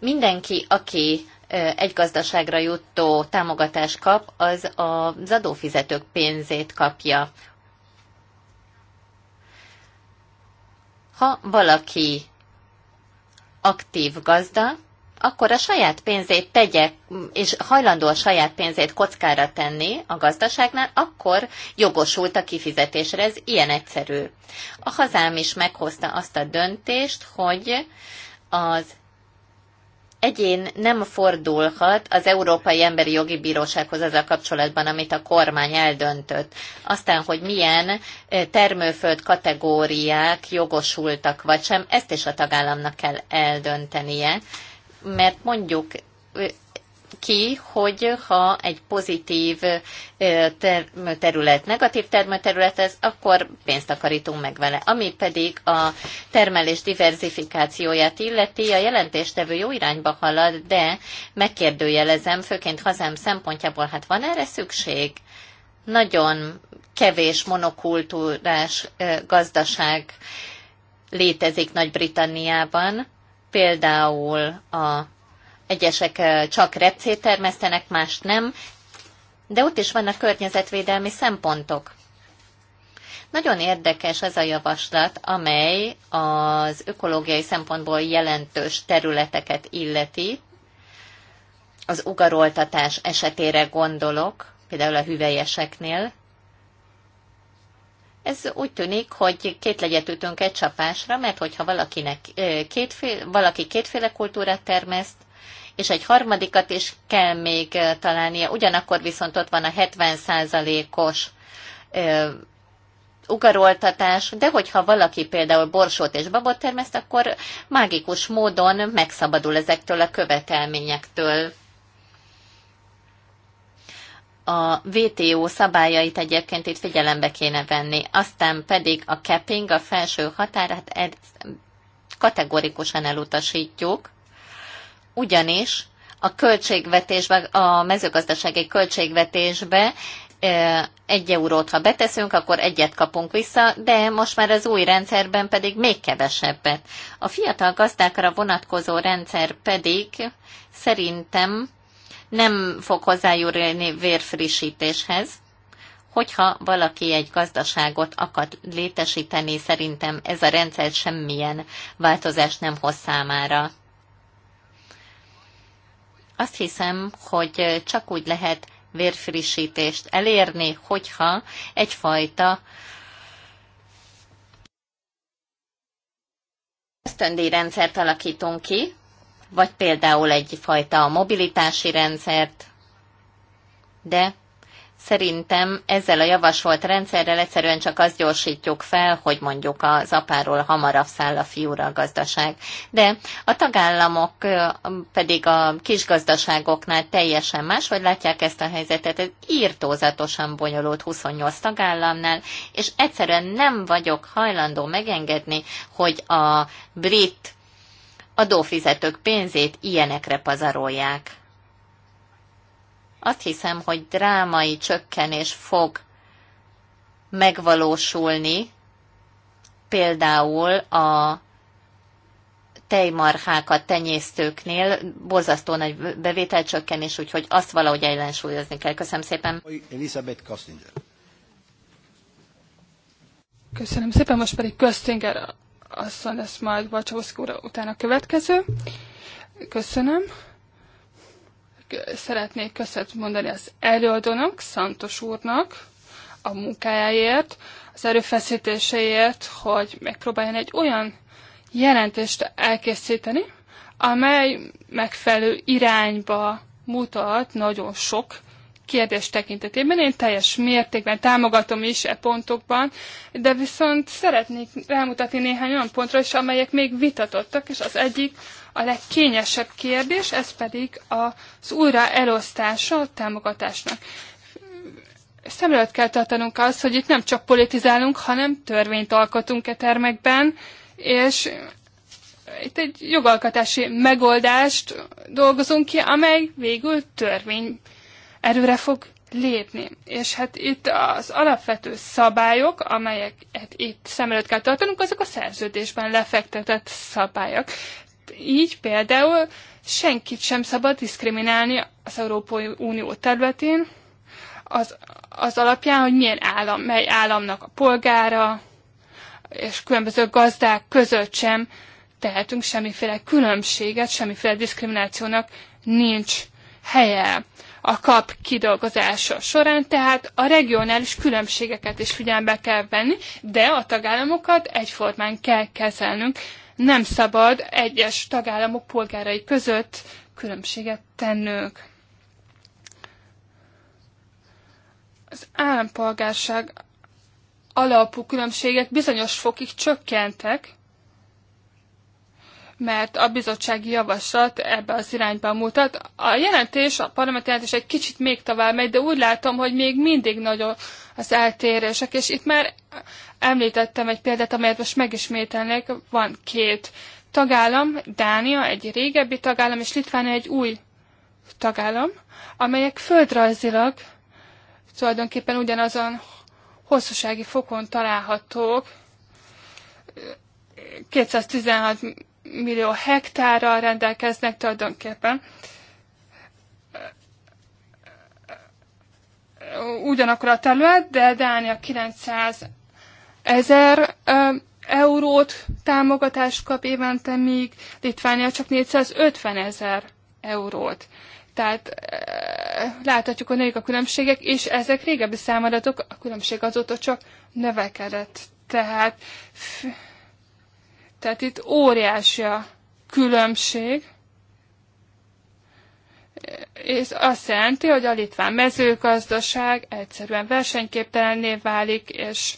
Mindenki, aki egy gazdaságra jutó támogatást kap, az az adófizetők pénzét kapja. ha valaki aktív gazda, akkor a saját pénzét tegye, és hajlandó a saját pénzét kockára tenni a gazdaságnál, akkor jogosult a kifizetésre. Ez ilyen egyszerű. A hazám is meghozta azt a döntést, hogy az egyén nem fordulhat az Európai Emberi Jogi Bírósághoz ezzel kapcsolatban, amit a kormány eldöntött. Aztán, hogy milyen eh, termőföld kategóriák jogosultak vagy sem, ezt is a tagállamnak kell eldöntenie, mert mondjuk eh, ki, hogy ha egy pozitív termőterület negatív termőterület ez, akkor pénzt akarítunk meg vele. Ami pedig a termelés diversifikációját illeti, a jelentéstevő jó irányba halad, de megkérdőjelezem, főként hazám szempontjából, hát van erre szükség? Nagyon kevés monokultúrás gazdaság létezik Nagy-Britanniában, például a Egyesek eh, csak repcét termesztenek, más nem, de ott is vannak környezetvédelmi szempontok. Nagyon érdekes ez a javaslat, amely az ökológiai szempontból jelentős területeket illeti. Az ugaroltatás esetére gondolok, például a hüvelyeseknél. Ez úgy tűnik, hogy két legyet ütünk egy csapásra, mert hogyha valakinek eh, kétféle, valaki kétféle kultúrát termeszt, és egy harmadikat is kell még találnia. Ugyanakkor viszont ott van a 70%-os ugaroltatás, de hogyha valaki például borsót és babot termeszt, akkor mágikus módon megszabadul ezektől a követelményektől. A WTO szabályait egyébként itt figyelembe kéne venni, aztán pedig a capping, a felső határát kategorikusan elutasítjuk, ugyanis a költségvetésbe, a mezőgazdasági költségvetésbe egy eurót, ha beteszünk, akkor egyet kapunk vissza, de most már az új rendszerben pedig még kevesebbet. A fiatal gazdákra vonatkozó rendszer pedig szerintem nem fog hozzájúrni vérfrissítéshez, hogyha valaki egy gazdaságot akar létesíteni, szerintem ez a rendszer semmilyen változást nem hoz számára. Azt hiszem, hogy csak úgy lehet vérfrissítést elérni, hogyha egyfajta rendszert alakítunk ki, vagy például egyfajta mobilitási rendszert, de Szerintem ezzel a javasolt rendszerrel egyszerűen csak azt gyorsítjuk fel, hogy mondjuk az apáról hamarabb száll a fiúra a gazdaság. De a tagállamok pedig a kisgazdaságoknál teljesen máshogy látják ezt a helyzetet. Ez írtózatosan bonyolult 28 tagállamnál, és egyszerűen nem vagyok hajlandó megengedni, hogy a brit adófizetők pénzét ilyenekre pazarolják. Azt hiszem, hogy drámai csökkenés fog megvalósulni, például a tejmarhákat tenyésztőknél borzasztó nagy bevételcsökkenés, úgyhogy azt valahogy ellensúlyozni kell. Köszönöm szépen. Elizabeth Kostinger. Köszönöm szépen, most pedig Köstinger asszony lesz majd Balcsavószki utána következő. Köszönöm szeretnék köszönet mondani az előadónak, Szantos úrnak a munkájáért, az erőfeszítéseért, hogy megpróbáljon egy olyan jelentést elkészíteni, amely megfelelő irányba mutat nagyon sok kérdés tekintetében. Én teljes mértékben támogatom is e pontokban, de viszont szeretnék rámutatni néhány olyan pontra is, amelyek még vitatottak, és az egyik a legkényesebb kérdés, ez pedig az újra elosztása a támogatásnak. Szem előtt kell tartanunk azt, hogy itt nem csak politizálunk, hanem törvényt alkotunk e termekben, és itt egy jogalkotási megoldást dolgozunk ki, amely végül törvény erőre fog lépni. És hát itt az alapvető szabályok, amelyeket itt szem előtt kell tartanunk, azok a szerződésben lefektetett szabályok így például senkit sem szabad diszkriminálni az Európai Unió területén, az, az alapján, hogy milyen állam, mely államnak a polgára, és különböző gazdák között sem tehetünk semmiféle különbséget, semmiféle diszkriminációnak nincs helye a kap kidolgozása során, tehát a regionális különbségeket is figyelembe kell venni, de a tagállamokat egyformán kell kezelnünk, nem szabad egyes tagállamok polgárai között különbséget tennünk. Az állampolgárság alapú különbségek bizonyos fokig csökkentek, mert a bizottsági javaslat ebbe az irányba mutat. A jelentés, a parlamenti jelentés egy kicsit még tovább megy, de úgy látom, hogy még mindig nagyon az eltérések, és itt már említettem egy példát, amelyet most megismételnék, van két tagállam, Dánia egy régebbi tagállam, és Litvánia egy új tagállam, amelyek földrajzilag tulajdonképpen ugyanazon hosszúsági fokon találhatók, 216 millió hektárral rendelkeznek tulajdonképpen. Ugyanakkor a terület, de Dánia 900 ezer eurót támogatást kap évente, míg Litvánia csak 450 ezer eurót. Tehát e, láthatjuk, hogy nők a különbségek, és ezek régebbi számadatok, a különbség azóta csak növekedett. Tehát tehát itt óriási a különbség, és azt jelenti, hogy a litván mezőgazdaság egyszerűen versenyképtelenné válik, és,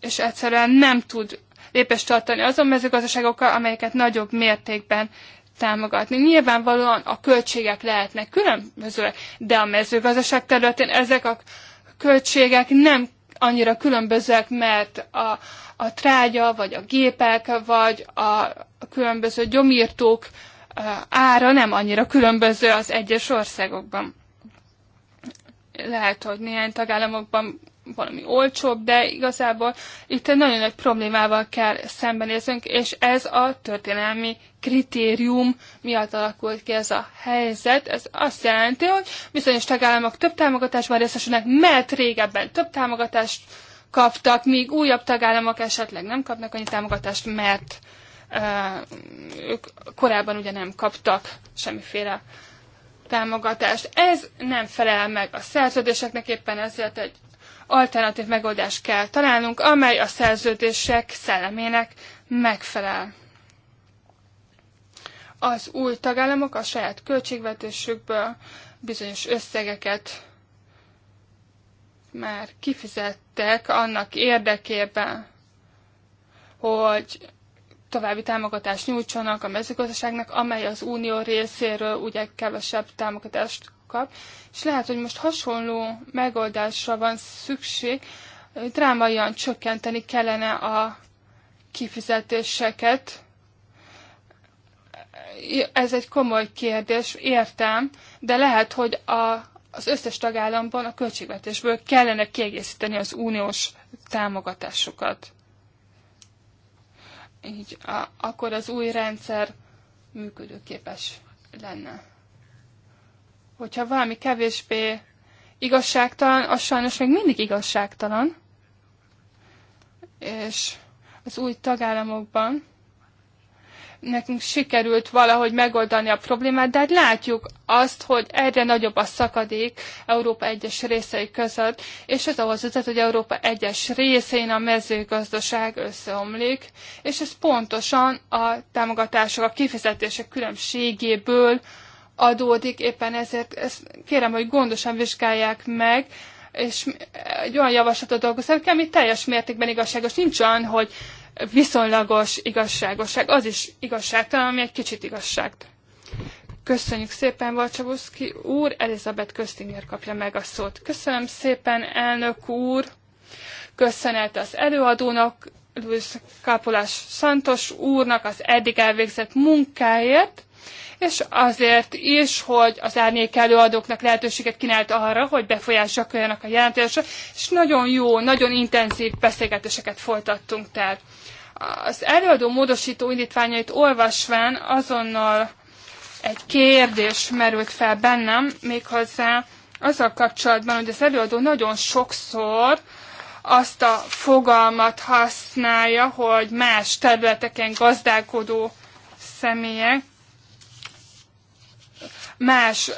és egyszerűen nem tud lépést tartani azon mezőgazdaságokkal, amelyeket nagyobb mértékben támogatni. Nyilvánvalóan a költségek lehetnek különbözőek, de a mezőgazdaság területén ezek a költségek nem annyira különbözőek, mert a, a trágya, vagy a gépek, vagy a, különböző gyomírtók ára nem annyira különböző az egyes országokban. Lehet, hogy néhány tagállamokban valami olcsóbb, de igazából itt egy nagyon nagy problémával kell szembenéznünk, és ez a történelmi kritérium miatt alakult ki ez a helyzet. Ez azt jelenti, hogy bizonyos tagállamok több támogatásban részesülnek, mert régebben több támogatást kaptak, míg újabb tagállamok esetleg nem kapnak annyi támogatást, mert uh, ők korábban ugye nem kaptak semmiféle támogatást. Ez nem felel meg a szerződéseknek, éppen ezért egy alternatív megoldást kell találnunk, amely a szerződések szellemének megfelel. Az új tagállamok a saját költségvetésükből bizonyos összegeket már kifizettek annak érdekében, hogy további támogatást nyújtsanak a mezőgazdaságnak, amely az unió részéről ugye kevesebb támogatást kap, és lehet, hogy most hasonló megoldásra van szükség, drámaian csökkenteni kellene a kifizetéseket. Ez egy komoly kérdés, értem, de lehet, hogy a, az összes tagállamban a költségvetésből kellene kiegészíteni az uniós támogatásokat. Így a, akkor az új rendszer működőképes lenne hogyha valami kevésbé igazságtalan, az sajnos még mindig igazságtalan. És az új tagállamokban nekünk sikerült valahogy megoldani a problémát, de hát látjuk azt, hogy egyre nagyobb a szakadék Európa egyes részei között, és ez ahhoz vezet, hogy Európa egyes részein a mezőgazdaság összeomlik, és ez pontosan a támogatások, a kifizetések különbségéből adódik, éppen ezért ezt kérem, hogy gondosan vizsgálják meg, és egy olyan javaslatot dolgoztak, ami teljes mértékben igazságos. Nincs olyan, hogy viszonylagos igazságosság. Az is igazságtalan, ami egy kicsit igazság. Köszönjük szépen, Valcsavuszki úr. Elizabeth Köztinger kapja meg a szót. Köszönöm szépen, elnök úr. Köszönet az előadónak, Luis Kápolás Santos úrnak az eddig elvégzett munkáért és azért is, hogy az árnyék előadóknak lehetőséget kínált arra, hogy befolyással a jelentésre, és nagyon jó, nagyon intenzív beszélgetéseket folytattunk. Tehát az előadó módosító indítványait olvasván azonnal egy kérdés merült fel bennem, méghozzá azzal kapcsolatban, hogy az előadó nagyon sokszor azt a fogalmat használja, hogy más területeken gazdálkodó személyek, más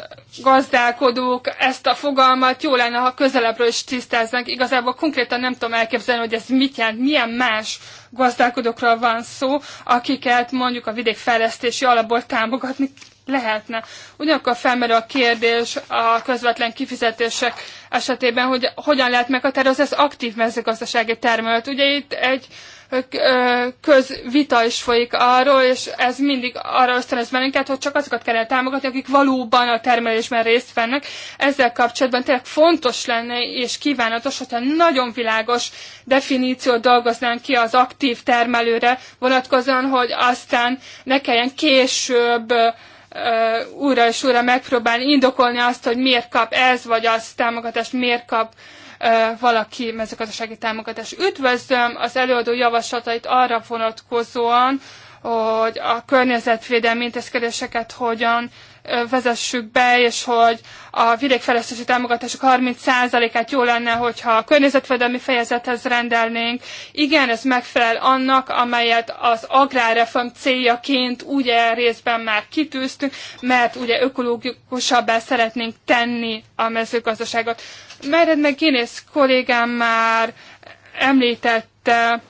gazdálkodók ezt a fogalmat jó lenne, ha közelebbről is tisztáznánk. Igazából konkrétan nem tudom elképzelni, hogy ez mit jelent, milyen más gazdálkodókról van szó, akiket mondjuk a vidékfejlesztési alapból támogatni lehetne. Ugyanakkor felmerül a kérdés a közvetlen kifizetések esetében, hogy hogyan lehet meghatározni az aktív mezőgazdasági termelőt. Ugye itt egy közvita is folyik arról, és ez mindig arra ösztönöz bennünket, hogy csak azokat kellene támogatni, akik valóban a termelésben részt vennek. Ezzel kapcsolatban tényleg fontos lenne és kívánatos, hogyha nagyon világos definíciót dolgoznánk ki az aktív termelőre vonatkozóan, hogy aztán ne kelljen később újra és újra megpróbálni indokolni azt, hogy miért kap ez vagy az támogatást, miért kap uh, valaki mezőgazdasági támogatás. Üdvözlöm az előadó javaslatait arra vonatkozóan, hogy a környezetvédelmi intézkedéseket hogyan vezessük be, és hogy a vidékfejlesztési támogatások 30%-át jó lenne, hogyha a környezetvédelmi fejezethez rendelnénk. Igen, ez megfelel annak, amelyet az agrárreform céljaként ugye részben már kitűztünk, mert ugye ökológikusabbá szeretnénk tenni a mezőgazdaságot. Mered meg Génész kollégám már említette,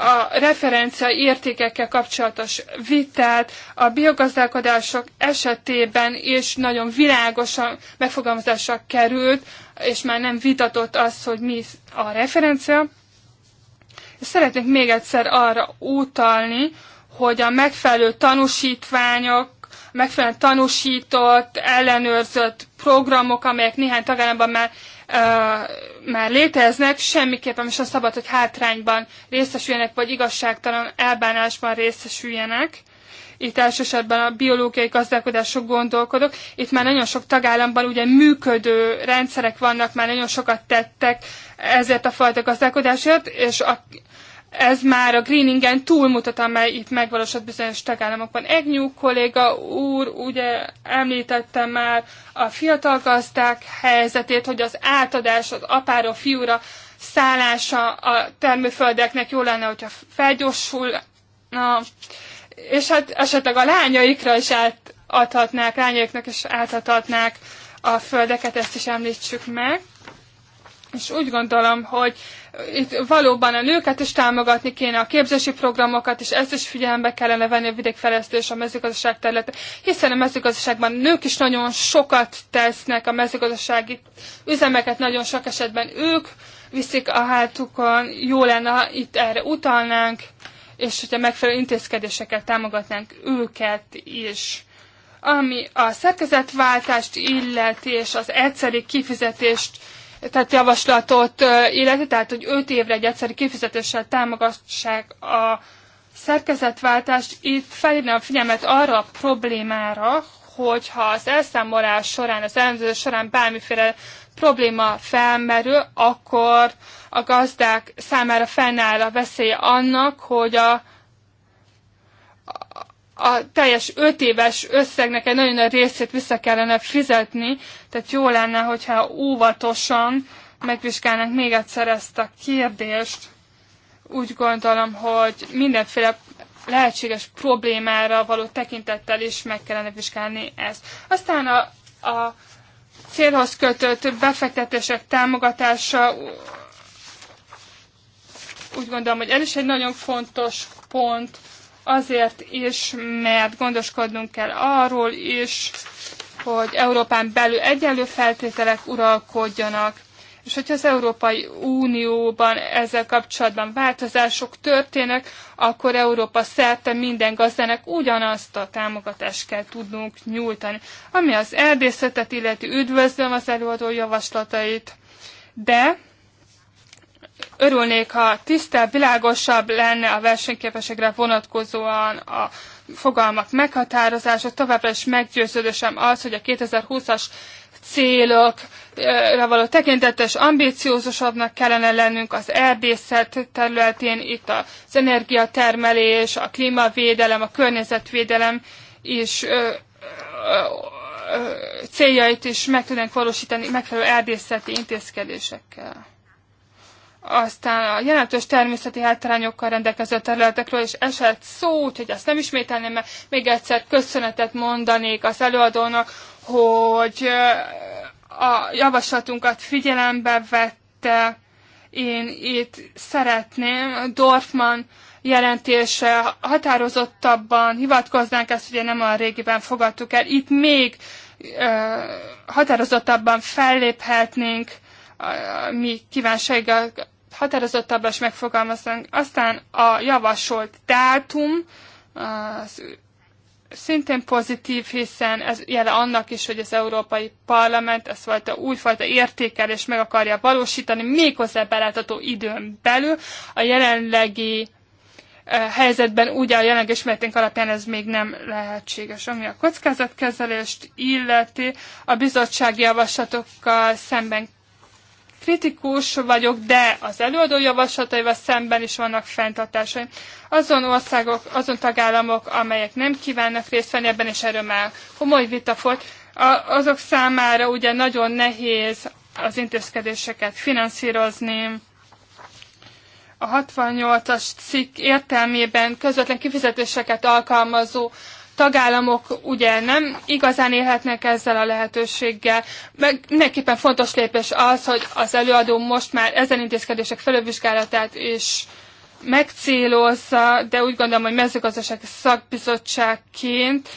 a referencia értékekkel kapcsolatos vitát a biogazdálkodások esetében is nagyon világosan megfogalmazásra került, és már nem vitatott az, hogy mi a referencia. Szeretnék még egyszer arra utalni, hogy a megfelelő tanúsítványok, megfelelően tanúsított, ellenőrzött programok, amelyek néhány tagállamban már már léteznek, semmiképpen sem szabad, hogy hátrányban részesüljenek, vagy igazságtalan elbánásban részesüljenek. Itt elsősorban a biológiai gazdálkodások gondolkodok. Itt már nagyon sok tagállamban ugye működő rendszerek vannak, már nagyon sokat tettek ezért a fajta gazdálkodásért, és a, ez már a greeningen túlmutat, amely itt megvalósult bizonyos tagállamokban. Egnyú kolléga úr, ugye említette már a fiatal gazdák helyzetét, hogy az átadás az apáról fiúra szállása a termőföldeknek jó lenne, hogyha felgyorsul, na, és hát esetleg a lányaikra is átadhatnák, lányaiknak is átadhatnák a földeket, ezt is említsük meg. És úgy gondolom, hogy itt valóban a nőket is támogatni kéne, a képzési programokat, és ezt is figyelembe kellene venni a vidékfejlesztés a mezőgazdaság területe, hiszen a mezőgazdaságban nők is nagyon sokat tesznek, a mezőgazdasági üzemeket nagyon sok esetben ők viszik a hátukon, jó lenne, ha itt erre utalnánk, és hogyha megfelelő intézkedésekkel támogatnánk őket is ami a szerkezetváltást illeti és az egyszeri kifizetést tehát javaslatot illeti, tehát hogy 5 évre egy egyszerű kifizetéssel támogassák a szerkezetváltást. Itt felhívnám a figyelmet arra a problémára, hogyha az elszámolás során, az elemzés során bármiféle probléma felmerül, akkor a gazdák számára fennáll a veszélye annak, hogy a a teljes öt éves összegnek egy nagyon nagy részét vissza kellene fizetni, tehát jó lenne, hogyha óvatosan megvizsgálnánk még egyszer ezt a kérdést. Úgy gondolom, hogy mindenféle lehetséges problémára való tekintettel is meg kellene vizsgálni ezt. Aztán a, a célhoz kötött befektetések támogatása úgy gondolom, hogy ez is egy nagyon fontos pont, azért is, mert gondoskodnunk kell arról is, hogy Európán belül egyenlő feltételek uralkodjanak, és hogyha az Európai Unióban ezzel kapcsolatban változások történnek, akkor Európa szerte minden gazdának ugyanazt a támogatást kell tudnunk nyújtani. Ami az erdészetet illeti, üdvözlöm az előadó javaslatait, de örülnék, ha tisztább, világosabb lenne a versenyképességre vonatkozóan a fogalmak meghatározása. Továbbra is meggyőződésem az, hogy a 2020-as célokra való tekintetes ambíciózusabbnak kellene lennünk az erdészet területén, itt az energiatermelés, a klímavédelem, a környezetvédelem is céljait is meg tudnánk valósítani megfelelő erdészeti intézkedésekkel aztán a jelentős természeti hátrányokkal rendelkező területekről is esett szó, úgyhogy ezt nem ismételném, mert még egyszer köszönetet mondanék az előadónak, hogy a javaslatunkat figyelembe vette. Én itt szeretném Dorfman jelentése határozottabban hivatkoznánk, ezt ugye nem a régiben fogadtuk el. Itt még ö, határozottabban felléphetnénk, mi kívánsággal határozottabb is megfogalmaznánk. Aztán a javasolt dátum, az szintén pozitív, hiszen ez jele annak is, hogy az Európai Parlament ezt fajta újfajta értékelés meg akarja valósítani, méghozzá belátható időn belül. A jelenlegi helyzetben ugye a jelenleg ismeretünk alapján ez még nem lehetséges. Ami a kockázatkezelést illeti, a bizottsági javaslatokkal szemben kritikus vagyok, de az előadó javaslataival szemben is vannak fenntartásaim. Azon országok, azon tagállamok, amelyek nem kívánnak részt venni ebben, és erről már komoly vita volt, azok számára ugye nagyon nehéz az intézkedéseket finanszírozni. A 68-as cikk értelmében közvetlen kifizetéseket alkalmazó tagállamok ugye nem igazán élhetnek ezzel a lehetőséggel, meg mindenképpen fontos lépés az, hogy az előadó most már ezen intézkedések felülvizsgálatát is megcélozza, de úgy gondolom, hogy mezőgazdasági szakbizottságként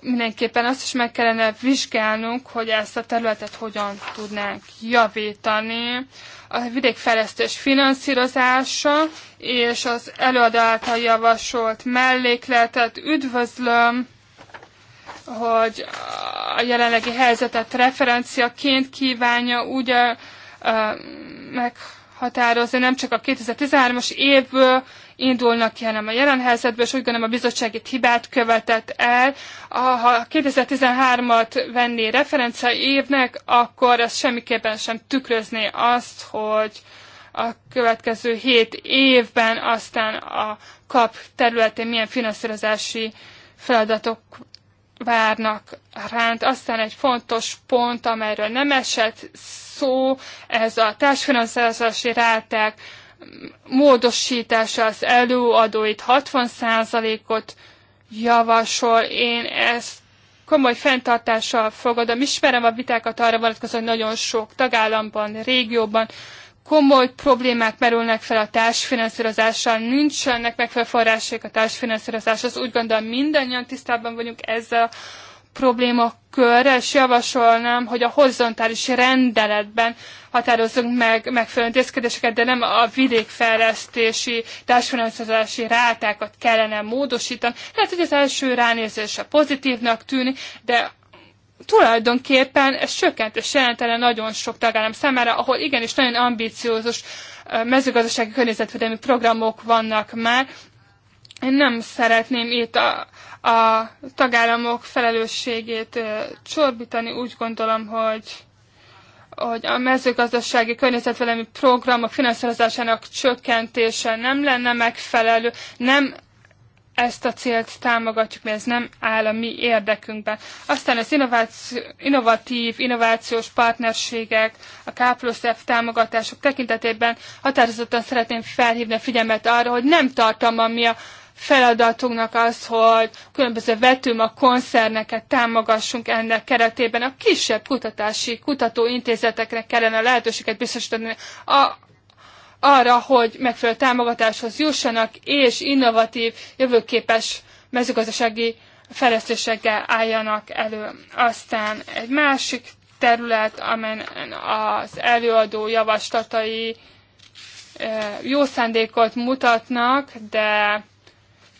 mindenképpen azt is meg kellene vizsgálnunk, hogy ezt a területet hogyan tudnánk javítani. A vidékfejlesztés finanszírozása és az előadó által javasolt mellékletet üdvözlöm, hogy a jelenlegi helyzetet referenciaként kívánja úgy meghatározni nem csak a 2013-as évből indulnak ki, hanem a jelen helyzetből, és úgy gondolom a bizottság itt hibát követett el. Ha 2013-at venné referencia évnek, akkor ez semmiképpen sem tükrözné azt, hogy a következő hét évben aztán a kap területén milyen finanszírozási feladatok várnak ránt. Aztán egy fontos pont, amelyről nem esett szó, ez a társfinanszírozási ráták módosítása az előadóit 60%-ot javasol. Én ezt komoly fenntartással fogadom. Ismerem a vitákat arra vonatkozóan, hogy nagyon sok tagállamban, régióban komoly problémák merülnek fel a társfinanszírozással, nincsenek megfelelő források a társfinanszírozáshoz. Úgy gondolom mindannyian tisztában vagyunk ezzel problémakörre, és javasolnám, hogy a horizontális rendeletben határozzunk meg megfelelő intézkedéseket, de nem a vidékfejlesztési, társfinanszírozási rátákat kellene módosítani. Lehet, hogy az első ránézésre pozitívnak tűnik, de tulajdonképpen ez csökkentés jelentene nagyon sok tagállam számára, ahol igenis nagyon ambiciózus mezőgazdasági környezetvédelmi programok vannak már. Én nem szeretném itt a, a tagállamok felelősségét csorbítani. Úgy gondolom, hogy hogy a mezőgazdasági környezetvelemi programok finanszírozásának csökkentése nem lenne megfelelő, nem ezt a célt támogatjuk, mert ez nem áll a mi érdekünkben. Aztán az innováció, innovatív, innovációs partnerségek, a K plusz F támogatások tekintetében határozottan szeretném felhívni a figyelmet arra, hogy nem tartalma mi a feladatunknak az, hogy különböző a koncerneket támogassunk ennek keretében. A kisebb kutatási kutatóintézeteknek kellene a lehetőséget biztosítani a, arra, hogy megfelelő támogatáshoz jussanak, és innovatív, jövőképes mezőgazdasági fejlesztésekkel álljanak elő. Aztán egy másik terület, amelyen az előadó javaslatai eh, jó szándékot mutatnak, de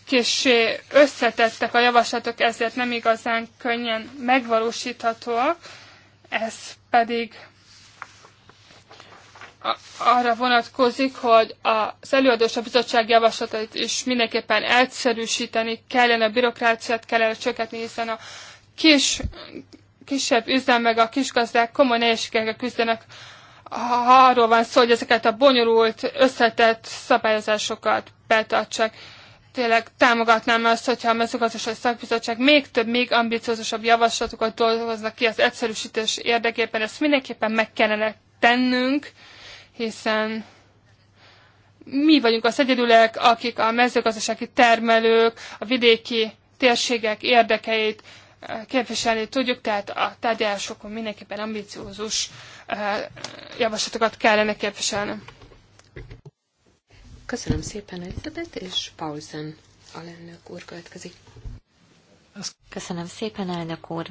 kissé összetettek a javaslatok, ezért nem igazán könnyen megvalósíthatóak, ez pedig arra vonatkozik, hogy az előadós a bizottság javaslatait is mindenképpen egyszerűsíteni kellene, a bürokráciát kellene csökkentni, hiszen a kis, kisebb üzem meg a kisgazdák komoly nehézségekkel küzdenek, ha arról van szó, hogy ezeket a bonyolult, összetett szabályozásokat betartsák tényleg támogatnám azt, hogyha a mezőgazdasági szakbizottság még több, még ambiciózusabb javaslatokat dolgoznak ki az egyszerűsítés érdekében. Ezt mindenképpen meg kellene tennünk, hiszen mi vagyunk az egyedülek, akik a mezőgazdasági termelők, a vidéki térségek érdekeit eh, képviselni tudjuk, tehát a tárgyalásokon mindenképpen ambiciózus eh, javaslatokat kellene képviselni. Köszönöm szépen, Elizabeth, és Paulsen alelnök úr következik. Köszönöm szépen, elnök úr.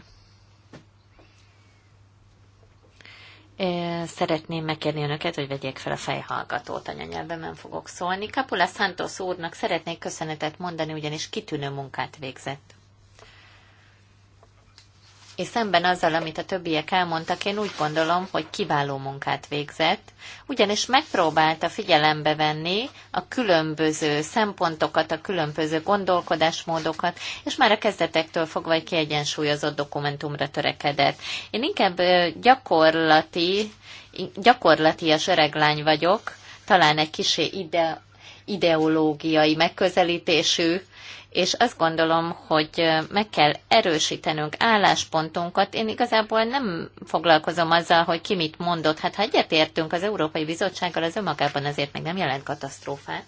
Szeretném megkérni önöket, hogy vegyék fel a fejhallgatót, anyanyelvemen fogok szólni. Kapula Santos úrnak szeretnék köszönetet mondani, ugyanis kitűnő munkát végzett és szemben azzal, amit a többiek elmondtak, én úgy gondolom, hogy kiváló munkát végzett, ugyanis megpróbálta figyelembe venni a különböző szempontokat, a különböző gondolkodásmódokat, és már a kezdetektől fogva egy kiegyensúlyozott dokumentumra törekedett. Én inkább gyakorlati, gyakorlatias öreglány vagyok, talán egy kisé ide, ideológiai megközelítésű, és azt gondolom, hogy meg kell erősítenünk álláspontunkat. Én igazából nem foglalkozom azzal, hogy ki mit mondott. Hát ha egyetértünk az Európai Bizottsággal, az önmagában azért még nem jelent katasztrófát.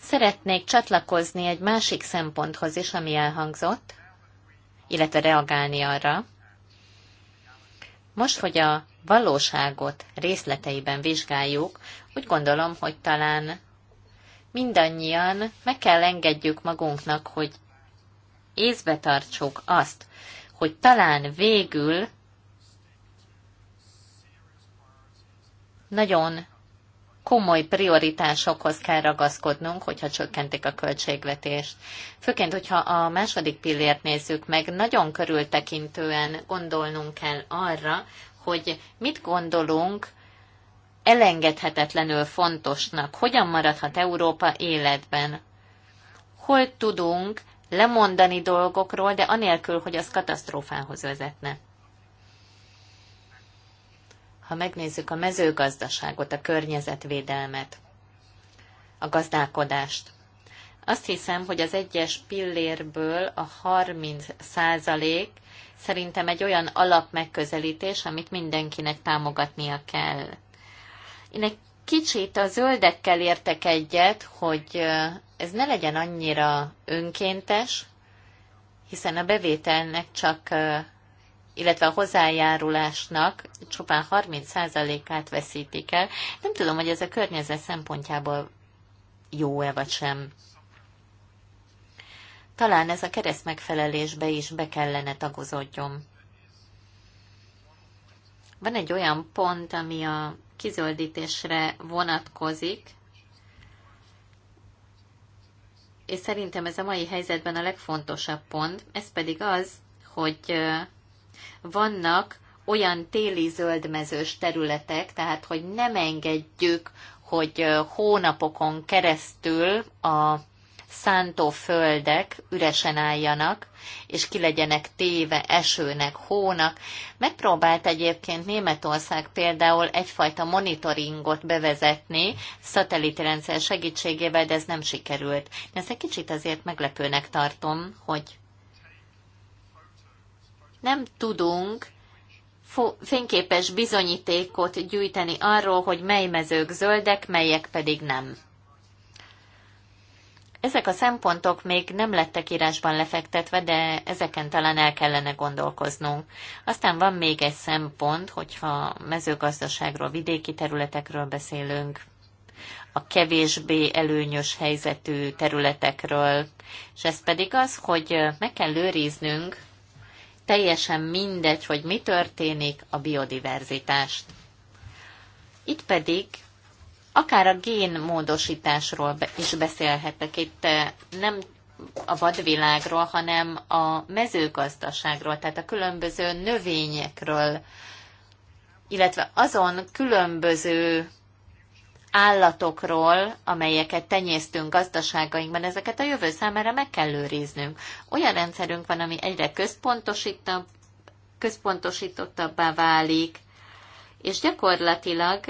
Szeretnék csatlakozni egy másik szemponthoz is, ami elhangzott, illetve reagálni arra. Most, hogy a valóságot részleteiben vizsgáljuk, úgy gondolom, hogy talán mindannyian meg kell engedjük magunknak, hogy észbe tartsuk azt, hogy talán végül nagyon komoly prioritásokhoz kell ragaszkodnunk, hogyha csökkentik a költségvetést. Főként, hogyha a második pillért nézzük meg, nagyon körültekintően gondolnunk kell arra, hogy mit gondolunk elengedhetetlenül fontosnak. Hogyan maradhat Európa életben? Hol tudunk lemondani dolgokról, de anélkül, hogy az katasztrófához vezetne? Ha megnézzük a mezőgazdaságot, a környezetvédelmet, a gazdálkodást, azt hiszem, hogy az egyes pillérből a 30 százalék szerintem egy olyan alapmegközelítés, amit mindenkinek támogatnia kell. Én egy kicsit a zöldekkel értek egyet, hogy ez ne legyen annyira önkéntes, hiszen a bevételnek csak, illetve a hozzájárulásnak csupán 30%-át veszítik el. Nem tudom, hogy ez a környezet szempontjából jó-e vagy sem. Talán ez a kereszt megfelelésbe is be kellene tagozódjon. Van egy olyan pont, ami a kizöldítésre vonatkozik, és szerintem ez a mai helyzetben a legfontosabb pont, ez pedig az, hogy vannak olyan téli zöldmezős területek, tehát hogy nem engedjük, hogy hónapokon keresztül a földek üresen álljanak, és ki legyenek téve esőnek, hónak. Megpróbált egyébként Németország például egyfajta monitoringot bevezetni szatellitrendszer segítségével, de ez nem sikerült. De ezt egy kicsit azért meglepőnek tartom, hogy nem tudunk fényképes bizonyítékot gyűjteni arról, hogy mely mezők zöldek, melyek pedig nem. Ezek a szempontok még nem lettek írásban lefektetve, de ezeken talán el kellene gondolkoznunk. Aztán van még egy szempont, hogyha mezőgazdaságról, vidéki területekről beszélünk, a kevésbé előnyös helyzetű területekről, és ez pedig az, hogy meg kell őriznünk teljesen mindegy, hogy mi történik a biodiverzitást. Itt pedig Akár a génmódosításról is beszélhetek. Itt eh, nem a vadvilágról, hanem a mezőgazdaságról, tehát a különböző növényekről, illetve azon különböző állatokról, amelyeket tenyésztünk gazdaságainkban, ezeket a jövő számára meg kell őriznünk. Olyan rendszerünk van, ami egyre központosítottabbá válik, és gyakorlatilag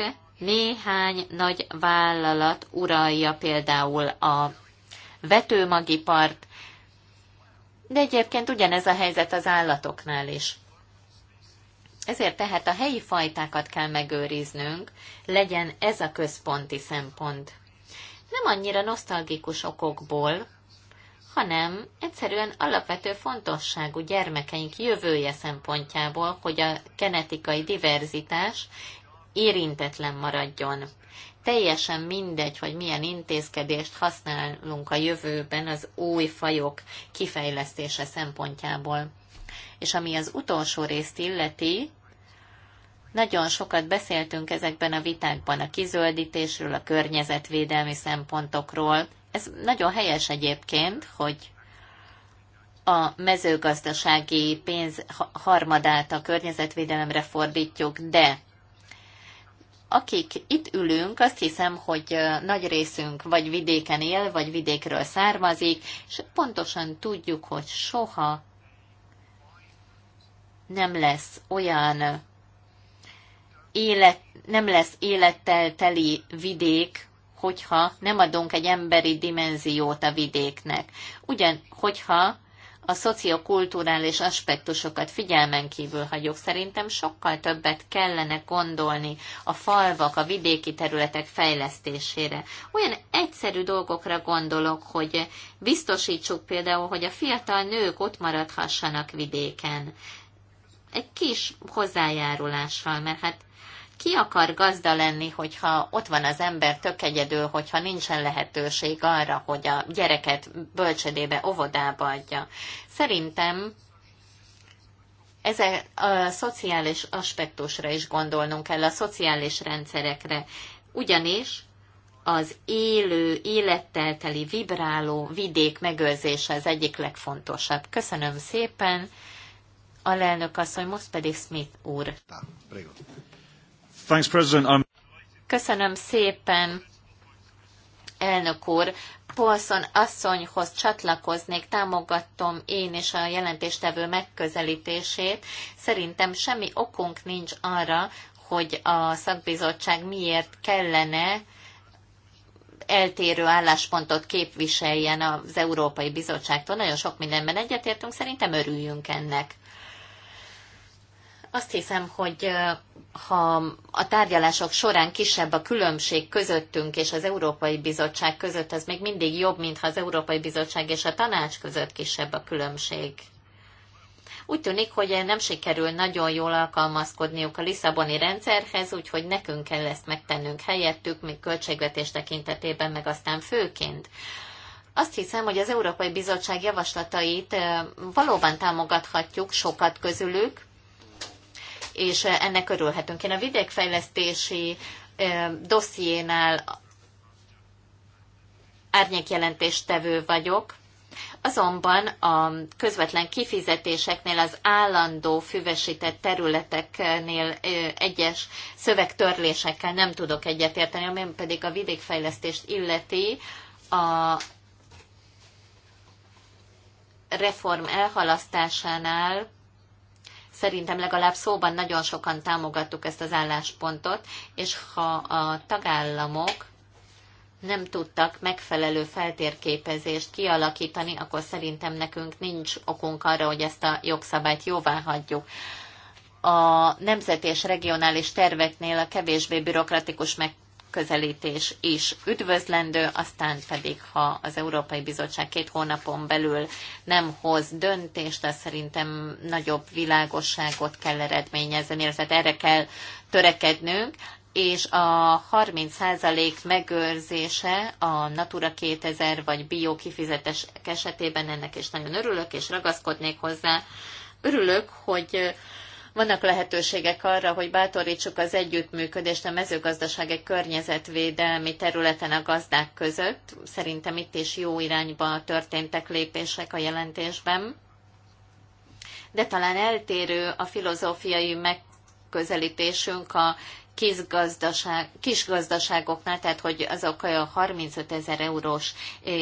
néhány nagy vállalat uralja például a vetőmagipart, de egyébként ugyanez a helyzet az állatoknál is. Ezért tehát a helyi fajtákat kell megőriznünk, legyen ez a központi szempont. Nem annyira nosztalgikus okokból, hanem egyszerűen alapvető fontosságú gyermekeink jövője szempontjából, hogy a genetikai diverzitás érintetlen maradjon. Teljesen mindegy, hogy milyen intézkedést használunk a jövőben az új fajok kifejlesztése szempontjából. És ami az utolsó részt illeti, nagyon sokat beszéltünk ezekben a vitákban a kizöldítésről, a környezetvédelmi szempontokról. Ez nagyon helyes egyébként, hogy a mezőgazdasági pénz harmadát a környezetvédelemre fordítjuk, de akik itt ülünk, azt hiszem, hogy nagy részünk vagy vidéken él, vagy vidékről származik, és pontosan tudjuk, hogy soha nem lesz olyan élet, nem lesz élettel teli vidék, hogyha nem adunk egy emberi dimenziót a vidéknek. Ugyan, hogyha a szociokulturális aspektusokat figyelmen kívül hagyjuk. Szerintem sokkal többet kellene gondolni a falvak, a vidéki területek fejlesztésére. Olyan egyszerű dolgokra gondolok, hogy biztosítsuk például, hogy a fiatal nők ott maradhassanak vidéken. Egy kis hozzájárulással, mert hát ki akar gazda lenni, hogyha ott van az ember tök egyedül, hogyha nincsen lehetőség arra, hogy a gyereket bölcsödébe, óvodába adja. Szerintem ezek a szociális aspektusra is gondolnunk kell, a szociális rendszerekre. Ugyanis az élő, élettel teli, vibráló vidék megőrzése az egyik legfontosabb. Köszönöm szépen, lelnök asszony, most pedig Smith úr. Tá, Thanks, President. I'm... Köszönöm szépen, elnök úr. Paulson asszonyhoz csatlakoznék, támogattom én is a jelentéstevő megközelítését. Szerintem semmi okunk nincs arra, hogy a szakbizottság miért kellene eltérő álláspontot képviseljen az Európai Bizottságtól. Nagyon sok mindenben egyetértünk, szerintem örüljünk ennek. Azt hiszem, hogy ha a tárgyalások során kisebb a különbség közöttünk és az Európai Bizottság között, az még mindig jobb, mintha az Európai Bizottság és a tanács között kisebb a különbség. Úgy tűnik, hogy nem sikerül nagyon jól alkalmazkodniuk a Lisszaboni rendszerhez, úgyhogy nekünk kell ezt megtennünk helyettük, még költségvetés tekintetében, meg aztán főként. Azt hiszem, hogy az Európai Bizottság javaslatait valóban támogathatjuk sokat közülük, és eh, ennek örülhetünk. Én a vidékfejlesztési eh, dossziénál árnyékjelentéstevő vagyok, Azonban a közvetlen kifizetéseknél az állandó füvesített területeknél eh, egyes szövegtörlésekkel nem tudok egyetérteni, ami pedig a vidékfejlesztést illeti a reform elhalasztásánál Szerintem legalább szóban nagyon sokan támogattuk ezt az álláspontot, és ha a tagállamok nem tudtak megfelelő feltérképezést kialakítani, akkor szerintem nekünk nincs okunk arra, hogy ezt a jogszabályt jóvá hagyjuk. A nemzeti és regionális terveknél a kevésbé bürokratikus meg megközelítés is üdvözlendő, aztán pedig, ha az Európai Bizottság két hónapon belül nem hoz döntést, az szerintem nagyobb világosságot kell eredményezni, illetve erre kell törekednünk, és a 30% megőrzése a Natura 2000 vagy bio kifizetes esetében ennek is nagyon örülök, és ragaszkodnék hozzá. Örülök, hogy vannak lehetőségek arra, hogy bátorítsuk az együttműködést a mezőgazdaság egy környezetvédelmi területen a gazdák között. Szerintem itt is jó irányba történtek lépések a jelentésben. De talán eltérő a filozófiai megközelítésünk a kis, gazdaság, kis gazdaságoknál, tehát hogy azok a 35 ezer eurós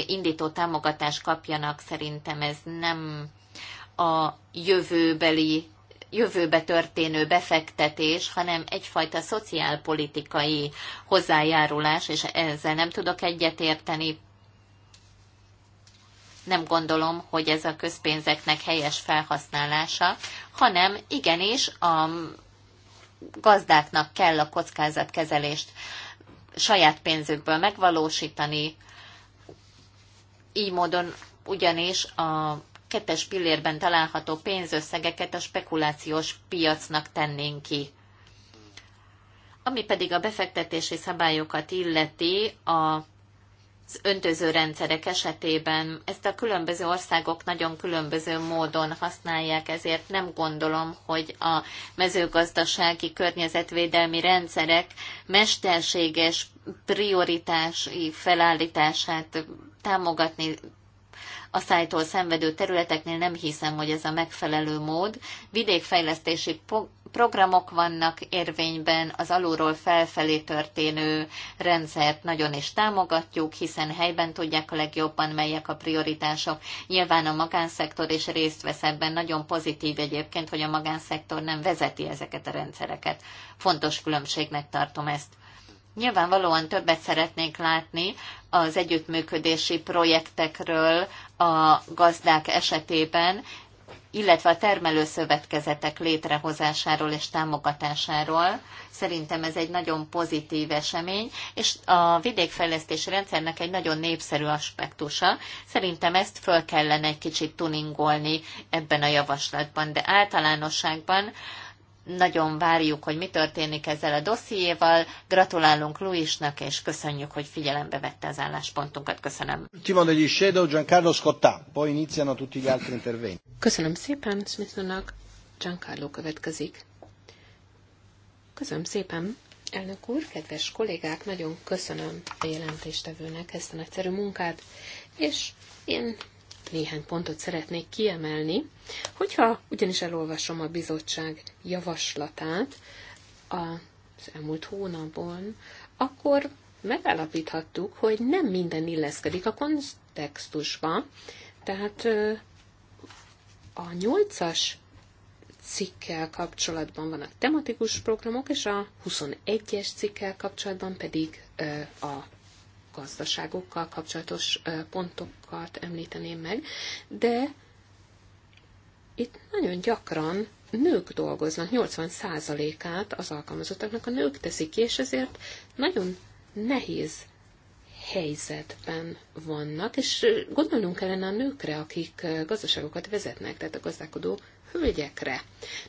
indító támogatást kapjanak, szerintem ez nem a jövőbeli jövőbe történő befektetés, hanem egyfajta szociálpolitikai hozzájárulás, és ezzel nem tudok egyetérteni. Nem gondolom, hogy ez a közpénzeknek helyes felhasználása, hanem igenis a gazdáknak kell a kockázatkezelést saját pénzükből megvalósítani, így módon ugyanis a kettes pillérben található pénzösszegeket a spekulációs piacnak tennénk ki. Ami pedig a befektetési szabályokat illeti, a az öntöző rendszerek esetében ezt a különböző országok nagyon különböző módon használják, ezért nem gondolom, hogy a mezőgazdasági környezetvédelmi rendszerek mesterséges prioritási felállítását támogatni a szájtól szenvedő területeknél nem hiszem, hogy ez a megfelelő mód. Vidékfejlesztési programok vannak érvényben, az alulról felfelé történő rendszert nagyon is támogatjuk, hiszen helyben tudják a legjobban, melyek a prioritások. Nyilván a magánszektor is részt vesz ebben, nagyon pozitív egyébként, hogy a magánszektor nem vezeti ezeket a rendszereket. Fontos különbségnek tartom ezt. Nyilvánvalóan többet szeretnénk látni az együttműködési projektekről a gazdák esetében, illetve a termelőszövetkezetek létrehozásáról és támogatásáról. Szerintem ez egy nagyon pozitív esemény, és a vidékfejlesztési rendszernek egy nagyon népszerű aspektusa. Szerintem ezt föl kellene egy kicsit tuningolni ebben a javaslatban, de általánosságban nagyon várjuk, hogy mi történik ezzel a dossziéval. Gratulálunk Luisnak, és köszönjük, hogy figyelembe vette az álláspontunkat. Köszönöm. degli Giancarlo Köszönöm szépen Smithnak. Giancarlo következik. Köszönöm szépen. Elnök úr, kedves kollégák, nagyon köszönöm a jelentéstevőnek ezt a nagyszerű munkát, és én néhány pontot szeretnék kiemelni. Hogyha ugyanis elolvasom a bizottság javaslatát az elmúlt hónapban, akkor megállapíthattuk, hogy nem minden illeszkedik a kontextusba. Tehát a nyolcas cikkel kapcsolatban vannak tematikus programok, és a 21-es cikkel kapcsolatban pedig a gazdaságokkal kapcsolatos pontokat említeném meg, de itt nagyon gyakran nők dolgoznak, 80%-át az alkalmazottaknak a nők teszik ki, és ezért nagyon nehéz helyzetben vannak, és gondolnunk kellene a nőkre, akik gazdaságokat vezetnek, tehát a gazdálkodó hölgyekre.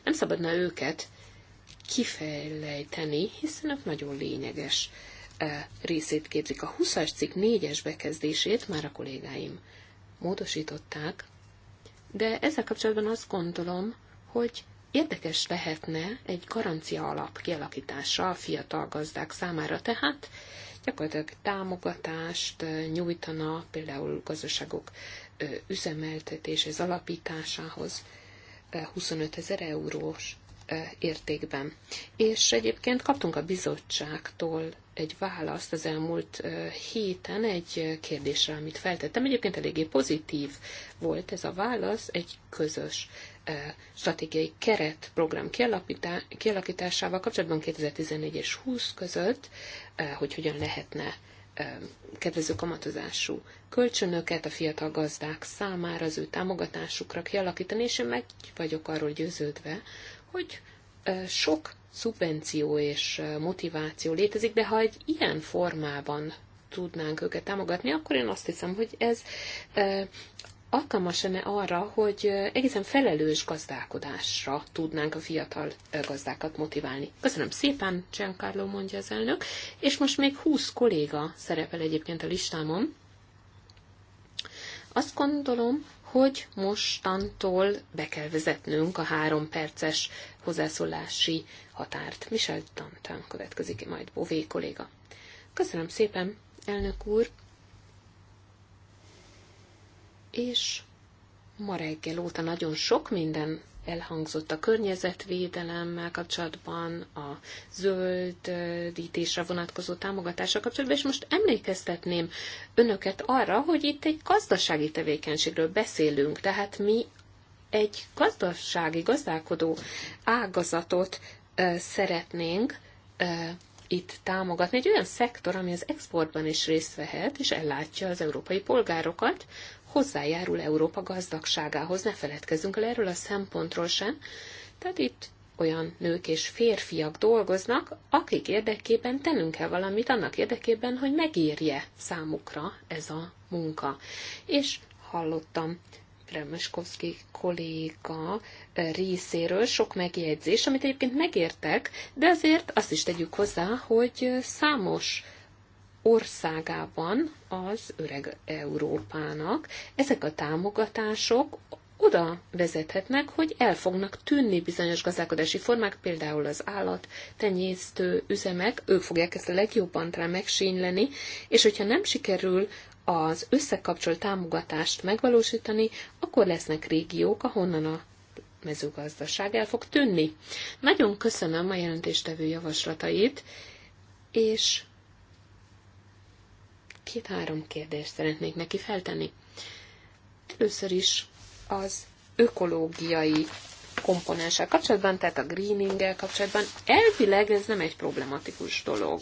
Nem szabadna őket kifejlejteni, hiszen ők nagyon lényeges E, részét képzik. A 20-as cikk 4-es bekezdését már a kollégáim módosították, de ezzel kapcsolatban azt gondolom, hogy érdekes lehetne egy garancia alap kialakítása a fiatal gazdák számára, tehát gyakorlatilag támogatást e, nyújtana például gazdaságok e, üzemeltetéshez, alapításához 25 ezer eurós értékben. És egyébként kaptunk a bizottságtól egy választ az elmúlt héten egy kérdésre, amit feltettem. Egyébként eléggé pozitív volt ez a válasz, egy közös stratégiai keretprogram kialakításával kapcsolatban 2014 és 20 között, hogy hogyan lehetne kedvező kamatozású kölcsönöket a fiatal gazdák számára, az ő támogatásukra kialakítani, és én meg vagyok arról győződve, hogy sok szubvenció és motiváció létezik, de ha egy ilyen formában tudnánk őket támogatni, akkor én azt hiszem, hogy ez alkalmas lenne arra, hogy egészen felelős gazdálkodásra tudnánk a fiatal gazdákat motiválni. Köszönöm szépen, Giancarlo mondja az elnök, és most még 20 kolléga szerepel egyébként a listámon. Azt gondolom, hogy mostantól be kell vezetnünk a három perces hozzászólási határt. Michel Dantán következik majd Bové kolléga. Köszönöm szépen, elnök úr! És ma reggel óta nagyon sok minden elhangzott a környezetvédelemmel kapcsolatban, a zöldítésre vonatkozó támogatásra kapcsolatban, és most emlékeztetném önöket arra, hogy itt egy gazdasági tevékenységről beszélünk, tehát mi egy gazdasági, gazdálkodó ágazatot ö, szeretnénk ö, itt támogatni. Egy olyan szektor, ami az exportban is részt vehet, és ellátja az európai polgárokat hozzájárul Európa gazdagságához. Ne feledkezzünk el erről a szempontról sem. Tehát itt olyan nők és férfiak dolgoznak, akik érdekében tennünk kell valamit annak érdekében, hogy megérje számukra ez a munka. És hallottam Remeskovszki kolléga eh, részéről sok megjegyzés, amit egyébként megértek, de azért azt is tegyük hozzá, hogy eh, számos országában az öreg Európának. Ezek a támogatások oda vezethetnek, hogy el fognak tűnni bizonyos gazdálkodási formák, például az állat, tenyésztő üzemek, ők fogják ezt a legjobban rá megsínyleni, és hogyha nem sikerül az összekapcsolt támogatást megvalósítani, akkor lesznek régiók, ahonnan a mezőgazdaság el fog tűnni. Nagyon köszönöm a jelentéstevő javaslatait, és két-három kérdést szeretnék neki feltenni. Először is az ökológiai komponenssel kapcsolatban, tehát a greeninggel kapcsolatban elvileg ez nem egy problematikus dolog,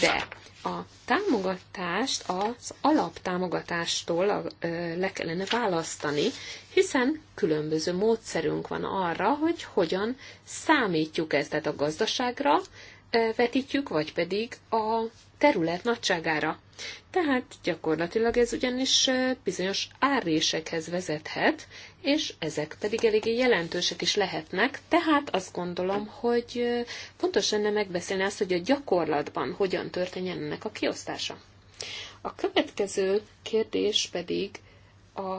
de a támogatást az alaptámogatástól le kellene választani, hiszen különböző módszerünk van arra, hogy hogyan számítjuk ezt, tehát a gazdaságra vetítjük, vagy pedig a terület nagyságára tehát gyakorlatilag ez ugyanis bizonyos árrésekhez vezethet, és ezek pedig eléggé jelentősek is lehetnek, tehát azt gondolom, hogy fontos lenne megbeszélni azt, hogy a gyakorlatban hogyan történjen ennek a kiosztása. A következő kérdés pedig a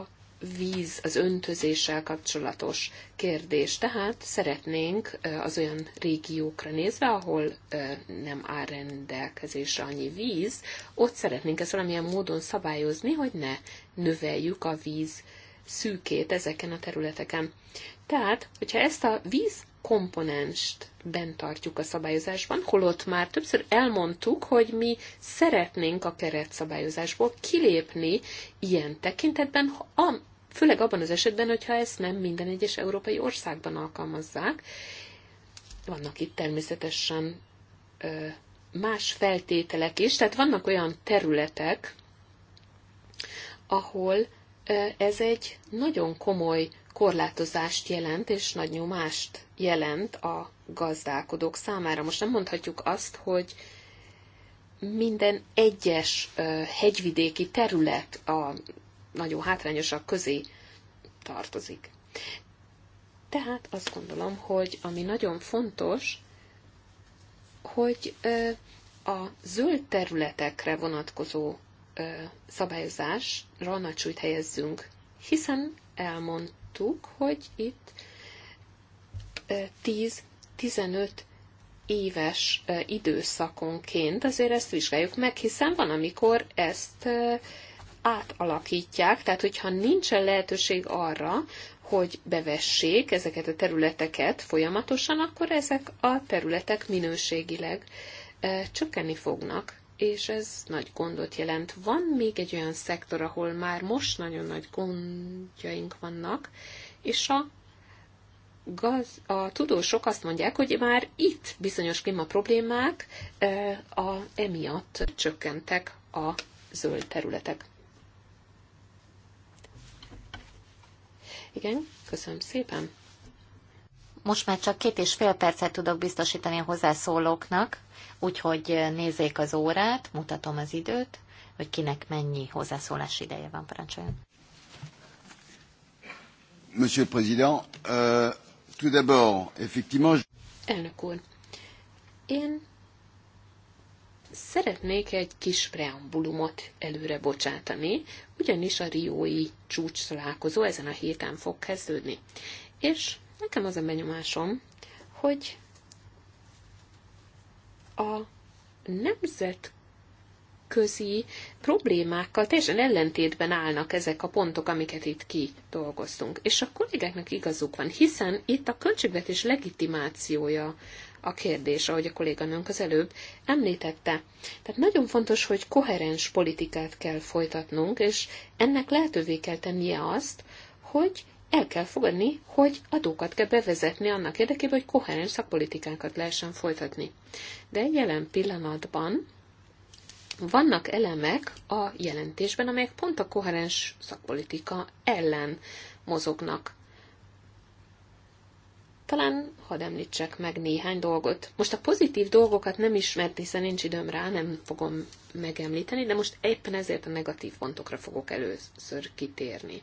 víz, az öntözéssel kapcsolatos kérdés. Tehát szeretnénk az olyan régiókra nézve, ahol nem áll rendelkezésre annyi víz, ott szeretnénk ezt valamilyen módon szabályozni, hogy ne növeljük a víz szűkét ezeken a területeken. Tehát, hogyha ezt a víz komponenst bent tartjuk a szabályozásban, holott már többször elmondtuk, hogy mi szeretnénk a keretszabályozásból kilépni ilyen tekintetben, a, főleg abban az esetben, hogyha ezt nem minden egyes európai országban alkalmazzák. Vannak itt természetesen ö, más feltételek is, tehát vannak olyan területek, ahol ö, ez egy nagyon komoly korlátozást jelent, és nagy nyomást jelent a gazdálkodók számára. Most nem mondhatjuk azt, hogy minden egyes hegyvidéki terület a nagyon hátrányosak közé tartozik. Tehát azt gondolom, hogy ami nagyon fontos, hogy a zöld területekre vonatkozó szabályozásra nagy súlyt helyezzünk, hiszen elmond láttuk, hogy itt 10-15 éves időszakonként azért ezt vizsgáljuk meg, hiszen van, amikor ezt átalakítják, tehát hogyha nincsen lehetőség arra, hogy bevessék ezeket a területeket folyamatosan, akkor ezek a területek minőségileg csökkenni fognak és ez nagy gondot jelent. Van még egy olyan szektor, ahol már most nagyon nagy gondjaink vannak, és a, gaz, a tudósok azt mondják, hogy már itt bizonyos klímaproblémák problémák e, a, emiatt csökkentek a zöld területek. Igen, köszönöm szépen. Most már csak két és fél percet tudok biztosítani a hozzászólóknak Úgyhogy eh, nézzék az órát, mutatom az időt, hogy kinek mennyi hozzászólás ideje van, parancsoljon. Monsieur le Président, euh, tout d'abord, effectivement... Elnök úr, én szeretnék egy kis preambulumot előre bocsátani, ugyanis a riói csúcs találkozó ezen a héten fog kezdődni. És nekem az a benyomásom, hogy a nemzet közi problémákkal teljesen ellentétben állnak ezek a pontok, amiket itt kidolgoztunk. És a kollégáknak igazuk van, hiszen itt a költségvetés legitimációja a kérdés, ahogy a kolléganőnk az előbb említette. Tehát nagyon fontos, hogy koherens politikát kell folytatnunk, és ennek lehetővé kell tennie azt, hogy el kell fogadni, hogy adókat kell bevezetni annak érdekében, hogy koherens szakpolitikákat lehessen folytatni. De jelen pillanatban vannak elemek a jelentésben, amelyek pont a koherens szakpolitika ellen mozognak. Talán hadd említsek meg néhány dolgot. Most a pozitív dolgokat nem ismert, hiszen nincs időm rá, nem fogom megemlíteni, de most éppen ezért a negatív pontokra fogok először kitérni.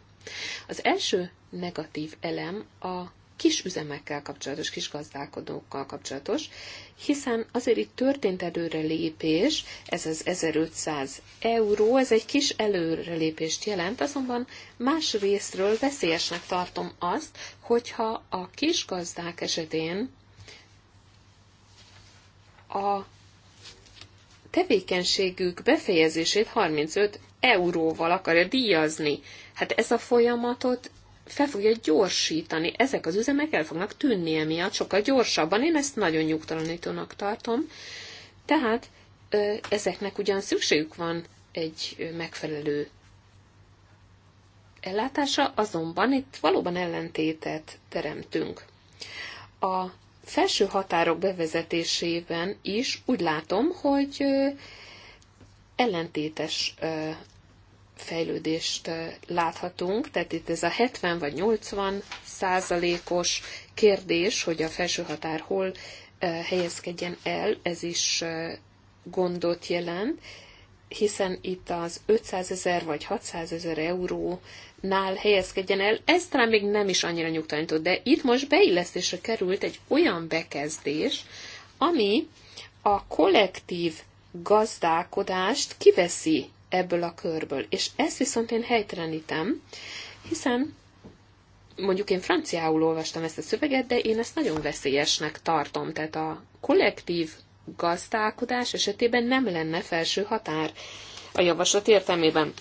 Az első negatív elem a kis üzemekkel kapcsolatos, kis gazdálkodókkal kapcsolatos, hiszen azért itt történt előrelépés, ez az 1500 euró, ez egy kis előrelépést jelent, azonban más részről veszélyesnek tartom azt, hogyha a kis gazdák esetén a tevékenységük befejezését 35 euróval akarja díjazni hát ez a folyamatot fel fogja gyorsítani. Ezek az üzemek el fognak tűnni emiatt sokkal gyorsabban. Én ezt nagyon nyugtalanítónak tartom. Tehát ezeknek ugyan szükségük van egy megfelelő ellátása, azonban itt valóban ellentétet teremtünk. A felső határok bevezetésében is úgy látom, hogy ellentétes fejlődést eh, láthatunk, tehát itt ez a 70 vagy 80 százalékos kérdés, hogy a felső határ hol eh, helyezkedjen el, ez is eh, gondot jelent, hiszen itt az 500 ezer vagy 600 ezer eurónál helyezkedjen el, ez talán még nem is annyira nyugtalanító, de itt most beillesztésre került egy olyan bekezdés, ami a kollektív gazdálkodást kiveszi ebből a körből. És ezt viszont én helytelenítem, hiszen mondjuk én franciául olvastam ezt a szöveget, de én ezt nagyon veszélyesnek tartom. Tehát a kollektív gazdálkodás esetében nem lenne felső határ a javaslat értelmében.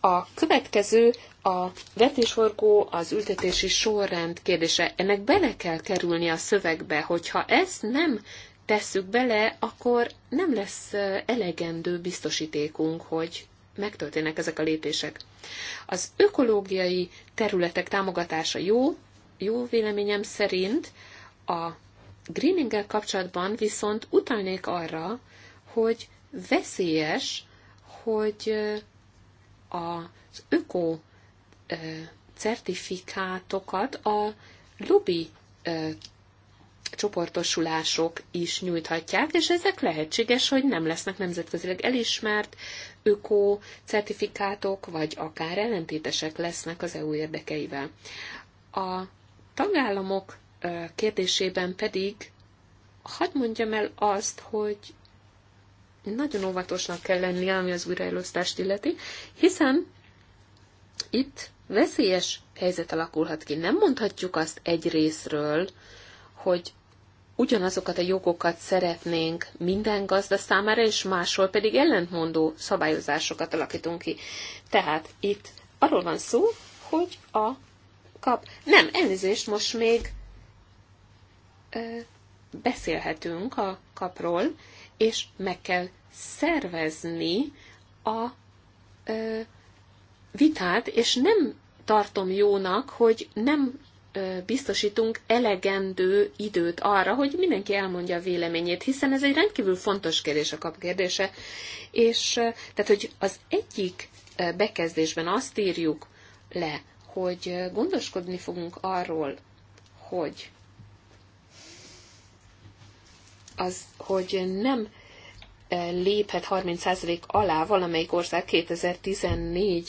A következő a vetésforgó, az ültetési sorrend kérdése. Ennek bele kell kerülni a szövegbe, hogyha ezt nem tesszük bele, akkor nem lesz elegendő biztosítékunk, hogy megtörténnek ezek a lépések. Az ökológiai területek támogatása jó, jó véleményem szerint a greeninggel kapcsolatban viszont utalnék arra, hogy veszélyes, hogy az öko certifikátokat a lobby csoportosulások is nyújthatják, és ezek lehetséges, hogy nem lesznek nemzetközileg elismert öko certifikátok, vagy akár ellentétesek lesznek az EU érdekeivel. A tagállamok kérdésében pedig hadd mondjam el azt, hogy nagyon óvatosnak kell lenni, ami az újraelosztást illeti, hiszen itt veszélyes helyzet alakulhat ki. Nem mondhatjuk azt egy részről, hogy ugyanazokat a jogokat szeretnénk minden gazda számára, és máshol pedig ellentmondó szabályozásokat alakítunk ki. Tehát itt arról van szó, hogy a kap... Nem, elnézést, most még ö, beszélhetünk a kapról, és meg kell szervezni a ö, vitát, és nem tartom jónak, hogy nem biztosítunk elegendő időt arra, hogy mindenki elmondja a véleményét, hiszen ez egy rendkívül fontos kérdés a kap kérdése. És tehát, hogy az egyik bekezdésben azt írjuk le, hogy gondoskodni fogunk arról, hogy az, hogy nem léphet 30% alá valamelyik ország 2014-ig.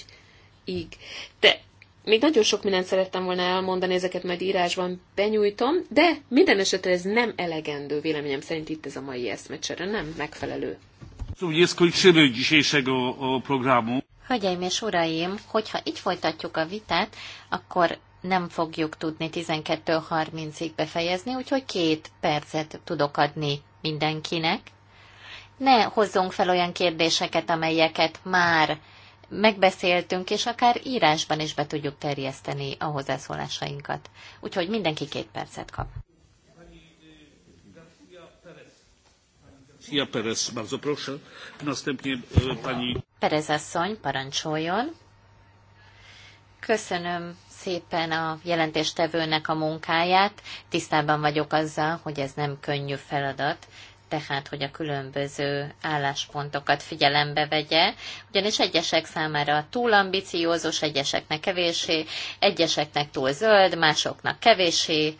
De még nagyon sok mindent szerettem volna elmondani, ezeket majd írásban benyújtom, de minden esetre ez nem elegendő, véleményem szerint itt ez a mai eszmecsere, nem megfelelő. Szóval, Hölgyeim és uraim, hogyha így folytatjuk a vitát, akkor nem fogjuk tudni 12.30-ig befejezni, úgyhogy két percet tudok adni mindenkinek. Ne hozzunk fel olyan kérdéseket, amelyeket már megbeszéltünk, és akár írásban is be tudjuk terjeszteni a hozzászólásainkat. Úgyhogy mindenki két percet kap. Ja, Perez, bardzo proszę. Następnie e, pani... Perez asszony, parancsoljon. Köszönöm szépen a jelentéstevőnek a munkáját. Tisztában vagyok azzal, hogy ez nem könnyű feladat, tehát hogy a különböző álláspontokat figyelembe vegye, ugyanis egyesek számára túl ambiciózus, egyeseknek kevésé, egyeseknek túl zöld, másoknak kevésé,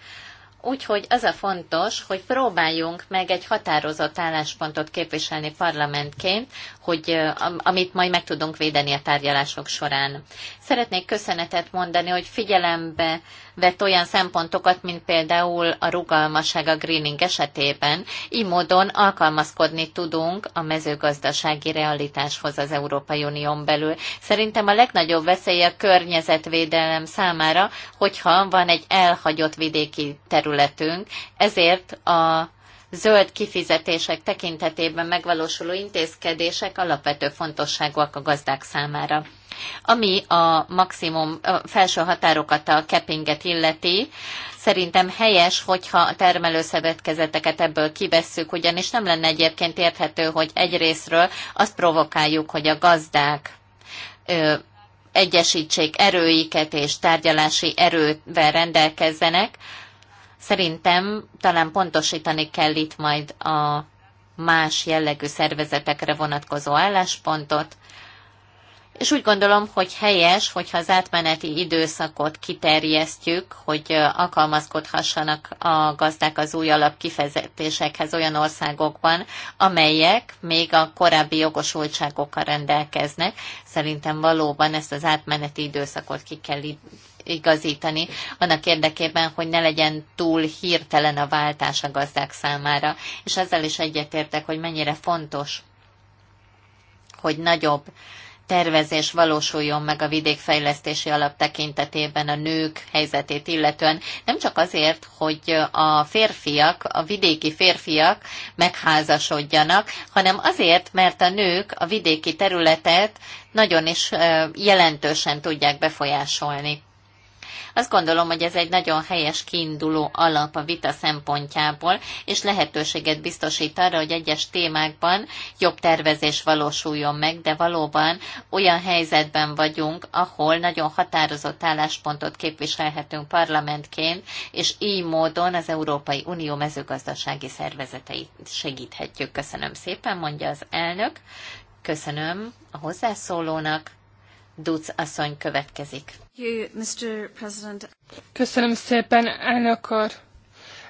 Úgyhogy az a fontos, hogy próbáljunk meg egy határozott álláspontot képviselni parlamentként, hogy, amit majd meg tudunk védeni a tárgyalások során. Szeretnék köszönetet mondani, hogy figyelembe vett olyan szempontokat, mint például a rugalmasság a greening esetében, így módon alkalmazkodni tudunk a mezőgazdasági realitáshoz az Európai Unión belül. Szerintem a legnagyobb veszély a környezetvédelem számára, hogyha van egy elhagyott vidéki területünk, ezért a zöld kifizetések tekintetében megvalósuló intézkedések alapvető fontosságúak a gazdák számára. Ami a maximum a felső határokat, a keppinget illeti, szerintem helyes, hogyha a termelőszövetkezeteket ebből kivesszük, ugyanis nem lenne egyébként érthető, hogy egyrésztről azt provokáljuk, hogy a gazdák ö, egyesítsék erőiket és tárgyalási erővel rendelkezzenek. Szerintem talán pontosítani kell itt majd a más jellegű szervezetekre vonatkozó álláspontot, és úgy gondolom, hogy helyes, hogyha az átmeneti időszakot kiterjesztjük, hogy alkalmazkodhassanak a gazdák az új alapkifezetésekhez olyan országokban, amelyek még a korábbi jogosultságokkal rendelkeznek. Szerintem valóban ezt az átmeneti időszakot ki kell igazítani, annak érdekében, hogy ne legyen túl hirtelen a váltás a gazdák számára. És ezzel is egyetértek, hogy mennyire fontos, hogy nagyobb tervezés valósuljon meg a vidékfejlesztési alap tekintetében a nők helyzetét illetően. Nem csak azért, hogy a férfiak, a vidéki férfiak megházasodjanak, hanem azért, mert a nők a vidéki területet nagyon is jelentősen tudják befolyásolni. Azt gondolom, hogy ez egy nagyon helyes kiinduló alap a vita szempontjából, és lehetőséget biztosít arra, hogy egyes témákban jobb tervezés valósuljon meg, de valóban olyan helyzetben vagyunk, ahol nagyon határozott álláspontot képviselhetünk parlamentként, és így módon az Európai Unió mezőgazdasági szervezeteit segíthetjük. Köszönöm szépen, mondja az elnök. Köszönöm a hozzászólónak. Duc asszony következik. You, Mr. President. Köszönöm szépen, elnök úr.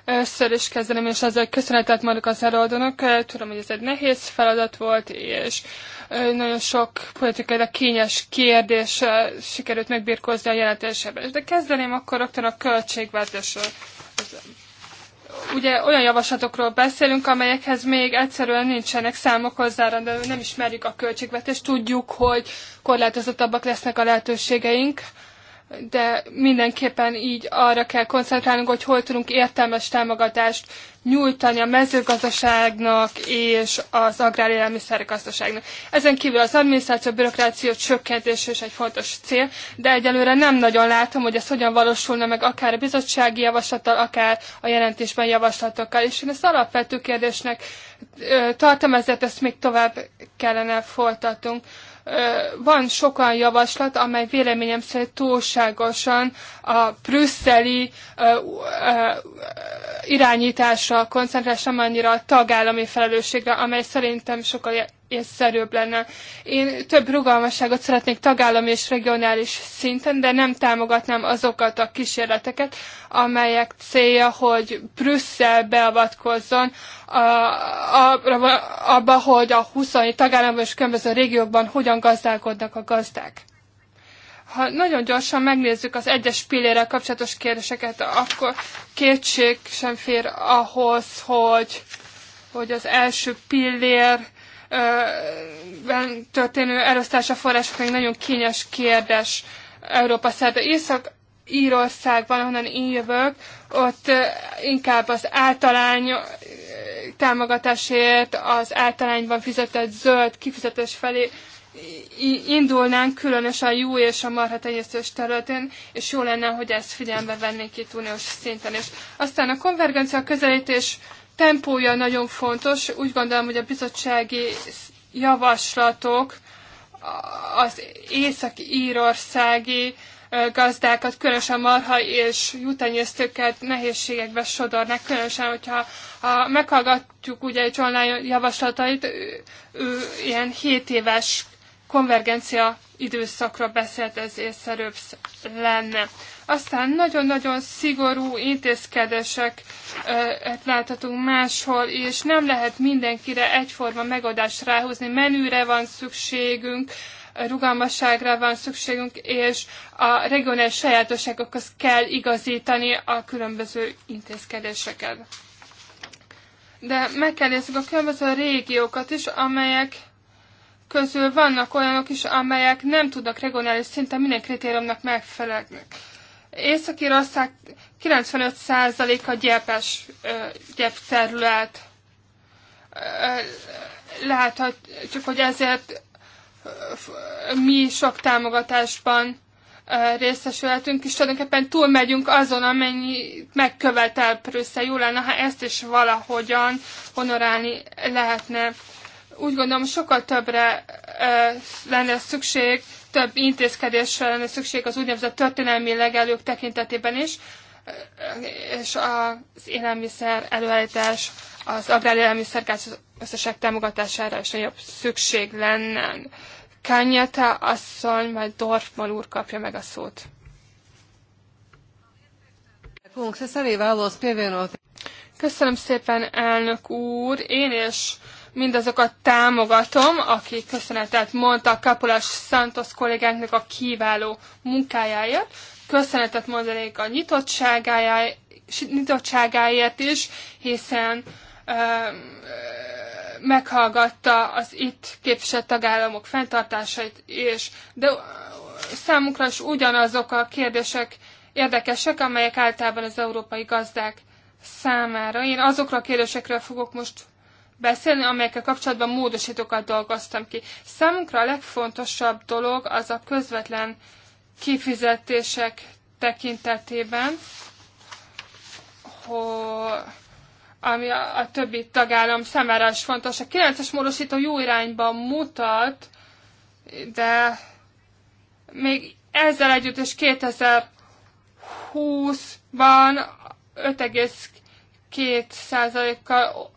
Először is kezdenem, és azzal köszönetet mondok az előadónak. Tudom, hogy ez egy nehéz feladat volt, és nagyon sok politikai kényes kérdés sikerült megbirkózni a jelentésében. De kezdeném akkor rögtön a költségvetésről. Ugye olyan javaslatokról beszélünk, amelyekhez még egyszerűen nincsenek számok hozzára, nem ismerjük a költségvetést, tudjuk, hogy korlátozottabbak lesznek a lehetőségeink de mindenképpen így arra kell koncentrálnunk, hogy hol tudunk értelmes támogatást nyújtani a mezőgazdaságnak és az agrárélelmiszer gazdaságnak. Ezen kívül az adminisztráció bürokráció csökkentés is egy fontos cél, de egyelőre nem nagyon látom, hogy ez hogyan valósulna meg akár a bizottsági javaslattal, akár a jelentésben javaslatokkal. És én ezt alapvető kérdésnek tartom, ezért ezt még tovább kellene folytatnunk van sokan javaslat, amely véleményem szerint túlságosan a brüsszeli irányításra koncentrál, sem annyira a tagállami felelősségre, amely szerintem sokkal észszerűbb lenne. Én több rugalmasságot szeretnék tagállami és regionális szinten, de nem támogatnám azokat a kísérleteket, amelyek célja, hogy Brüsszel beavatkozzon a, a, abba, hogy a 20 tagállamban és különböző régiókban hogyan gazdálkodnak a gazdák ha nagyon gyorsan megnézzük az egyes pillérrel kapcsolatos kérdéseket, akkor kétség sem fér ahhoz, hogy, hogy az első pillér történő elosztása források egy nagyon kényes kérdés Európa szerte. Észak Írországban, ahonnan én jövök, ott inkább az általány támogatásért, az általányban fizetett zöld kifizetés felé indulnánk, különösen a jó és a marha tenyésztős területén, és jó lenne, hogy ezt figyelembe vennék itt uniós szinten is. Aztán a konvergencia közelítés tempója nagyon fontos. Úgy gondolom, hogy a bizottsági javaslatok az észak-írországi gazdákat, különösen marha és jutenyésztőket nehézségekbe sodornak, különösen, hogyha ha meghallgatjuk ugye egy online javaslatait, ő, ő ilyen 7 éves konvergencia időszakra beszélt, ez észszerűbb lenne. Aztán nagyon-nagyon szigorú intézkedések hát láthatunk máshol, és nem lehet mindenkire egyforma megoldást ráhúzni. Menüre van szükségünk, rugalmasságra van szükségünk, és a regionális sajátosságokhoz kell igazítani a különböző intézkedéseket. De meg kell nézzük a különböző régiókat is, amelyek közül vannak olyanok is, amelyek nem tudnak regionális szinten minden kritériumnak megfelelni. Észak-Írország 95%-a gyepes, gyep terület. csak hogy ezért mi sok támogatásban részesülhetünk, és tulajdonképpen túlmegyünk azon, amennyi megkövetel Prüsszel. Jó lenne, ha ezt is valahogyan honorálni lehetne úgy gondolom, sokkal többre lenne szükség, több intézkedésre lenne szükség az úgynevezett történelmi legelők tekintetében is, és az élelmiszer előállítás, az agrárélelmiszergáz összesek támogatására is nagyobb szükség lenne. Kányata asszony, majd Dorfman úr kapja meg a szót. Köszönöm szépen, elnök úr. Én is mindazokat támogatom, akik köszönetet mondtak Kapolás Santos kollégánknak a kiváló munkájáért. Köszönetet mondanék a nyitottságáért, nyitottságáért is, hiszen ö, ö, meghallgatta az itt képviselt tagállamok fenntartásait, és de számukra is ugyanazok a kérdések érdekesek, amelyek általában az európai gazdák számára. Én azokra a kérdésekről fogok most beszélni, amelyekkel kapcsolatban módosítókat dolgoztam ki. Számunkra a legfontosabb dolog az a közvetlen kifizetések tekintetében, hogy ami a, a többi tagállam számára is fontos. A 9-es módosító jó irányba mutat, de még ezzel együtt és 2020-ban 5,2%-kal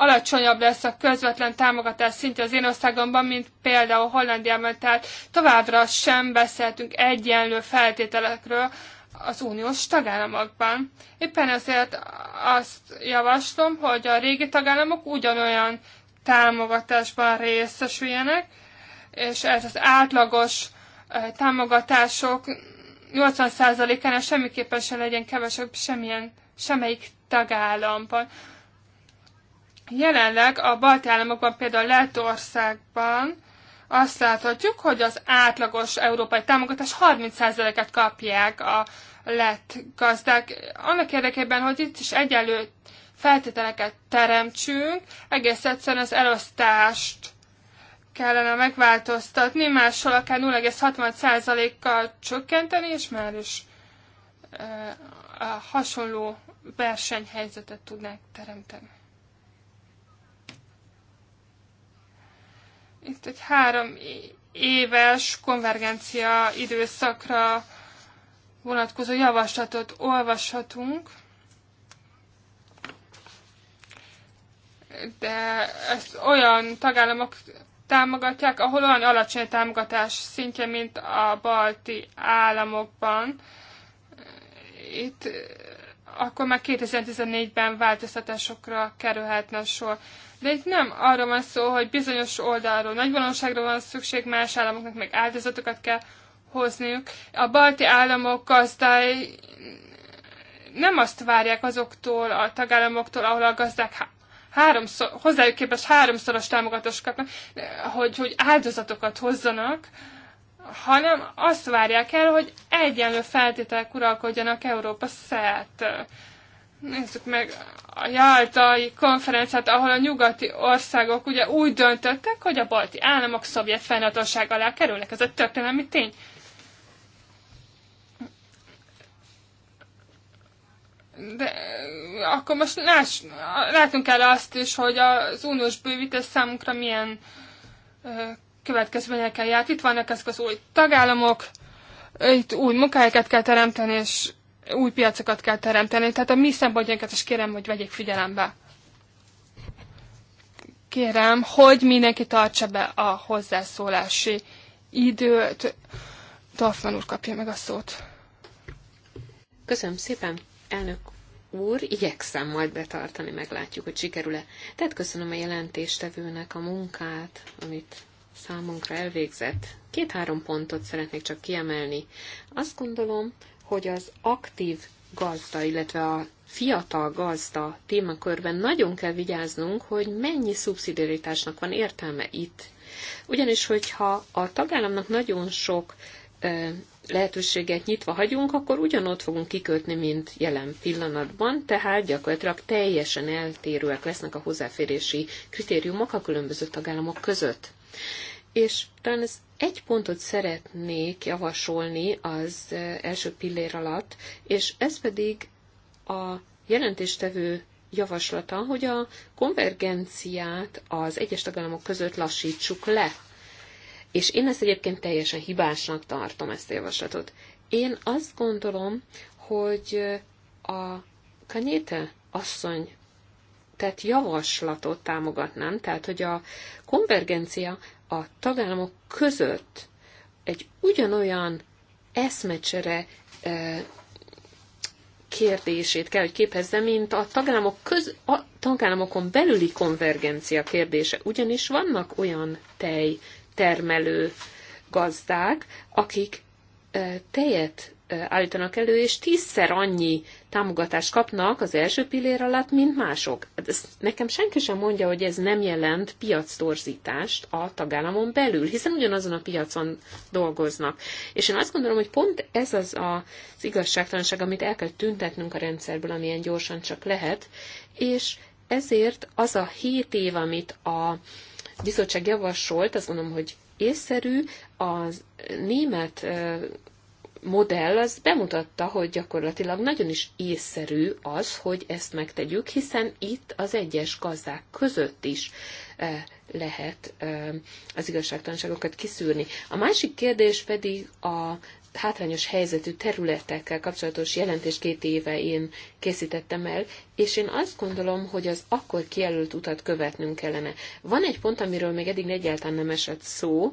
alacsonyabb lesz a közvetlen támogatás szintje az én országomban, mint például Hollandiában, tehát továbbra sem beszéltünk egyenlő feltételekről az uniós tagállamokban. Éppen ezért azt javaslom, hogy a régi tagállamok ugyanolyan támogatásban részesüljenek, és ez az átlagos támogatások 80%-ánál semmiképpen se legyen kevesebb semmilyen, semmelyik tagállamban. Jelenleg a balti államokban, például Lettországban azt láthatjuk, hogy az átlagos európai támogatás 30%-et kapják a lett gazdák. Annak érdekében, hogy itt is egyenlő feltételeket teremtsünk, egész egyszerűen az elosztást kellene megváltoztatni, máshol akár 0,60%-kal csökkenteni, és már is e, a hasonló versenyhelyzetet tudnánk teremteni. itt egy három éves konvergencia időszakra vonatkozó javaslatot olvashatunk, de ezt olyan tagállamok támogatják, ahol olyan alacsony támogatás szintje, mint a balti államokban. Itt akkor már 2014-ben változtatásokra kerülhetne sor. De itt nem arra van szó, hogy bizonyos oldalról nagy valóságra van szükség, más államoknak meg áldozatokat kell hozniuk. A balti államok gazdái nem azt várják azoktól, a tagállamoktól, ahol a gazdák háromszor, hozzájuk képest háromszoros támogatást kapnak, hogy, hogy áldozatokat hozzanak, hanem azt várják el, hogy egyenlő feltételek uralkodjanak Európa szerte nézzük meg a Jáltai konferenciát, ahol a nyugati országok ugye úgy döntöttek, hogy a balti államok szovjet fennhatóság alá kerülnek. Ez egy történelmi tény. De eh, akkor most láss, látunk el azt is, hogy az uniós bővítés számunkra milyen eh, következményekkel járt. Itt vannak ezek az új tagállamok, itt új munkahelyeket kell teremteni, és új piacokat kell teremteni, tehát a mi szempontjánkat is kérem, hogy vegyék figyelembe. Kérem, hogy mindenki tartsa be a hozzászólási időt. Dorfman úr kapja meg a szót. Köszönöm szépen, elnök úr, igyekszem majd betartani, meglátjuk, hogy sikerül-e. Tehát köszönöm a jelentéstevőnek a munkát, amit számunkra elvégzett. Két-három pontot szeretnék csak kiemelni. Azt gondolom, hogy az aktív gazda, illetve a fiatal gazda témakörben nagyon kell vigyáznunk, hogy mennyi szubszidiaritásnak van értelme itt. Ugyanis, hogyha a tagállamnak nagyon sok lehetőséget nyitva hagyunk, akkor ugyanott fogunk kikötni, mint jelen pillanatban, tehát gyakorlatilag teljesen eltérőek lesznek a hozzáférési kritériumok a különböző tagállamok között. És talán ez egy pontot szeretnék javasolni az első pillér alatt, és ez pedig a jelentéstevő javaslata, hogy a konvergenciát az egyes tagállamok között lassítsuk le. És én ezt egyébként teljesen hibásnak tartom, ezt a javaslatot. Én azt gondolom, hogy a Kanyéte asszony tett javaslatot támogatnám, tehát hogy a konvergencia a tagállamok között egy ugyanolyan eszmecsere e, kérdését kell, hogy képezze, mint a, tagállamok köz, a tagállamokon belüli konvergencia kérdése. Ugyanis vannak olyan termelő gazdák, akik e, tejet állítanak elő, és tízszer annyi támogatást kapnak az első pillér alatt, mint mások. Hát ezt nekem senki sem mondja, hogy ez nem jelent piactorzítást a tagállamon belül, hiszen ugyanazon a piacon dolgoznak. És én azt gondolom, hogy pont ez az a, az igazságtalanság, amit el kell tüntetnünk a rendszerből, amilyen gyorsan csak lehet, és ezért az a hét év, amit a bizottság javasolt, azt gondolom, hogy észszerű, a német modell az bemutatta, hogy gyakorlatilag nagyon is észszerű az, hogy ezt megtegyük, hiszen itt az egyes gazdák között is eh, lehet eh, az igazságtalanságokat kiszűrni. A másik kérdés pedig a hátrányos helyzetű területekkel kapcsolatos jelentés két éve én készítettem el, és én azt gondolom, hogy az akkor kijelölt utat követnünk kellene. Van egy pont, amiről még eddig egyáltalán nem esett szó,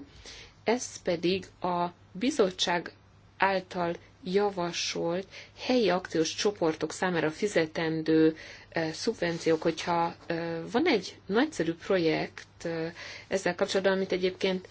ez pedig a bizottság által javasolt helyi akciós csoportok számára fizetendő e, szubvenciók, hogyha e, van egy nagyszerű projekt e, ezzel kapcsolatban, amit egyébként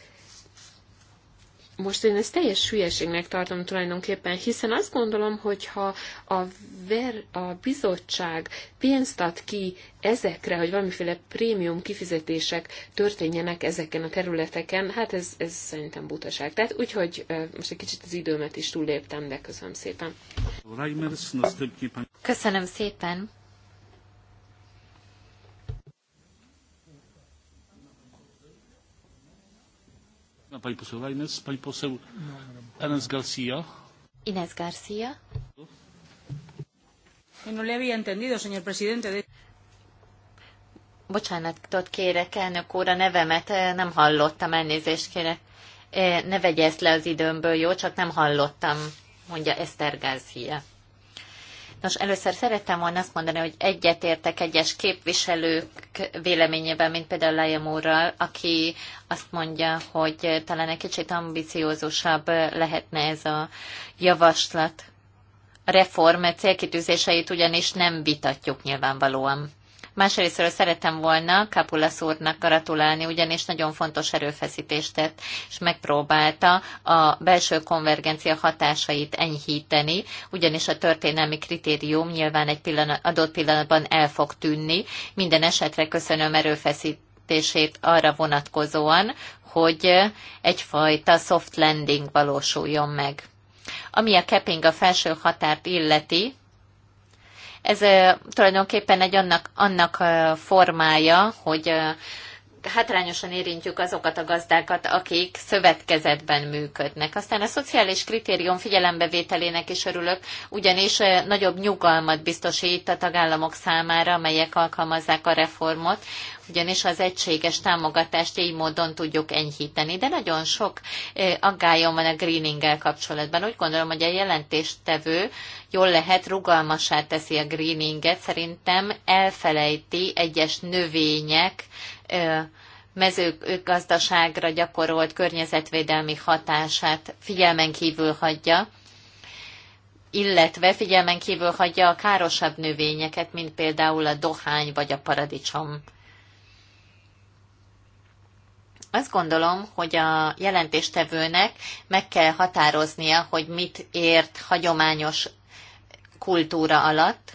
most én ezt teljes hülyeségnek tartom tulajdonképpen, hiszen azt gondolom, hogy ha a, ver, a bizottság pénzt ad ki ezekre, hogy valamiféle prémium kifizetések történjenek ezeken a területeken, hát ez, ez szerintem butaság. Tehát úgyhogy most egy kicsit az időmet is túlléptem, de köszönöm szépen. Köszönöm szépen. Pani poseł Ines, pani poseł Enes Garcia. Ines Garcia. No le había entendido, señor presidente. Bocsánatot kérek, elnök úr, a nevemet eh, nem hallottam, elnézést kérek. Eh, ne vegye ezt le az időmből, jó? Csak nem hallottam, mondja Eszter Garcia. Nos, először szerettem volna azt mondani, hogy egyetértek egyes képviselők véleményében, mint például Lajem úrral, aki azt mondja, hogy talán egy kicsit ambiciózusabb lehetne ez a javaslat. A reform célkitűzéseit ugyanis nem vitatjuk nyilvánvalóan. Másrésztről szeretem volna Kapula úrnak gratulálni, ugyanis nagyon fontos erőfeszítést tett, és megpróbálta a belső konvergencia hatásait enyhíteni, ugyanis a történelmi kritérium nyilván egy pillanat, adott pillanatban el fog tűnni. Minden esetre köszönöm erőfeszítését arra vonatkozóan, hogy egyfajta soft landing valósuljon meg. Ami a capping a felső határt illeti, ez tulajdonképpen egy annak, annak formája, hogy hátrányosan érintjük azokat a gazdákat, akik szövetkezetben működnek. Aztán a szociális kritérium figyelembevételének is örülök, ugyanis nagyobb nyugalmat biztosít a tagállamok számára, amelyek alkalmazzák a reformot, ugyanis az egységes támogatást így módon tudjuk enyhíteni. De nagyon sok eh, aggályom van a greeninggel kapcsolatban. Úgy gondolom, hogy a jelentéstevő jól lehet rugalmasá teszi a greeninget, szerintem elfelejti egyes növények eh, mezőgazdaságra gyakorolt környezetvédelmi hatását figyelmen kívül hagyja, illetve figyelmen kívül hagyja a károsabb növényeket, mint például a dohány vagy a paradicsom. Azt gondolom, hogy a jelentéstevőnek meg kell határoznia, hogy mit ért hagyományos kultúra alatt,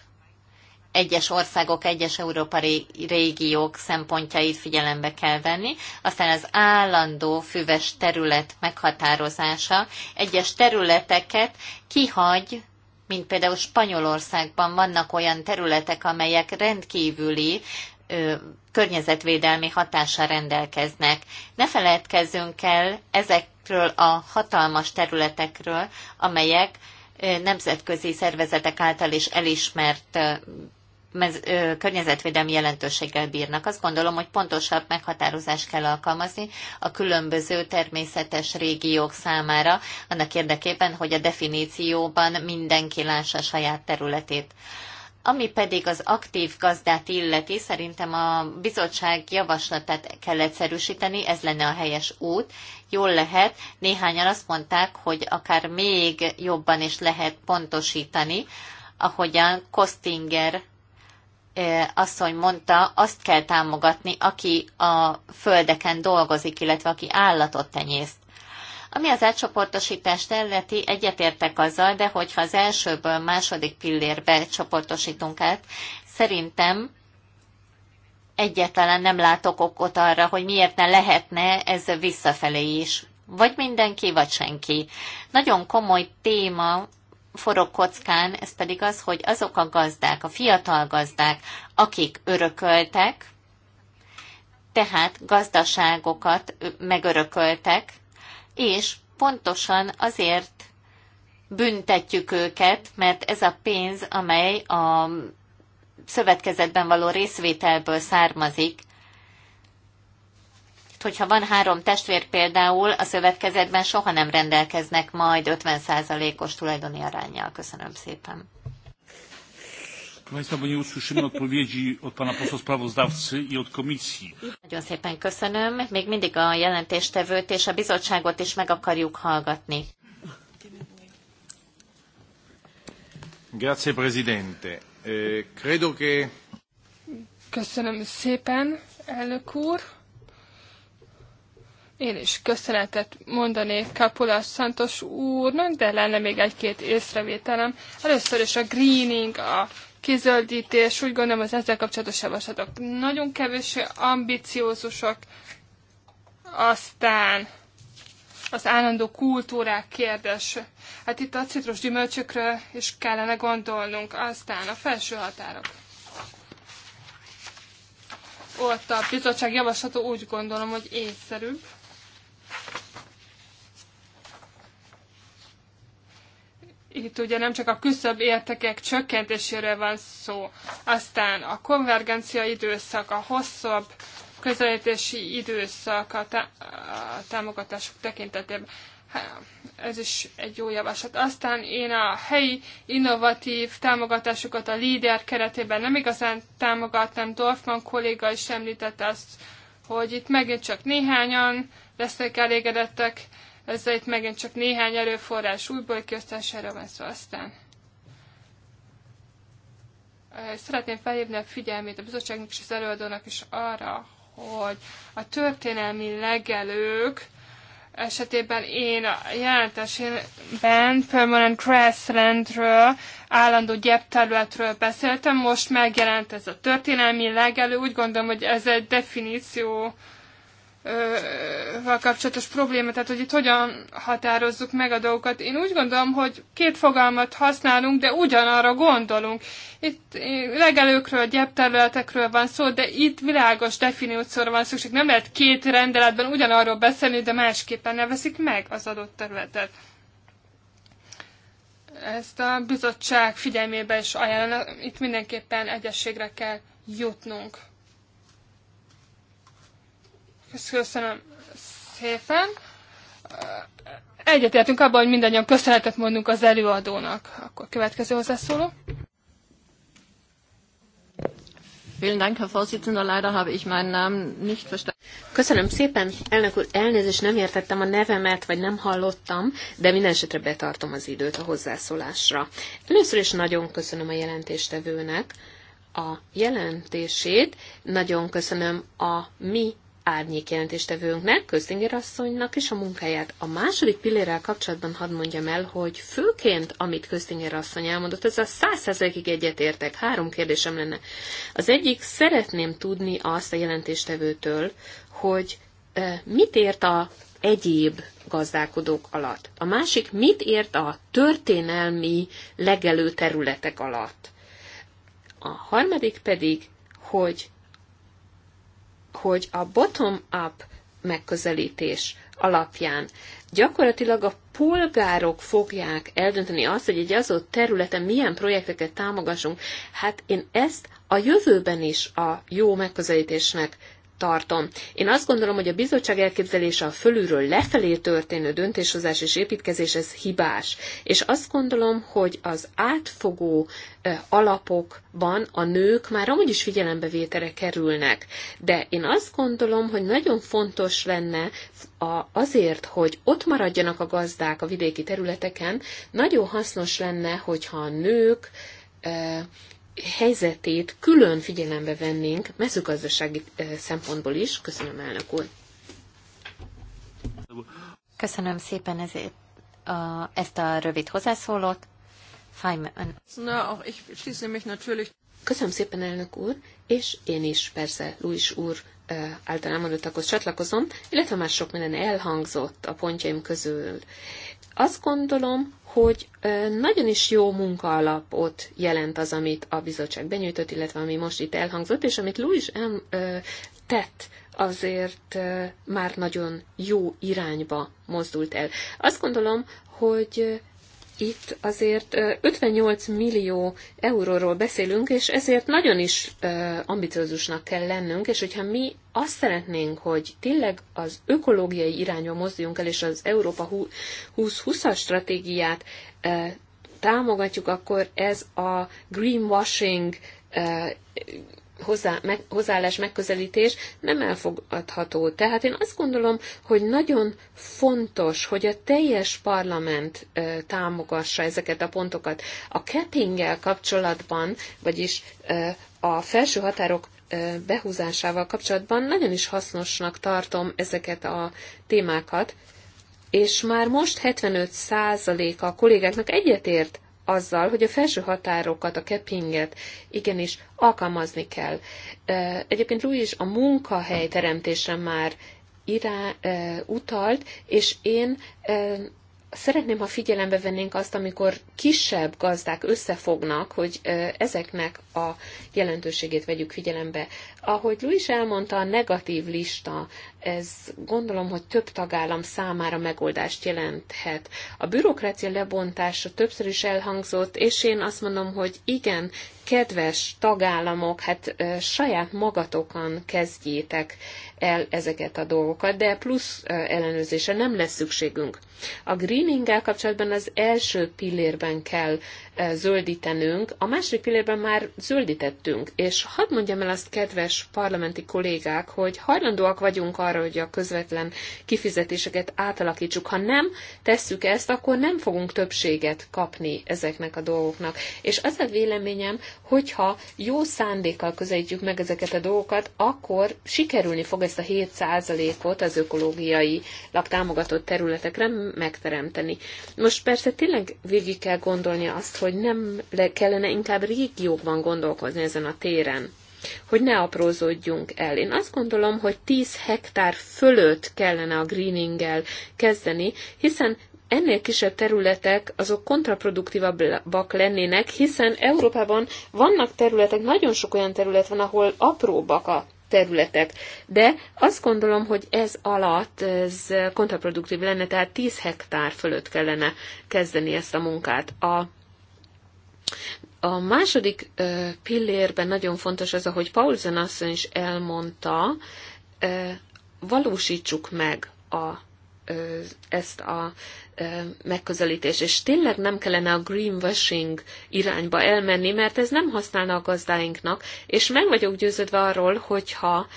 egyes országok, egyes európai régiók szempontjait figyelembe kell venni, aztán az állandó füves terület meghatározása egyes területeket kihagy, mint például Spanyolországban vannak olyan területek, amelyek rendkívüli ö, környezetvédelmi hatással rendelkeznek. Ne feledkezzünk el ezekről a hatalmas területekről, amelyek ö, nemzetközi szervezetek által is elismert ö, mez, ö, környezetvédelmi jelentőséggel bírnak. Azt gondolom, hogy pontosabb meghatározást kell alkalmazni a különböző természetes régiók számára, annak érdekében, hogy a definícióban mindenki lássa saját területét. Ö, ami pedig az aktív gazdát illeti, szerintem a bizottság javaslatát kell egyszerűsíteni, ez lenne a helyes út. Jól lehet, néhányan azt mondták, hogy akár még jobban is lehet pontosítani, ahogyan Kostinger eh, asszony mondta, azt kell támogatni, aki a földeken dolgozik, illetve aki állatot tenyészt. Ami az átcsoportosítást illeti, egyetértek azzal, de hogyha az elsőből második pillérbe csoportosítunk át, szerintem egyáltalán nem látok okot arra, hogy miért ne lehetne ez visszafelé is. Vagy mindenki, vagy senki. Nagyon komoly téma forog kockán, ez pedig az, hogy azok a gazdák, a fiatal gazdák, akik örököltek, tehát gazdaságokat megörököltek, és pontosan azért büntetjük őket, mert ez a pénz, amely a szövetkezetben való részvételből származik, hogyha van három testvér például, a szövetkezetben soha nem rendelkeznek majd 50%-os tulajdoni arányjal. Köszönöm szépen. Państwa, bo nie usłyszymy odpowiedzi od pana posła sprawozdawcy i od komisji. Nagyon szépen köszönöm. Még mindig a jelentéstevőt és a bizottságot is meg akarjuk hallgatni. Grazie, Presidente. Eh, credo che... Köszönöm szépen, elnök úr. Én is köszönetet mondanék Kapula Santos úrnak, de lenne még egy-két észrevételem. Először is a greening, a kizöldítés, úgy gondolom az ezzel kapcsolatos javaslatok nagyon kevés ambiciózusak, aztán az állandó kultúrák kérdés. Hát itt a citrus gyümölcsökről is kellene gondolnunk, aztán a felső határok. Ott a bizottság javaslata úgy gondolom, hogy észszerűbb. itt ugye nem csak a küszöbb értekek csökkentéséről van szó, aztán a konvergencia időszak, a hosszabb közelítési időszak a, a támogatások tekintetében. Ez is egy jó javaslat. Aztán én a helyi innovatív támogatásokat a LEADER keretében nem igazán támogattam. Dorfman kolléga is említette azt, hogy itt megint csak néhányan lesznek elégedettek, ez itt megint csak néhány erőforrás újból kiosztására van szó aztán. Szeretném felhívni a figyelmét a bizottságnak és az előadónak is arra, hogy a történelmi legelők esetében én a jelentésben Permanent Grasslandről, állandó gyepterületről beszéltem, most megjelent ez a történelmi legelő, úgy gondolom, hogy ez egy definíció, kapcsolatos probléma, tehát hogy itt hogyan határozzuk meg a dolgokat. Én úgy gondolom, hogy két fogalmat használunk, de ugyanarra gondolunk. Itt legelőkről, gyepterületekről van szó, de itt világos definícióra van szükség. Nem lehet két rendeletben ugyanarról beszélni, de másképpen neveszik meg az adott területet. Ezt a bizottság figyelmébe is ajánlom, itt mindenképpen egyességre kell jutnunk. Köszönöm szépen. Egyetértünk abban, hogy mindannyian köszönetet mondunk az előadónak. Akkor következő hozzászóló. Köszönöm szépen, elnök úr, elnézést nem értettem a nevemet, vagy nem hallottam, de minden esetre betartom az időt a hozzászólásra. Először is nagyon köszönöm a jelentéstevőnek a jelentését, nagyon köszönöm a mi árnyék jelentéstevőnknek, Közlinger asszonynak is a munkáját. A második pillérrel kapcsolatban hadd mondjam el, hogy főként, amit Közlinger asszony elmondott, ez a százszerzegig egyetértek. Három kérdésem lenne. Az egyik, szeretném tudni azt a jelentéstevőtől, hogy mit ért a egyéb gazdálkodók alatt. A másik mit ért a történelmi legelő területek alatt. A harmadik pedig, hogy hogy a bottom-up megközelítés alapján gyakorlatilag a polgárok fogják eldönteni azt, hogy egy azott területen milyen projekteket támogassunk. Hát én ezt a jövőben is a jó megközelítésnek tartom. Én azt gondolom, hogy a bizottság elképzelése a fölülről lefelé történő döntéshozás és építkezés, ez hibás. És azt gondolom, hogy az átfogó alapokban a nők már amúgy is figyelembevételre kerülnek. De én azt gondolom, hogy nagyon fontos lenne azért, hogy ott maradjanak a gazdák a vidéki területeken, nagyon hasznos lenne, hogyha a nők helyzetét külön figyelembe vennénk mezőgazdasági szempontból is. Köszönöm, elnök úr. Köszönöm szépen ezért a, ezt a rövid hozzászólót. Köszönöm szépen, elnök úr, és én is persze Luis úr által elmondottakhoz csatlakozom, illetve már sok minden elhangzott a pontjaim közül. Azt gondolom, hogy nagyon is jó munkaalapot jelent az, amit a bizottság benyújtott, illetve ami most itt elhangzott, és amit Louis M. tett, azért már nagyon jó irányba mozdult el. Azt gondolom, hogy itt azért 58 millió euróról beszélünk, és ezért nagyon is ambiciózusnak kell lennünk, és hogyha mi azt szeretnénk, hogy tényleg az ökológiai irányba mozduljunk el, és az Európa 2020-as stratégiát támogatjuk, akkor ez a greenwashing hozzá, meg, hozzáállás, megközelítés nem elfogadható. Tehát én azt gondolom, hogy nagyon fontos, hogy a teljes parlament támogassa ezeket a pontokat. A cappinggel kapcsolatban, vagyis a felső határok behúzásával kapcsolatban nagyon is hasznosnak tartom ezeket a témákat, és már most 75% a kollégáknak egyetért azzal, hogy a felső határokat, a keppinget igenis alkalmazni kell. Egyébként Louis a munkahely teremtésre már irá, utalt, és én szeretném, ha figyelembe vennénk azt, amikor kisebb gazdák összefognak, hogy ezeknek a jelentőségét vegyük figyelembe. Ahogy Louis elmondta, a negatív lista ez gondolom, hogy több tagállam számára megoldást jelenthet. A bürokrácia lebontása többször is elhangzott, és én azt mondom, hogy igen, kedves tagállamok, hát e, saját magatokon kezdjétek el ezeket a dolgokat, de plusz e, ellenőrzése nem lesz szükségünk. A Greening kapcsolatban az első pillérben kell E, zöldítenünk. A második pillérben már zöldítettünk, és hadd mondjam el azt, kedves parlamenti kollégák, hogy hajlandóak vagyunk arra, hogy a közvetlen kifizetéseket átalakítsuk. Ha nem tesszük ezt, akkor nem fogunk többséget kapni ezeknek a dolgoknak. És az a véleményem, hogyha jó szándékkal közelítjük meg ezeket a dolgokat, akkor sikerülni fog ezt a 7%-ot az ökológiai támogatott területekre megteremteni. Most persze tényleg végig kell gondolni azt, hogy hogy nem kellene inkább régiókban gondolkozni ezen a téren hogy ne aprózódjunk el. Én azt gondolom, hogy 10 hektár fölött kellene a greeninggel kezdeni, hiszen ennél kisebb területek azok kontraproduktívabbak lennének, hiszen Európában vannak területek, nagyon sok olyan terület van, ahol apróbbak a területek. De azt gondolom, hogy ez alatt ez kontraproduktív lenne, tehát 10 hektár fölött kellene kezdeni ezt a munkát. A a második pillérben nagyon fontos az, ahogy Paulsen asszony is elmondta, valósítsuk meg a, ezt a megközelítést, és tényleg nem kellene a greenwashing irányba elmenni, mert ez nem használna a gazdáinknak, és meg vagyok győződve arról, hogyha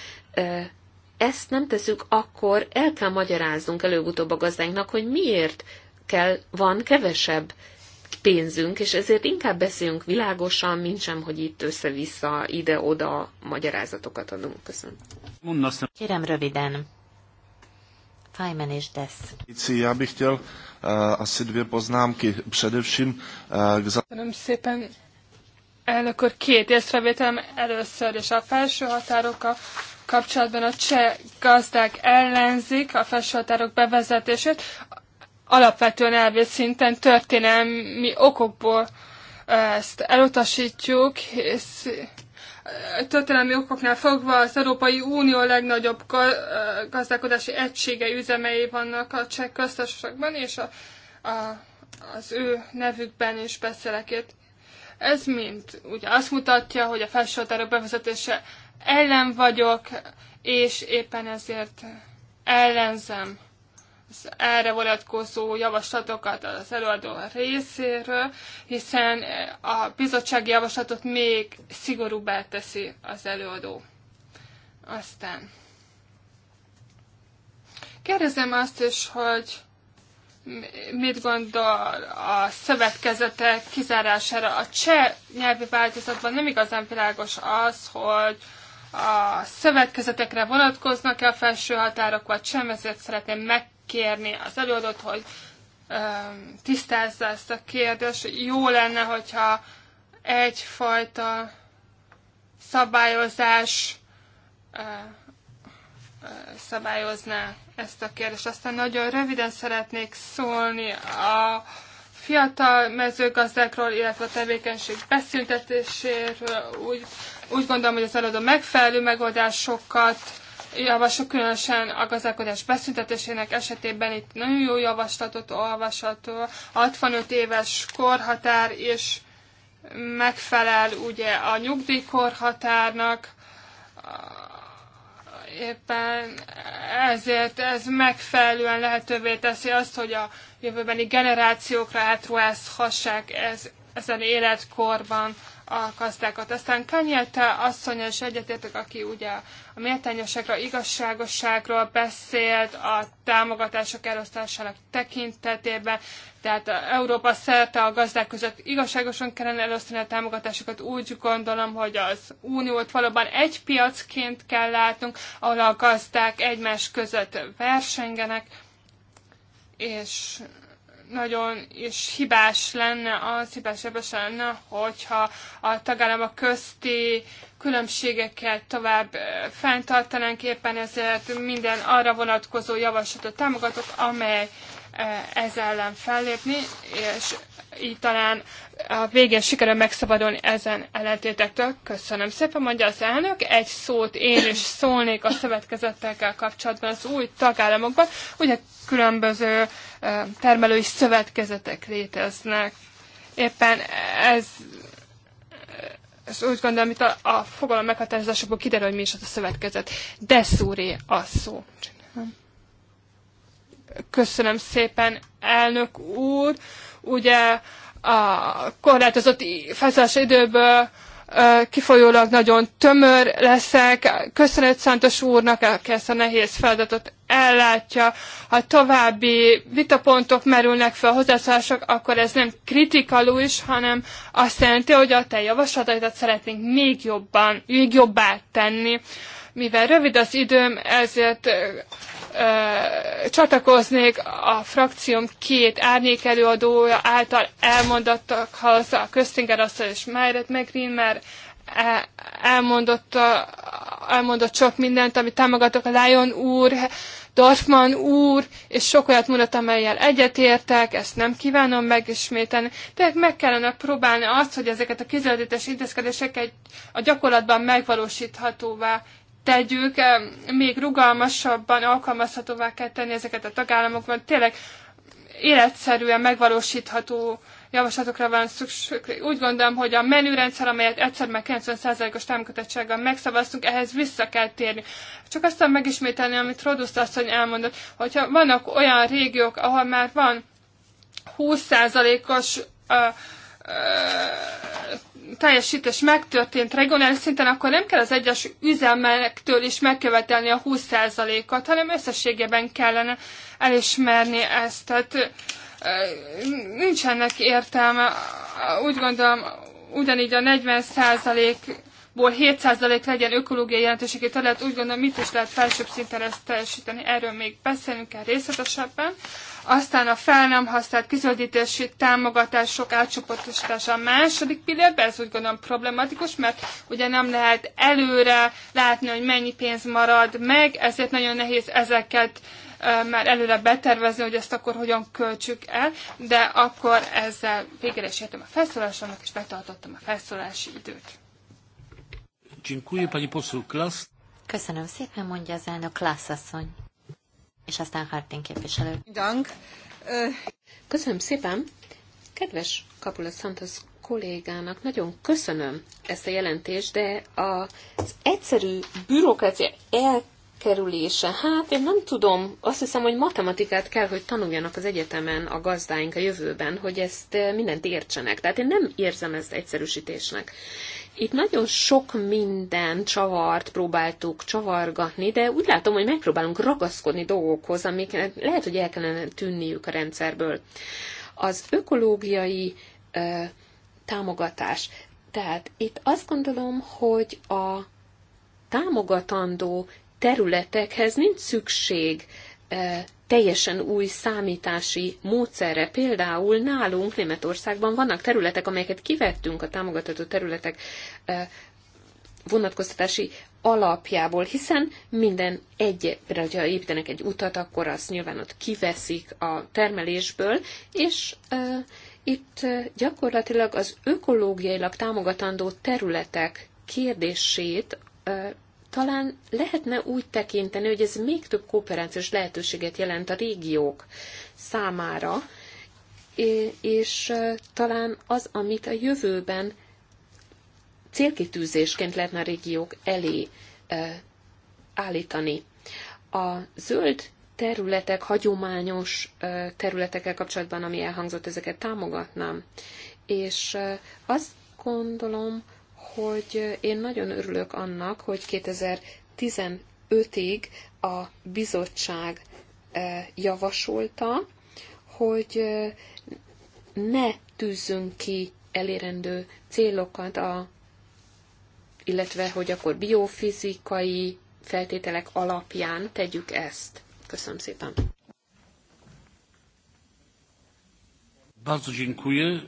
ezt nem teszünk, akkor el kell magyaráznunk előbb-utóbb a gazdáinknak, hogy miért kell, van kevesebb pénzünk, és ezért inkább beszéljünk világosan, mint sem, hogy itt össze-vissza, ide-oda magyarázatokat adunk. Köszönöm. Kérem röviden. Fajmen és Desz. Já bych chtěl uh, asi dvě poznámky. Především uh, Köszönöm szépen. Elnök úr, két észrevételem először és a felső határokkal kapcsolatban a cseh gazdák ellenzik a felső határok bevezetését alapvetően elvi szinten történelmi okokból ezt elutasítjuk, és történelmi okoknál fogva az Európai Unió legnagyobb gazdálkodási egysége üzemei vannak a cseh köztársaságban, és a, a, az ő nevükben is beszélek itt. Ez mind ugye azt mutatja, hogy a felsőhatárok bevezetése ellen vagyok, és éppen ezért ellenzem az erre vonatkozó javaslatokat az előadó részéről, hiszen a bizottsági javaslatot még szigorúbbá teszi az előadó. Aztán kérdezem azt is, hogy mit gondol a szövetkezetek kizárására. A cseh nyelvi változatban nem igazán világos az, hogy a szövetkezetekre vonatkoznak-e a felső határok, vagy sem, ezért szeretném meg kérni az előadót, hogy tisztázza ezt a kérdést. Jó lenne, hogyha egyfajta szabályozás eh, eh, szabályozná ezt a kérdést. Aztán nagyon röviden szeretnék szólni a fiatal mezőgazdákról, illetve a tevékenység beszüntetéséről. Úgy, úgy gondolom, hogy az előadó megfelelő megoldásokat javasol, különösen a gazdálkodás beszüntetésének esetében itt nagyon jó javaslatot olvasható. 65 éves korhatár és megfelel ugye a nyugdíjkorhatárnak, éppen ezért ez megfelelően lehetővé teszi azt, hogy a jövőbeni generációkra átruházhassák ez, ezen életkorban a gazdákat. Aztán Kanyelte asszonya is egyetértek, aki ugye a méltányosságra, igazságosságról beszélt, a támogatások elosztásának tekintetében, tehát Európa szerte a gazdák között igazságosan kellene elosztani a támogatásokat. Úgy gondolom, hogy az uniót valóban egy piacként kell látnunk, ahol a gazdák egymás között versengenek, és nagyon is hibás lenne, az hibás ebbes lenne, hogyha a tagállamok közti különbségeket tovább fenntartanánk, éppen ezért minden arra vonatkozó javaslatot támogatok, amely ez ellen fellépni, és így talán a végén sikerül megszabadulni ezen ellentétektől. Köszönöm szépen, mondja az elnök. Egy szót én is szólnék a szövetkezetekkel kapcsolatban az új tagállamokban. Ugye különböző termelői szövetkezetek léteznek. Éppen ez, ez úgy gondolom, itt a, a fogalom meghatározásokból kiderül, hogy mi is az a szövetkezet. De szúré a szó. Köszönöm szépen, elnök úr ugye a korlátozott felszállás időből kifolyólag nagyon tömör leszek. Köszönet Szántos úrnak, aki ezt a nehéz feladatot ellátja. Ha további vitapontok merülnek fel, hozzászólások, akkor ez nem kritikalú is, hanem azt jelenti, hogy a te javaslataidat szeretnénk még jobban, még jobbá tenni. Mivel rövid az időm, ezért csatlakoznék a frakcióm két árnyék előadója által elmondottakhoz, a Köztinger asszony és Mayret McGreen mert e, elmondott, elmondott sok mindent, amit támogatok a Lion úr, Dorfman úr, és sok olyat mondott, amelyel egyetértek, ezt nem kívánom megismételni. Tehát meg kellene próbálni azt, hogy ezeket a kizelődítés intézkedéseket a gyakorlatban megvalósíthatóvá tegyük, eh, még rugalmasabban alkalmazhatóvá kell tenni ezeket a tagállamokban. Tényleg életszerűen megvalósítható javaslatokra van szükség. Úgy gondolom, hogy a menürendszer, amelyet egyszer meg 90%-os támogatottsággal megszavaztunk, ehhez vissza kell térni. Csak azt tudom megismételni, amit Rodusz asszony elmondott, hogyha vannak olyan régiók, ahol már van 20%-os teljesítés megtörtént regionális szinten, akkor nem kell az egyes üzemektől is megkövetelni a 20%-at, hanem összességében kellene elismerni ezt. Tehát nincsenek értelme. Úgy gondolom, ugyanígy a 40%-ból 7% legyen ökológiai jelentőségi terület, úgy gondolom, mit is lehet felsőbb szinten ezt teljesíteni. Erről még beszélünk el részletesebben. Aztán a fel nem használt kizöldítési támogatások átcsoportosítása a második pillérben, ez úgy gondolom problematikus, mert ugye nem lehet előre látni, hogy mennyi pénz marad meg, ezért nagyon nehéz ezeket már előre betervezni, hogy ezt akkor hogyan költsük el, de akkor ezzel végre is értem a felszólásomnak, és betartottam a felszólási időt. Köszönöm szépen, mondja az elnök Klász asszony és aztán Harting képviselő. Dank. Köszönöm szépen. Kedves Kapula Santos kollégának nagyon köszönöm ezt a jelentést, de az egyszerű bürokrácia el kerülése. Hát én nem tudom, azt hiszem, hogy matematikát kell, hogy tanuljanak az egyetemen a gazdáink a jövőben, hogy ezt mindent értsenek. Tehát én nem érzem ezt egyszerűsítésnek. Itt nagyon sok minden csavart próbáltuk csavargatni, de úgy látom, hogy megpróbálunk ragaszkodni dolgokhoz, amik lehet, hogy el kellene tűnniük a rendszerből. Az ökológiai ö, támogatás. Tehát itt azt gondolom, hogy a támogatandó területekhez nincs szükség teljesen új számítási módszerre. Például nálunk Németországban vannak területek, amelyeket kivettünk a támogatott területek vonatkoztatási alapjából, hiszen minden egy, például, ha építenek egy utat, akkor azt nyilván ott kiveszik a termelésből, és e, itt gyakorlatilag az ökológiailag támogatandó területek kérdését e, talán lehetne úgy tekinteni, hogy ez még több kooperációs lehetőséget jelent a régiók számára, és talán az, amit a jövőben célkitűzésként lehetne a régiók elé állítani. A zöld területek, hagyományos területekkel kapcsolatban, ami elhangzott, ezeket támogatnám. És azt gondolom, hogy én nagyon örülök annak, hogy 2015-ig a bizottság eh, javasolta, hogy eh, ne tűzzünk ki elérendő célokat, a, illetve hogy akkor biofizikai feltételek alapján tegyük ezt. Köszönöm szépen. Bardzo dziękuję.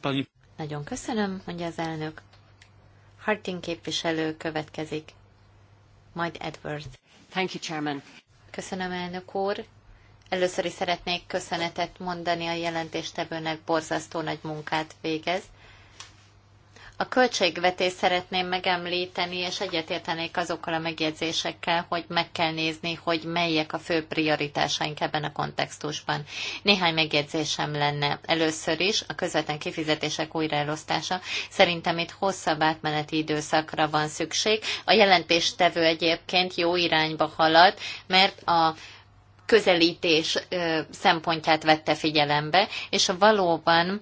Pani... Nagyon köszönöm, mondja az elnök. Harting képviselő következik, majd Edward. Thank you, Chairman. Köszönöm, elnök úr. Először is szeretnék köszönetet mondani a jelentéstevőnek, borzasztó nagy munkát végez. A költségvetést szeretném megemlíteni, és egyetértenék azokkal a megjegyzésekkel, hogy meg kell nézni, hogy melyek a fő prioritásaink ebben a kontextusban. Néhány megjegyzésem lenne. Először is a közvetlen kifizetések újraelosztása. Szerintem itt hosszabb átmeneti időszakra van szükség. A jelentéstevő egyébként jó irányba halad, mert a közelítés szempontját vette figyelembe, és valóban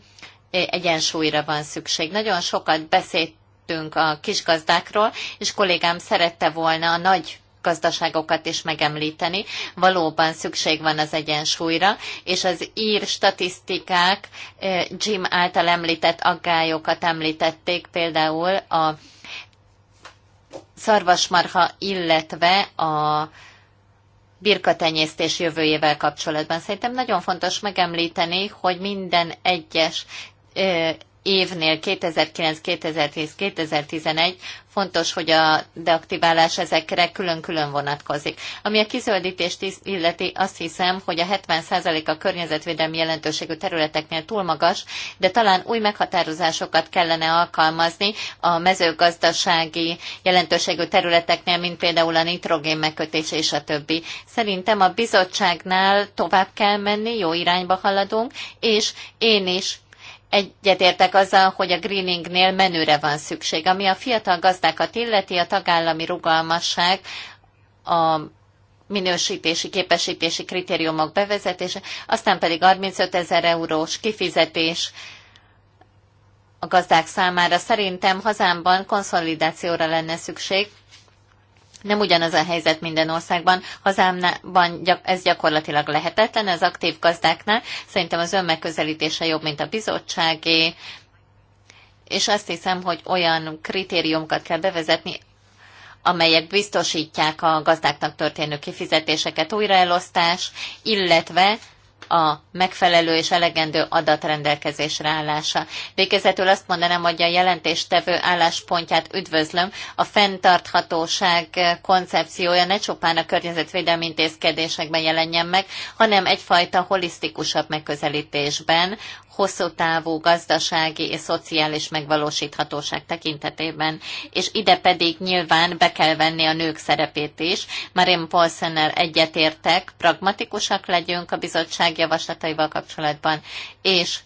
egyensúlyra van szükség. Nagyon sokat beszéltünk a kisgazdákról, és kollégám szerette volna a nagy gazdaságokat is megemlíteni. Valóban szükség van az egyensúlyra, és az ír statisztikák eh, Jim által említett aggályokat említették, például a szarvasmarha, illetve a birkatenyésztés jövőjével kapcsolatban. Szerintem nagyon fontos megemlíteni, hogy minden egyes évnél 2009, 2010, 2011 fontos, hogy a deaktiválás ezekre külön-külön vonatkozik. Ami a kizöldítést illeti, azt hiszem, hogy a 70% a környezetvédelmi jelentőségű területeknél túl magas, de talán új meghatározásokat kellene alkalmazni a mezőgazdasági jelentőségű területeknél, mint például a nitrogén megkötés és a többi. Szerintem a bizottságnál tovább kell menni, jó irányba haladunk, és én is Egyetértek azzal, hogy a greeningnél menőre van szükség. Ami a fiatal gazdákat illeti, a tagállami rugalmasság a minősítési, képesítési kritériumok bevezetése, aztán pedig 35 ezer eurós kifizetés a gazdák számára. Szerintem hazámban konszolidációra lenne szükség, nem ugyanaz a helyzet minden országban. Hazámban ez gyakorlatilag lehetetlen, ez aktív gazdáknál. Szerintem az ön megközelítése jobb, mint a bizottságé, és azt hiszem, hogy olyan kritériumokat kell bevezetni, amelyek biztosítják a gazdáknak történő kifizetéseket, újraelosztás, illetve a megfelelő és elegendő adatrendelkezésre állása. Végezetül azt mondanám, hogy a jelentéstevő álláspontját üdvözlöm. A fenntarthatóság koncepciója ne csupán a környezetvédelmi intézkedésekben jelenjen meg, hanem egyfajta holisztikusabb megközelítésben, hosszú távú gazdasági és szociális megvalósíthatóság tekintetében, és ide pedig nyilván be kell venni a nők szerepét is. Marin Paulsennel egyetértek, pragmatikusak legyünk a bizottság javaslataival kapcsolatban, és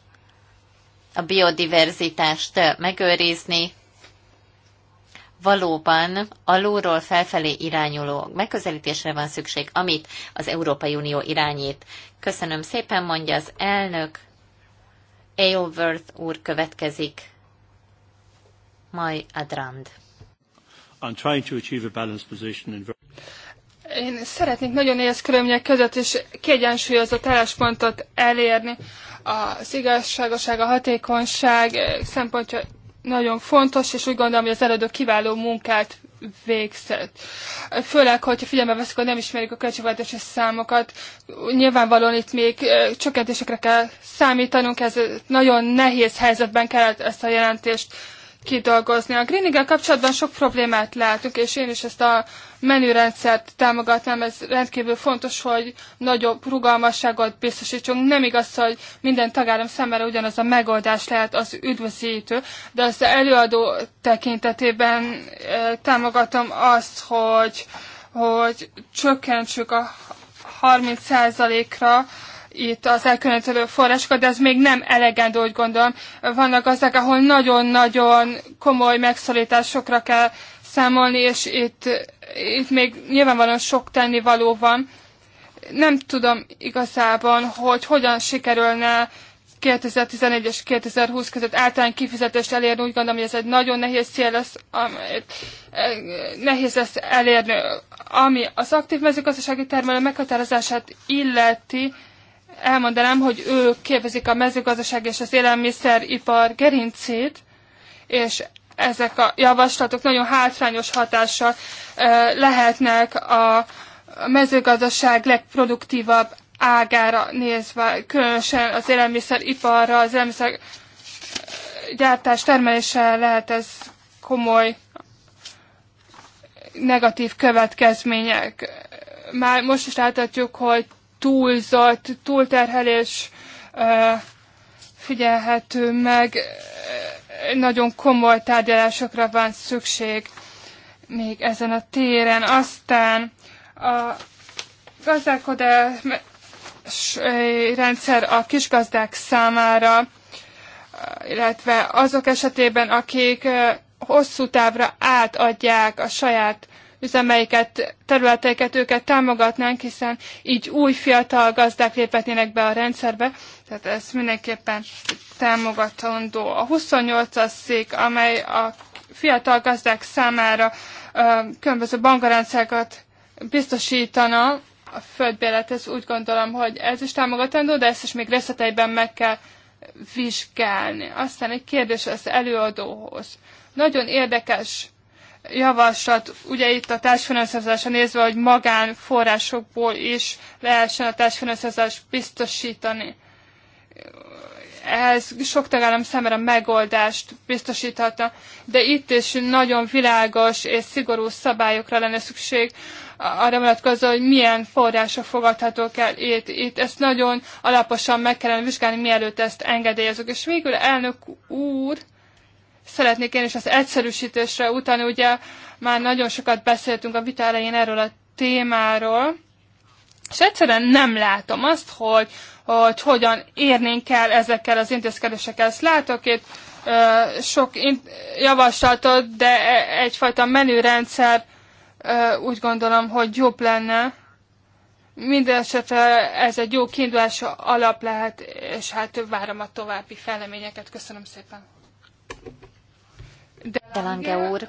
a biodiverzitást megőrizni, valóban alulról felfelé irányuló megközelítésre van szükség, amit az Európai Unió irányít. Köszönöm szépen, mondja az elnök. Eowworth úr következik, majd Adrand. I'm trying to achieve a balanced position in én szeretnék nagyon éles körülmények között is kiegyensúlyozott álláspontot elérni. Az igazságoság, a hatékonyság eh, szempontja nagyon fontos, és úgy gondolom, hogy az előadó kiváló munkát végzett. Főleg, hogyha figyelme veszik, hogy nem ismerik a költségvetési számokat, nyilvánvalóan itt még csökkentésekre kell számítanunk, ez nagyon nehéz helyzetben kellett ezt a jelentést kidolgozni. A greeninggel kapcsolatban sok problémát látunk, és én is ezt a menürendszert támogatnám, ez rendkívül fontos, hogy nagyobb rugalmasságot biztosítsunk. Nem igaz, hogy minden tagállam számára ugyanaz a megoldás lehet az üdvözítő, de az előadó tekintetében eh, támogatom azt, hogy, hogy csökkentsük a 30%-ra itt az elkülönítő forrásokat, de ez még nem elegendő, úgy gondolom. Vannak azok, ahol nagyon-nagyon komoly megszorításokra kell számolni, és itt, itt még nyilvánvalóan sok tennivaló van. Nem tudom igazából, hogy hogyan sikerülne 2011 és 2020 között általán kifizetést elérni, úgy gondolom, hogy ez egy nagyon nehéz cél lesz, amit e, nehéz lesz elérni. Ami az aktív mezőgazdasági termelő meghatározását illeti, elmondanám, hogy ők képezik a mezőgazdaság és az élelmiszeripar gerincét, és ezek a javaslatok nagyon hátrányos hatással lehetnek a mezőgazdaság legproduktívabb ágára nézve, különösen az élelmiszeriparra, az élelmiszer gyártás termelése lehet ez komoly negatív következmények. Már most is láthatjuk, hogy túlzott, túlterhelés figyelhető meg, nagyon komoly tárgyalásokra van szükség még ezen a téren. Aztán a gazdálkodás rendszer a kisgazdák számára, illetve azok esetében, akik hosszú távra átadják a saját üzemeiket, területeiket, őket támogatnánk, hiszen így új fiatal gazdák léphetnének be a rendszerbe, tehát ez mindenképpen támogatandó. A 28-as szék, amely a fiatal gazdák számára ö, különböző bankaráncákat biztosítana a ez úgy gondolom, hogy ez is támogatandó, de ezt is még részleteiben meg kell vizsgálni. Aztán egy kérdés az előadóhoz. Nagyon érdekes javaslat, ugye itt a társfinanszírozásra nézve, hogy magánforrásokból is lehessen a társfinanszírozást biztosítani. Ez sok tagállam számára megoldást biztosíthatna, de itt is nagyon világos és szigorú szabályokra lenne szükség arra vonatkozó, hogy milyen források fogadhatók el itt, itt. Ezt nagyon alaposan meg kellene vizsgálni, mielőtt ezt engedélyezünk. És végül elnök úr, szeretnék én is az egyszerűsítésre utalni. Ugye már nagyon sokat beszéltünk a vita elején erről a témáról, és egyszerűen nem látom azt, hogy, hogy hogyan érnénk el ezekkel az intézkedésekkel. Ezt látok itt ö, sok javaslatot, de e-, egyfajta menürendszer ö, úgy gondolom, hogy jobb lenne. Mindenesetre ez egy jó kiindulási alap lehet, és hát várom a további fejleményeket. Köszönöm szépen! De úr.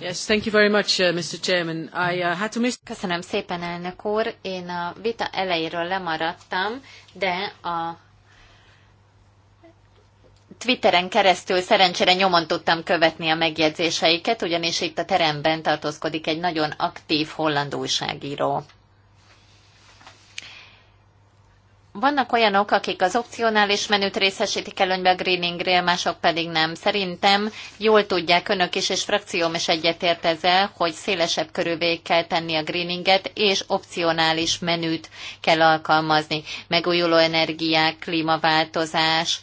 Yes, thank you very much, uh, Mr. Chairman. I uh, had to miss... Köszönöm szépen, elnök úr. Én a vita elejéről lemaradtam, de a Twitteren keresztül szerencsére nyomon tudtam követni a megjegyzéseiket, ugyanis itt a teremben tartózkodik egy nagyon aktív holland újságíró. vannak olyanok, akik az opcionális menüt részesítik előnybe a greeningre, mások pedig nem. Szerintem jól tudják önök is, és frakcióm is egyetért ezzel, hogy szélesebb körülvé kell tenni a greeninget, és opcionális menüt kell alkalmazni. Megújuló energiák, klímaváltozás,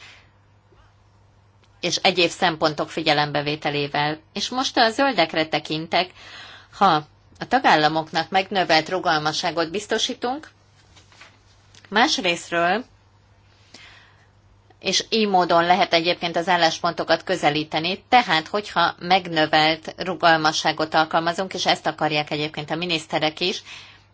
és egyéb szempontok figyelembevételével. És most a zöldekre tekintek, ha a tagállamoknak megnövelt rugalmasságot biztosítunk, Másrésztről, és így módon lehet egyébként az álláspontokat közelíteni, tehát hogyha megnövelt rugalmasságot alkalmazunk, és ezt akarják egyébként a miniszterek is,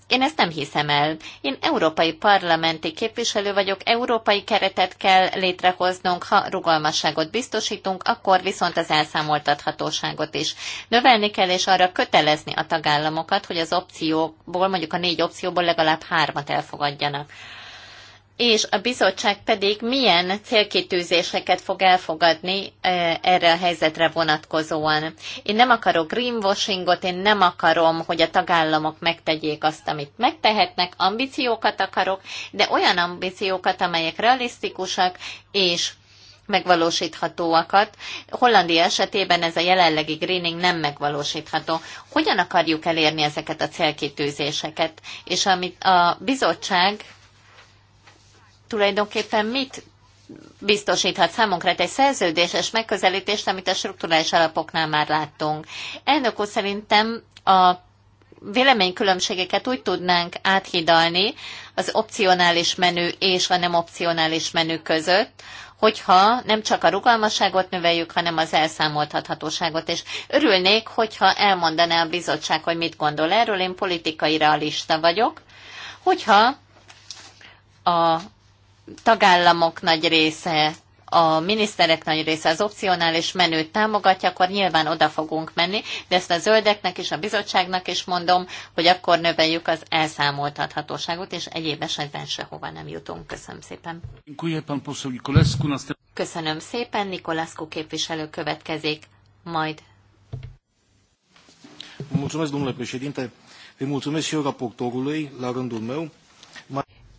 én ezt nem hiszem el. Én európai parlamenti képviselő vagyok, európai keretet kell létrehoznunk, ha rugalmasságot biztosítunk, akkor viszont az elszámoltathatóságot is. Növelni kell és arra kötelezni a tagállamokat, hogy az opcióból, mondjuk a négy opcióból legalább hármat elfogadjanak és a bizottság pedig milyen célkitűzéseket fog elfogadni e, erre a helyzetre vonatkozóan. Én nem akarok greenwashingot, én nem akarom, hogy a tagállamok megtegyék azt, amit megtehetnek, ambíciókat akarok, de olyan ambíciókat, amelyek realisztikusak és megvalósíthatóakat. Hollandia esetében ez a jelenlegi greening nem megvalósítható. Hogyan akarjuk elérni ezeket a célkitűzéseket? És amit a bizottság tulajdonképpen mit biztosíthat számunkra hát egy szerződéses megközelítést, amit a struktúrális alapoknál már láttunk. Elnök úr, szerintem a véleménykülönbségeket úgy tudnánk áthidalni az opcionális menü és a nem opcionális menü között, hogyha nem csak a rugalmasságot növeljük, hanem az elszámoltathatóságot. És örülnék, hogyha elmondaná a bizottság, hogy mit gondol erről. Én politikai realista vagyok. Hogyha a tagállamok nagy része, a miniszterek nagy része az opcionális menüt támogatja, akkor nyilván oda fogunk menni, de ezt a zöldeknek és a bizottságnak is mondom, hogy akkor növeljük az elszámoltathatóságot, és egyéb esetben sehova nem jutunk. Köszönöm szépen. Köszönöm szépen, Nikolászku képviselő következik, majd. Mulțumesc, domnule președinte. Îi mulțumesc și eu raportorului, la rândul meu.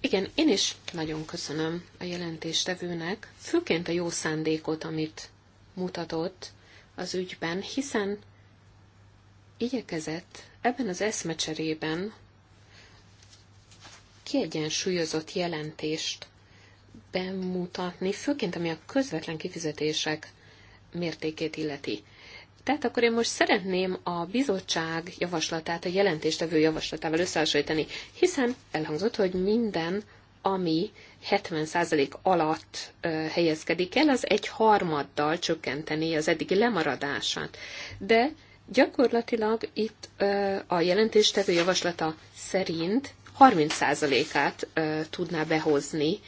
Igen, én is nagyon köszönöm a jelentéstevőnek, főként a jó szándékot, amit mutatott az ügyben, hiszen igyekezett ebben az eszmecserében kiegyensúlyozott jelentést bemutatni, főként ami a közvetlen kifizetések mértékét illeti. Tehát akkor én most szeretném a bizottság javaslatát, a jelentéstevő javaslatával összehasonlítani, hiszen elhangzott, hogy minden, ami 70% alatt helyezkedik el, az egy harmaddal csökkenteni az eddigi lemaradását. De gyakorlatilag itt a jelentéstevő javaslata szerint 30%-át tudná behozni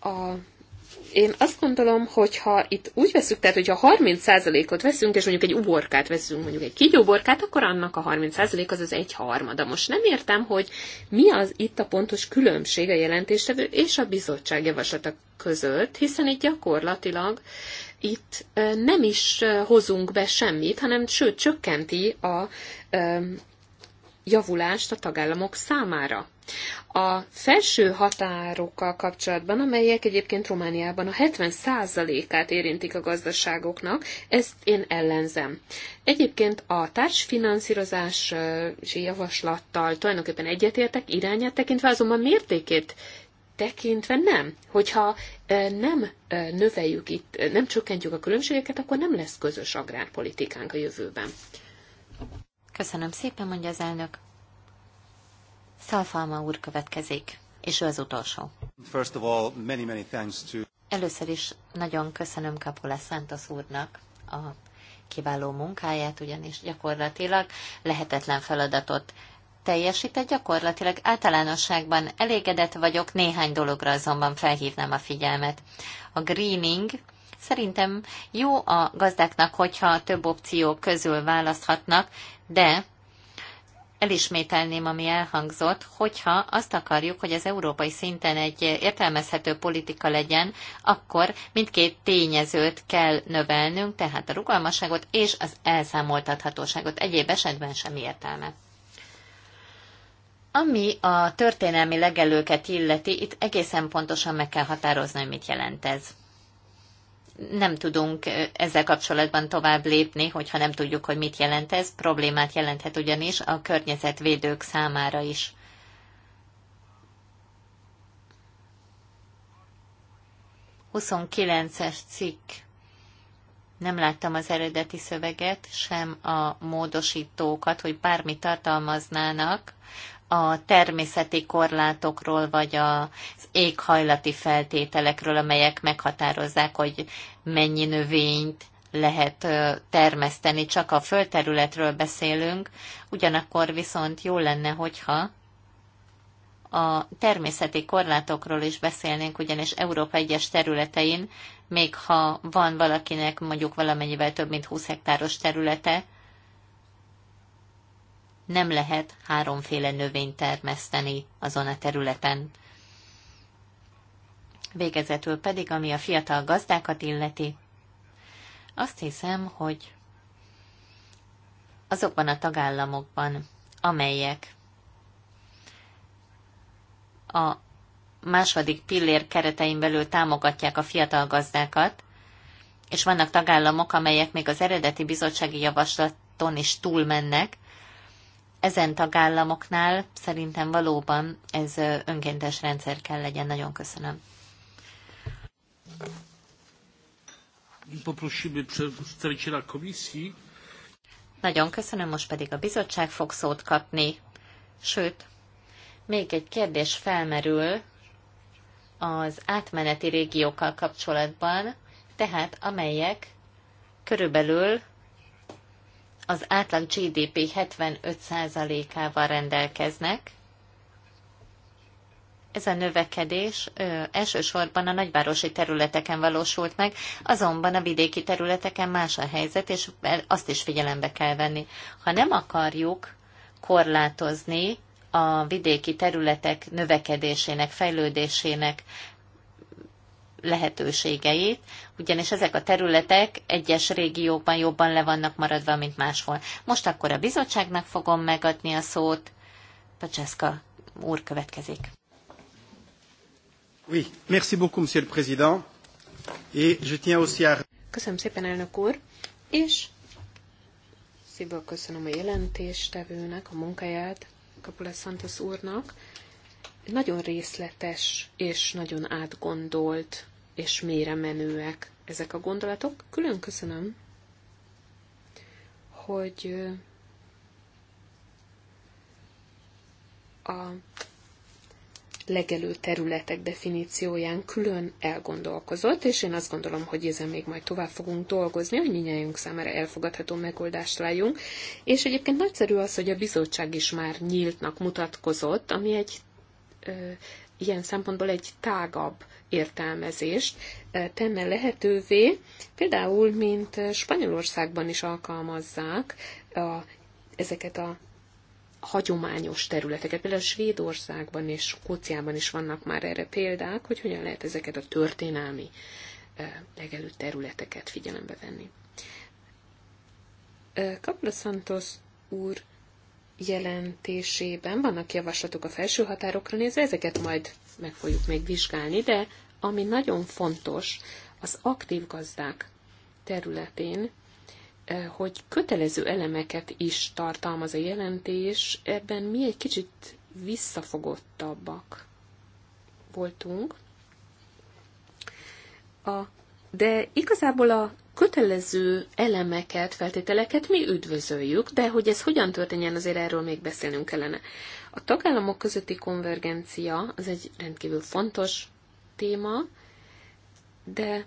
a én azt gondolom, hogyha itt úgy veszük, tehát hogyha 30%-ot veszünk, és mondjuk egy uborkát veszünk, mondjuk egy kigyóborkát, akkor annak a 30% az az egy harmada. Most nem értem, hogy mi az itt a pontos különbség a jelentéstevő és a bizottság javaslata között, hiszen itt gyakorlatilag itt nem is hozunk be semmit, hanem sőt csökkenti a javulást a tagállamok számára. A felső határokkal kapcsolatban, amelyek egyébként Romániában a 70%-át érintik a gazdaságoknak, ezt én ellenzem. Egyébként a társfinanszírozási javaslattal tulajdonképpen egyetértek, irányát tekintve azonban mértékét tekintve nem. Hogyha nem növeljük itt, nem csökkentjük a különbségeket, akkor nem lesz közös agrárpolitikánk a jövőben. Köszönöm szépen, mondja az elnök. Szalfalma úr következik, és ő az utolsó. First of all, many, many thanks to... Először is nagyon köszönöm Kapola Santos úrnak a kiváló munkáját, ugyanis gyakorlatilag lehetetlen feladatot teljesített, gyakorlatilag általánosságban elégedett vagyok, néhány dologra azonban felhívnám a figyelmet. A greening Szerintem jó a gazdáknak, hogyha több opció közül választhatnak, de elismételném, ami elhangzott, hogyha azt akarjuk, hogy az európai szinten egy értelmezhető politika legyen, akkor mindkét tényezőt kell növelnünk, tehát a rugalmasságot és az elszámoltathatóságot. Egyéb esetben semmi értelme. Ami a történelmi legelőket illeti, itt egészen pontosan meg kell határozni, hogy mit jelent ez nem tudunk ezzel kapcsolatban tovább lépni, hogyha nem tudjuk, hogy mit jelent ez. Problémát jelenthet ugyanis a környezetvédők számára is. Huszonkilences cikk. Nem láttam az eredeti szöveget, sem a módosítókat, hogy bármi tartalmaznának, a természeti korlátokról, vagy az éghajlati feltételekről, amelyek meghatározzák, hogy mennyi növényt lehet termeszteni, csak a földterületről beszélünk, ugyanakkor viszont jó lenne, hogyha a természeti korlátokról is beszélnénk, ugyanis Európa egyes területein, még ha van valakinek mondjuk valamennyivel több mint 20 hektáros területe, nem lehet háromféle növényt termeszteni azon a területen. Végezetül pedig, ami a fiatal gazdákat illeti, azt hiszem, hogy azokban a tagállamokban, amelyek a második pillér keretein belül támogatják a fiatal gazdákat, és vannak tagállamok, amelyek még az eredeti bizottsági javaslaton is túlmennek, ezen tagállamoknál szerintem valóban ez önkéntes rendszer kell legyen. Nagyon köszönöm. Nagyon köszönöm, most pedig a bizottság fog szót kapni. Sőt, még egy kérdés felmerül az átmeneti régiókkal kapcsolatban, tehát amelyek körülbelül az átlag GDP 75%-ával rendelkeznek. Ez a növekedés ö, elsősorban a nagyvárosi területeken valósult meg, azonban a vidéki területeken más a helyzet, és azt is figyelembe kell venni. Ha nem akarjuk korlátozni a vidéki területek növekedésének, fejlődésének lehetőségeit, ugyanis ezek a területek egyes régiókban jobban le vannak maradva, mint máshol. Most akkor a bizottságnak fogom megadni a szót. Pacseszka úr következik. Oui, merci beaucoup, monsieur le président. Et je tiens aussi à... Köszönöm szépen, elnök úr, és szívből köszönöm a jelentéstevőnek a munkáját, Kapula Santos úrnak. Nagyon részletes és nagyon átgondolt és mélyre menőek ezek a gondolatok. Külön köszönöm, hogy a legelő területek definícióján külön elgondolkozott, és én azt gondolom, hogy ezen még majd tovább fogunk dolgozni, hogy minnyájunk számára elfogadható megoldást találjunk. És egyébként nagyszerű az, hogy a bizottság is már nyíltnak mutatkozott, ami egy ö, ilyen szempontból egy tágabb értelmezést eh, tenne lehetővé, például, mint eh, Spanyolországban is alkalmazzák a, ezeket a hagyományos területeket. Például Svédországban és Skóciában is vannak már erre példák, hogy hogyan lehet ezeket a történelmi eh, legelő területeket figyelembe venni. Kapla Santos úr jelentésében vannak javaslatok a felső határokra nézve, ezeket majd meg fogjuk még vizsgálni, de ami nagyon fontos, az aktív gazdák területén, hogy kötelező elemeket is tartalmaz a jelentés, ebben mi egy kicsit visszafogottabbak voltunk. A, de igazából a kötelező elemeket, feltételeket mi üdvözöljük, de hogy ez hogyan történjen, azért erről még beszélnünk kellene. A tagállamok közötti konvergencia az egy rendkívül fontos téma, de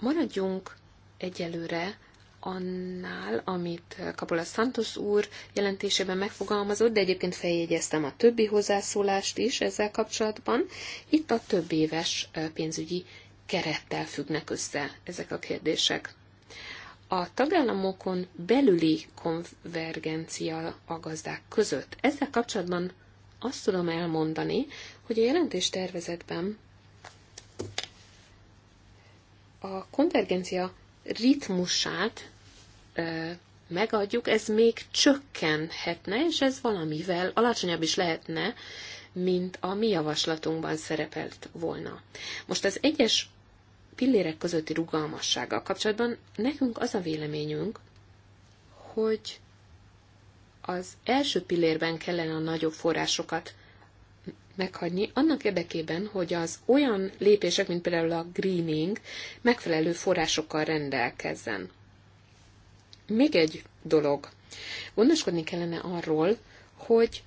maradjunk egyelőre annál, amit Kapola Santos úr jelentésében megfogalmazott, de egyébként feljegyeztem a többi hozzászólást is ezzel kapcsolatban. Itt a több éves pénzügyi kerettel függnek össze ezek a kérdések a tagállamokon belüli konvergencia a gazdák között. Ezzel kapcsolatban azt tudom elmondani, hogy a jelentés tervezetben a konvergencia ritmusát ö, megadjuk, ez még csökkenhetne, és ez valamivel alacsonyabb is lehetne, mint a mi javaslatunkban szerepelt volna. Most az egyes pillérek közötti rugalmassággal kapcsolatban nekünk az a véleményünk, hogy az első pillérben kellene a nagyobb forrásokat meghagyni, annak érdekében, hogy az olyan lépések, mint például a greening, megfelelő forrásokkal rendelkezzen. Még egy dolog. Gondoskodni kellene arról, hogy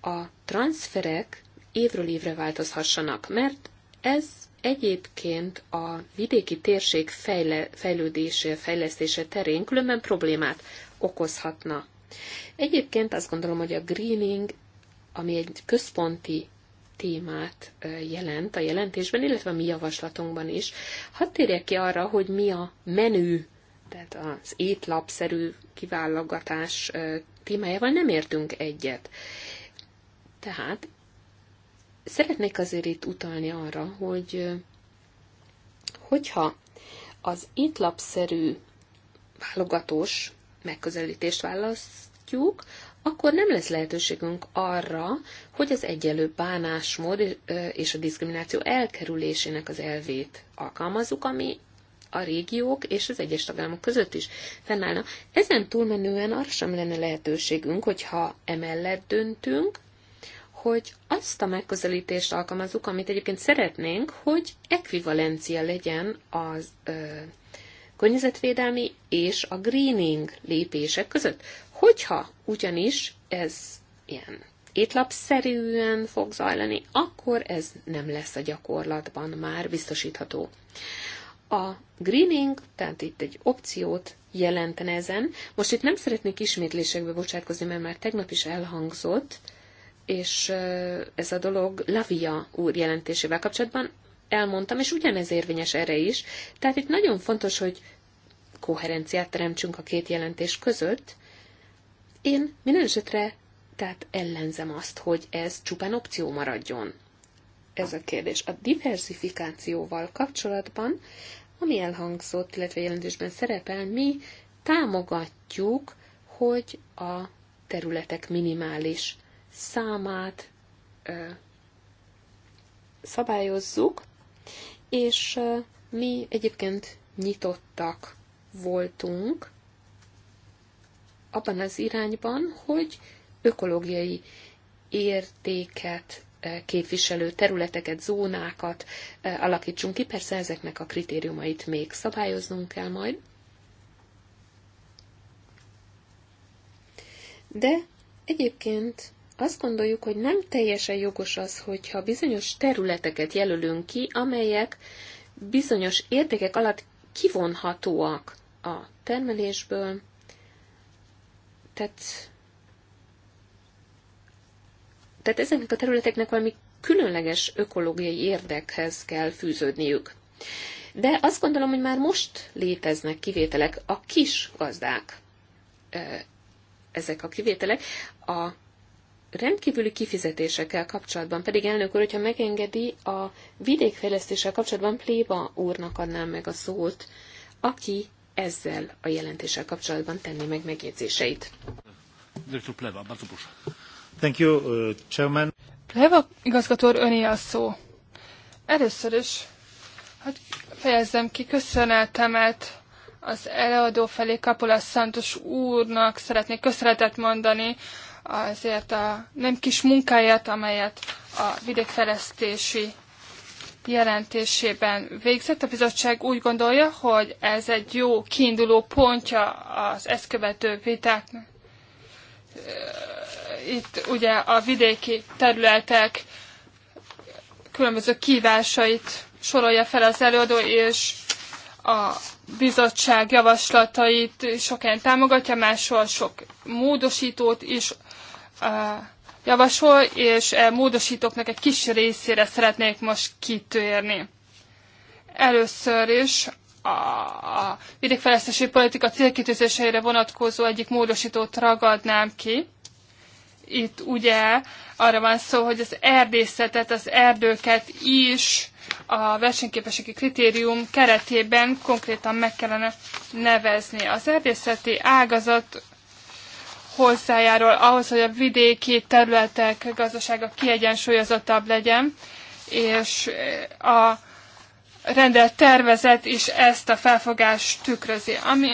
a transferek évről évre változhassanak, mert ez egyébként a vidéki térség fejle, fejlődése, fejlesztése terén különben problémát okozhatna. Egyébként azt gondolom, hogy a greening, ami egy központi témát jelent a jelentésben, illetve a mi javaslatunkban is. Hadd térjek ki arra, hogy mi a menü, tehát az étlapszerű kiválogatás témájával nem értünk egyet. Tehát Szeretnék azért itt utalni arra, hogy hogyha az étlapszerű válogatós megközelítést választjuk, akkor nem lesz lehetőségünk arra, hogy az egyenlő bánásmód és a diszkrimináció elkerülésének az elvét alkalmazzuk, ami a régiók és az egyes tagállamok között is fennállna. Ezen túlmenően arra sem lenne lehetőségünk, hogyha emellett döntünk, hogy azt a megközelítést alkalmazzuk, amit egyébként szeretnénk, hogy ekvivalencia legyen az ö, környezetvédelmi és a greening lépések között. Hogyha ugyanis ez ilyen étlapszerűen fog zajlani, akkor ez nem lesz a gyakorlatban már biztosítható. A greening, tehát itt egy opciót jelentene ezen. Most itt nem szeretnék ismétlésekbe bocsátkozni, mert már tegnap is elhangzott, és ez a dolog Lavia úr jelentésével kapcsolatban elmondtam, és ugyanez érvényes erre is. Tehát itt nagyon fontos, hogy koherenciát teremtsünk a két jelentés között. Én minden esetre tehát ellenzem azt, hogy ez csupán opció maradjon. Ez a kérdés. A diversifikációval kapcsolatban, ami elhangzott, illetve jelentésben szerepel, mi támogatjuk, hogy a területek minimális számát szabályozzuk, és mi egyébként nyitottak voltunk abban az irányban, hogy ökológiai értéket képviselő területeket, zónákat alakítsunk ki. Persze ezeknek a kritériumait még szabályoznunk kell majd. De egyébként azt gondoljuk, hogy nem teljesen jogos az, hogyha bizonyos területeket jelölünk ki, amelyek bizonyos értékek alatt kivonhatóak a termelésből. Tehát, tehát ezeknek a területeknek valami különleges ökológiai érdekhez kell fűződniük. De azt gondolom, hogy már most léteznek kivételek, a kis gazdák ezek a kivételek. A rendkívüli kifizetésekkel kapcsolatban, pedig elnök úr, hogyha megengedi, a vidékfejlesztéssel kapcsolatban Pléba úrnak adnám meg a szót, aki ezzel a jelentéssel kapcsolatban tenni meg megjegyzéseit. Direktor Pleva, bardzo Thank you, uh, chairman. Pleva igazgató öné a szó. Először is, hát fejezzem ki köszönetemet az előadó felé Kapolás Szántos úrnak szeretnék köszönetet mondani azért a nem kis munkáját, amelyet a vidékfejlesztési jelentésében végzett. A bizottság úgy gondolja, hogy ez egy jó kiinduló pontja az ezt követő vitáknak. Itt ugye a vidéki területek különböző kívásait sorolja fel az előadó, és a bizottság javaslatait sokan támogatja, máshol sok módosítót is javasol, és e módosítóknak egy kis részére szeretnék most kitérni. Először is a vidékfejlesztési politika célkitűzéseire vonatkozó egyik módosítót ragadnám ki. Itt ugye arra van szó, hogy az erdészetet, az erdőket is a versenyképességi kritérium keretében konkrétan meg kellene nevezni. Az erdészeti ágazat hozzájárul ahhoz, hogy a vidéki területek gazdasága kiegyensúlyozottabb legyen, és a rendelt tervezet is ezt a felfogást tükrözi, ami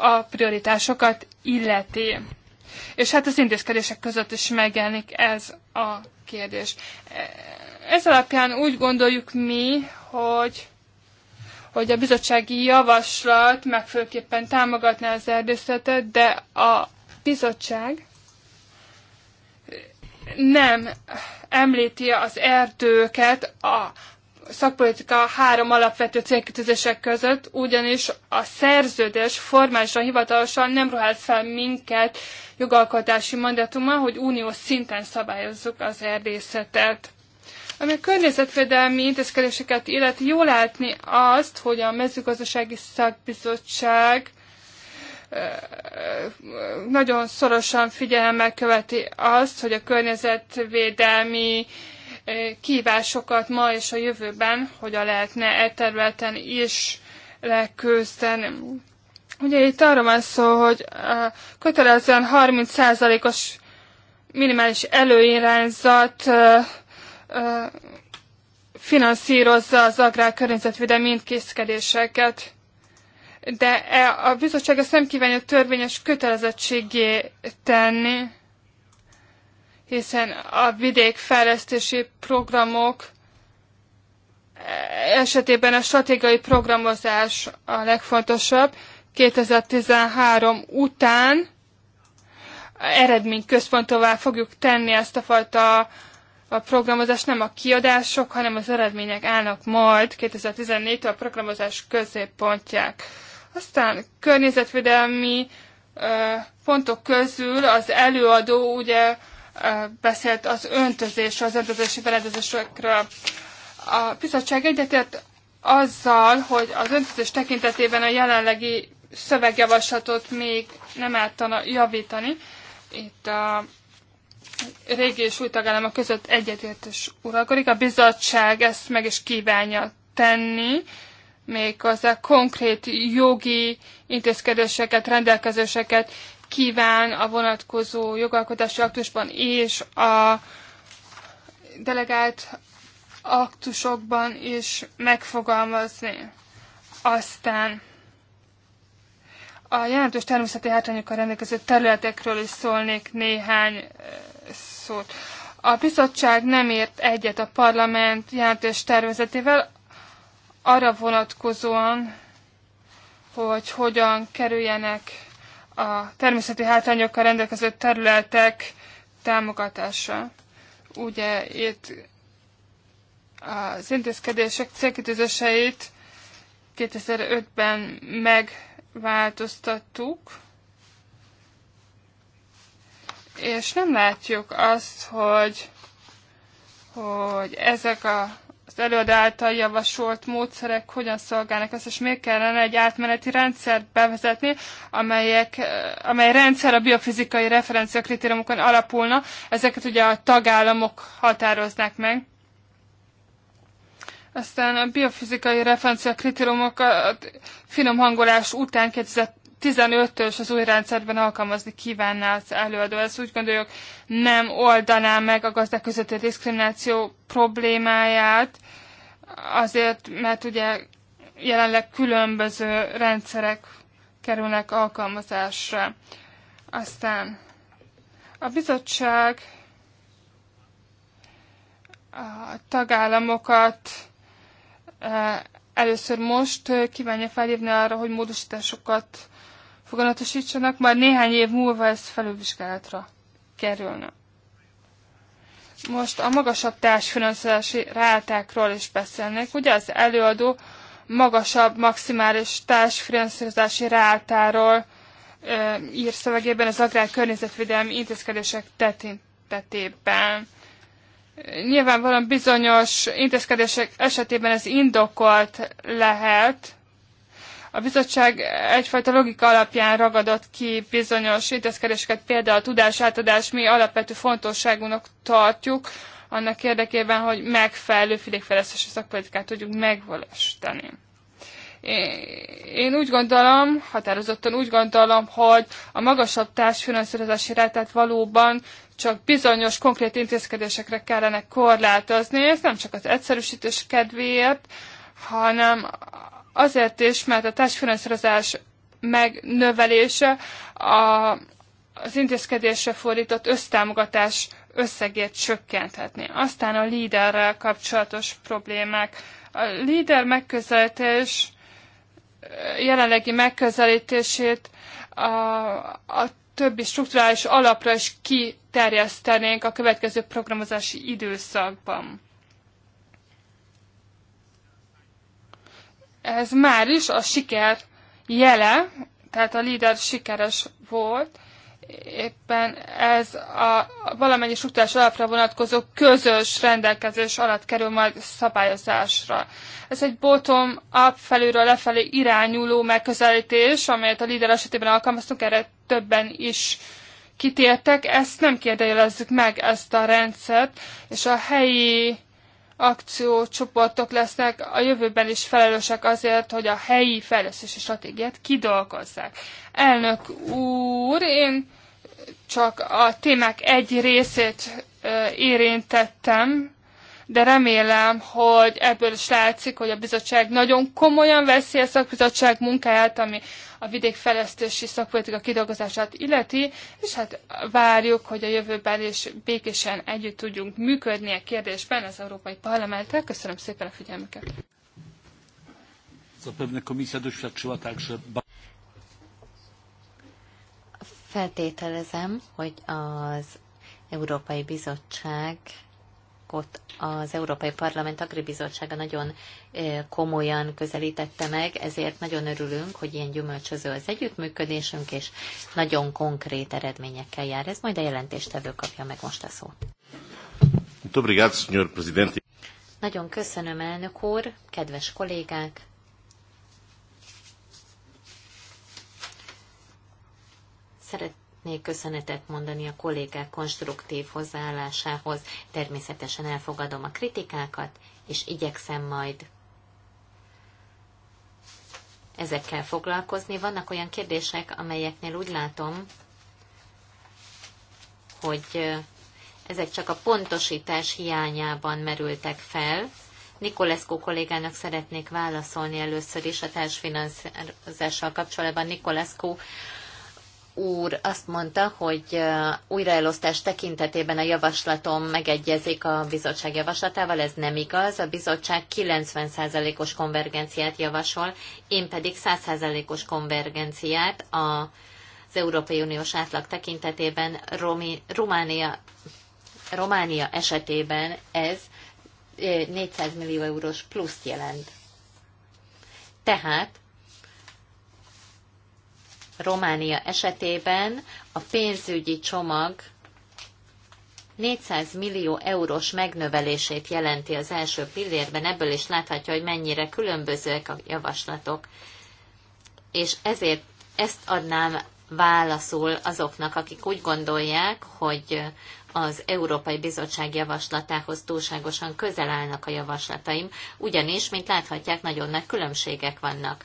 a prioritásokat illeti. És hát az intézkedések között is megjelenik ez a kérdés. Ez alapján úgy gondoljuk mi, hogy hogy a bizottsági javaslat megfőképpen támogatná az erdészetet, de a bizottság nem említi az erdőket a szakpolitika három alapvető célkütözések között, ugyanis a szerződés formálisan, hivatalosan nem ruház fel minket jogalkotási mandátummal, hogy uniós szinten szabályozzuk az erdészetet. Ami a környezetvédelmi intézkedéseket illeti, jól látni azt, hogy a mezőgazdasági szakbizottság nagyon szorosan figyelemmel követi azt, hogy a környezetvédelmi kívásokat ma és a jövőben hogyan lehetne e területen is leküzdeni. Ugye itt arra van szó, hogy kötelezően 30%-os minimális előirányzat finanszírozza az agrárkörnyezetvédelmi intézkedéseket de e, a bizottság ezt nem kívánja törvényes kötelezettségé tenni, hiszen a vidékfejlesztési programok esetében a stratégiai programozás a legfontosabb. 2013 után eredményközpontová fogjuk tenni ezt a fajta a programozás nem a kiadások, hanem az eredmények állnak majd 2014-től a programozás középpontják. Aztán környezetvédelmi pontok közül az előadó ugye beszélt az öntözésről, az öntözési beledezésekről. A bizottság egyetért azzal, hogy az öntözés tekintetében a jelenlegi szövegjavaslatot még nem ártana javítani. Itt a régi és új tagállamok között egyetértés uralkodik. A bizottság ezt meg is kívánja tenni, méghozzá konkrét jogi intézkedéseket, rendelkezéseket kíván a vonatkozó jogalkotási aktusban és a delegált aktusokban is megfogalmazni. Aztán a jelentős természeti hátrányokkal rendelkező területekről is szólnék néhány szót. A bizottság nem ért egyet a parlament jelentős tervezetével, arra vonatkozóan, hogy hogyan kerüljenek a természeti hátrányokkal rendelkező területek támogatása, Ugye itt az intézkedések célkitűzéseit 2005-ben megváltoztattuk, és nem látjuk azt, hogy, hogy ezek a az előadó által javasolt módszerek hogyan szolgálnak ezt, és miért kellene egy átmeneti rendszert bevezetni, amelyek, eh, amely rendszer a biofizikai referencia kritériumokon alapulna, ezeket ugye a tagállamok határoznák meg. Aztán a biofizikai referencia kritériumok a finom hangolás után 2000 15-ös az új rendszerben alkalmazni kívánná az előadó. Ezt úgy gondoljuk, nem oldaná meg a gazdák közötti diszkrimináció problémáját, azért, mert ugye jelenleg különböző rendszerek kerülnek alkalmazásra. Aztán a bizottság a tagállamokat eh, először most eh, kívánja felhívni arra, hogy módosításokat foganatosítsanak, majd néhány év múlva ez felülvizsgálatra kerülne. Most a magasabb társfinanszírozási rátákról is beszélnék. Ugye az előadó magasabb maximális társfinanszírozási rátáról e, ír szövegében az agrár környezetvédelmi intézkedések tetintetében. Nyilvánvalóan bizonyos intézkedések esetében ez indokolt lehet, a bizottság egyfajta logika alapján ragadott ki bizonyos intézkedéseket, például a tudásátadás mi alapvető fontosságúnak tartjuk, annak érdekében, hogy megfelelő fidékfejlesztési szakpolitikát tudjuk megvalósítani. Én úgy gondolom, határozottan úgy gondolom, hogy a magasabb társfinanszírozási rátát valóban csak bizonyos konkrét intézkedésekre kellene korlátozni. Ez nem csak az egyszerűsítés kedvéért, hanem Azért is, mert a társfinanszírozás megnövelése a, az intézkedésre fordított össztámogatás összegét csökkenthetni. Aztán a líderrel kapcsolatos problémák. A líder megközelítés jelenlegi megközelítését a, a többi strukturális alapra is kiterjesztenénk a következő programozási időszakban. ez már is a siker jele, tehát a líder sikeres volt, éppen ez a valamennyi struktúrás alapra vonatkozó közös rendelkezés alatt kerül majd szabályozásra. Ez egy bottom-up felülről lefelé irányuló megközelítés, amelyet a líder esetében alkalmaztunk, erre többen is kitértek. Ezt nem kérdejelezzük meg, ezt a rendszert, és a helyi akciócsoportok lesznek a jövőben is felelősek azért, hogy a helyi fejlesztési stratégiát kidolgozzák. Elnök úr, én csak a témák egy részét érintettem, de remélem, hogy ebből is látszik, hogy a bizottság nagyon komolyan veszi a szakbizottság munkáját, ami a vidékfejlesztési szakpolitika kidolgozását illeti, és hát várjuk, hogy a jövőben is békésen együtt tudjunk működni a kérdésben az Európai Parlamenttel. Köszönöm szépen a figyelmüket! feltételezem, hogy az Európai Bizottság ott az Európai Parlament Agribizottsága nagyon komolyan közelítette meg, ezért nagyon örülünk, hogy ilyen gyümölcsöző az együttműködésünk, és nagyon konkrét eredményekkel jár. Ez majd a jelentéstevő kapja meg most a szót. Nagyon köszönöm, elnök úr, kedves kollégák! Szeret, szeretnék köszönetet mondani a kollégák konstruktív hozzáállásához. Természetesen elfogadom a kritikákat, és igyekszem majd ezekkel foglalkozni. Vannak olyan kérdések, amelyeknél úgy látom, hogy ezek csak a pontosítás hiányában merültek fel. Nikolescu kollégának szeretnék válaszolni először is a társfinanszírozással kapcsolatban. Nikolescu úr azt mondta, hogy újraelosztás tekintetében a javaslatom megegyezik a bizottság javaslatával, ez nem igaz. A bizottság 90%-os konvergenciát javasol, én pedig 100%-os konvergenciát az Európai Uniós átlag tekintetében Romi, Románia, Románia esetében ez 400 millió eurós pluszt jelent. Tehát Románia esetében a pénzügyi csomag 400 millió eurós megnövelését jelenti az első pillérben, ebből is láthatja, hogy mennyire különbözőek a javaslatok. És ezért ezt adnám válaszul azoknak, akik úgy gondolják, hogy az Európai Bizottság javaslatához túlságosan közel állnak a javaslataim, ugyanis, mint láthatják, nagyon nagy különbségek vannak.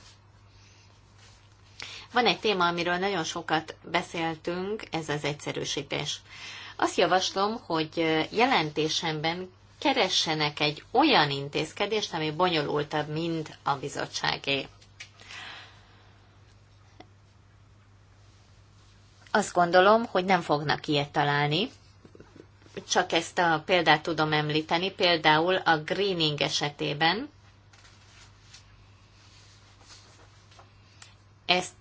Van egy téma, amiről nagyon sokat beszéltünk, ez az egyszerűsítés. Azt javaslom, hogy jelentésemben keressenek egy olyan intézkedést, ami bonyolultabb, mint a bizottságé. Azt gondolom, hogy nem fognak ilyet találni, csak ezt a példát tudom említeni, például a greening esetében ezt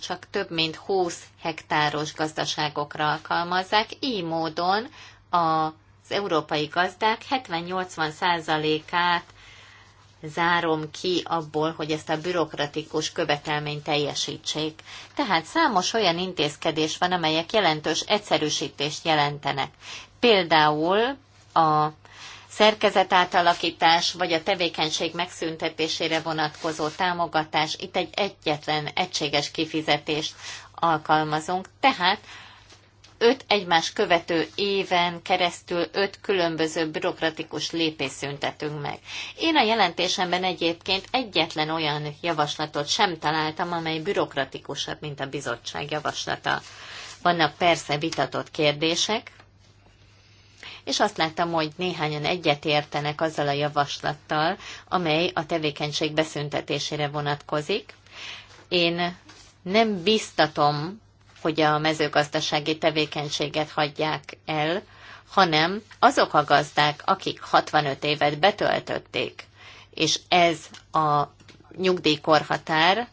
csak több mint 20 hektáros gazdaságokra alkalmazzák, így módon az európai gazdák 70-80 százalékát zárom ki abból, hogy ezt a bürokratikus követelményt teljesítsék. Tehát számos olyan intézkedés van, amelyek jelentős egyszerűsítést jelentenek. Például a szerkezetátalakítás vagy a tevékenység megszüntetésére vonatkozó támogatás, itt egy egyetlen egységes kifizetést alkalmazunk, tehát öt egymás követő éven keresztül öt különböző bürokratikus lépés szüntetünk meg. Én a jelentésemben egyébként egyetlen olyan javaslatot sem találtam, amely bürokratikusabb, mint a bizottság javaslata. Vannak persze vitatott kérdések, és azt láttam, hogy néhányan egyetértenek azzal a javaslattal, amely a tevékenység beszüntetésére vonatkozik. Én nem biztatom, hogy a mezőgazdasági tevékenységet hagyják el, hanem azok a gazdák, akik 65 évet betöltötték, és ez a nyugdíjkorhatár,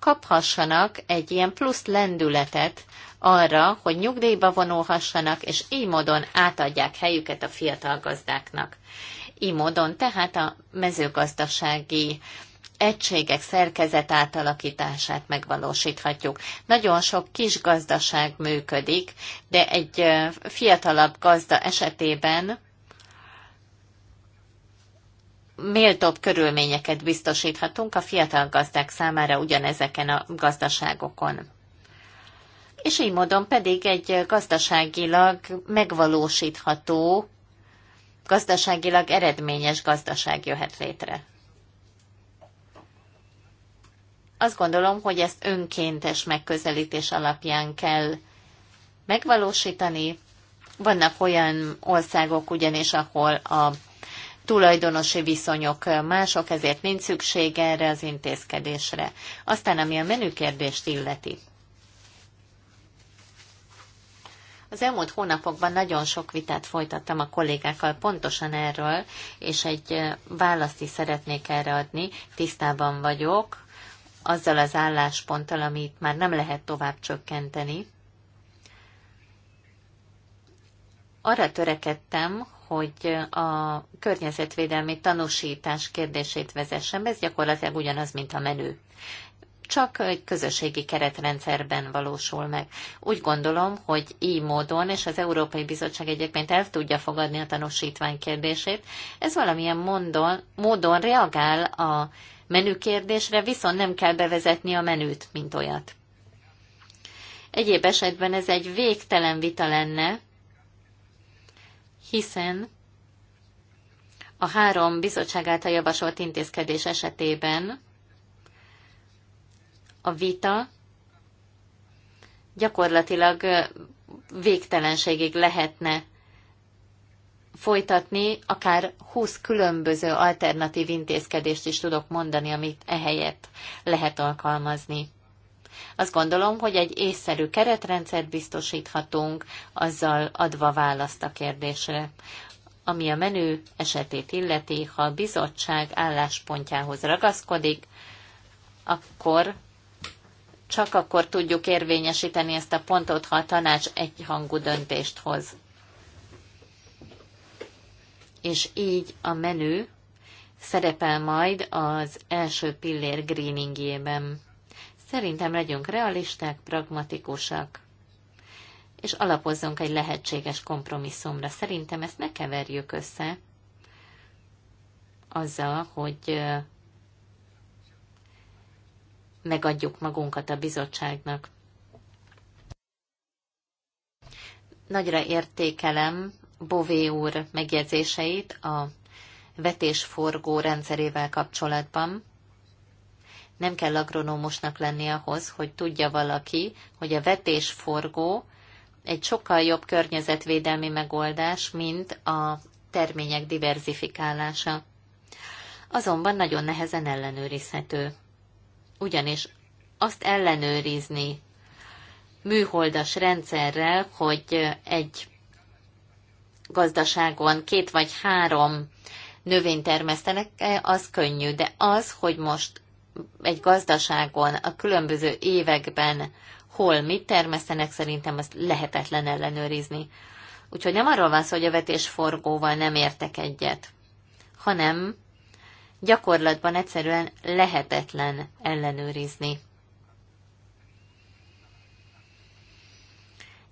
kaphassanak egy ilyen plusz lendületet arra, hogy nyugdíjba vonulhassanak, és így módon átadják helyüket a fiatal gazdáknak. Így módon tehát a mezőgazdasági egységek szerkezet átalakítását megvalósíthatjuk. Nagyon sok kis gazdaság működik, de egy fiatalabb gazda esetében méltóbb körülményeket biztosíthatunk a fiatal gazdák számára ugyanezeken a gazdaságokon és így módon pedig egy gazdaságilag megvalósítható, gazdaságilag eredményes gazdaság jöhet létre. Azt gondolom, hogy ezt önkéntes megközelítés alapján kell megvalósítani. Vannak olyan országok ugyanis, ahol a tulajdonosi viszonyok mások, ezért nincs szükség erre az intézkedésre. Aztán, ami a menükérdést illeti. Az elmúlt hónapokban nagyon sok vitát folytattam a kollégákkal pontosan erről, és egy választ is szeretnék erre adni. Tisztában vagyok azzal az állásponttal, amit már nem lehet tovább csökkenteni. Arra törekedtem, hogy a környezetvédelmi tanúsítás kérdését vezessem, ez gyakorlatilag ugyanaz, mint a menő csak egy közösségi keretrendszerben valósul meg. Úgy gondolom, hogy így módon, és az Európai Bizottság egyébként el tudja fogadni a tanúsítvány kérdését, ez valamilyen mondon, módon reagál a menü kérdésre, viszont nem kell bevezetni a menüt, mint olyat. Egyéb esetben ez egy végtelen vita lenne, hiszen a három bizottság által javasolt intézkedés esetében a vita gyakorlatilag végtelenségig lehetne folytatni, akár 20 különböző alternatív intézkedést is tudok mondani, amit ehelyett lehet alkalmazni. Azt gondolom, hogy egy észszerű keretrendszert biztosíthatunk, azzal adva választ a kérdésre. Ami a menő esetét illeti, ha a bizottság álláspontjához ragaszkodik, akkor csak akkor tudjuk érvényesíteni ezt a pontot, ha a tanács egyhangú döntést hoz. És így a menü szerepel majd az első pillér greeningjében. Szerintem legyünk realisták, pragmatikusak, és alapozzunk egy lehetséges kompromisszumra. Szerintem ezt ne keverjük össze azzal, hogy megadjuk magunkat a bizottságnak. Nagyra értékelem Bové úr megjegyzéseit a vetésforgó rendszerével kapcsolatban. Nem kell agronómusnak lenni ahhoz, hogy tudja valaki, hogy a vetésforgó egy sokkal jobb környezetvédelmi megoldás, mint a termények diverzifikálása. Azonban nagyon nehezen ellenőrizhető. Ugyanis azt ellenőrizni műholdas rendszerrel, hogy egy gazdaságon két vagy három növényt termesztenek, e, az könnyű, de az, hogy most egy gazdaságon a különböző években hol mit termesztenek, szerintem azt lehetetlen ellenőrizni. Úgyhogy nem arról van szó, hogy a vetésforgóval nem értek egyet, hanem gyakorlatban egyszerűen lehetetlen ellenőrizni.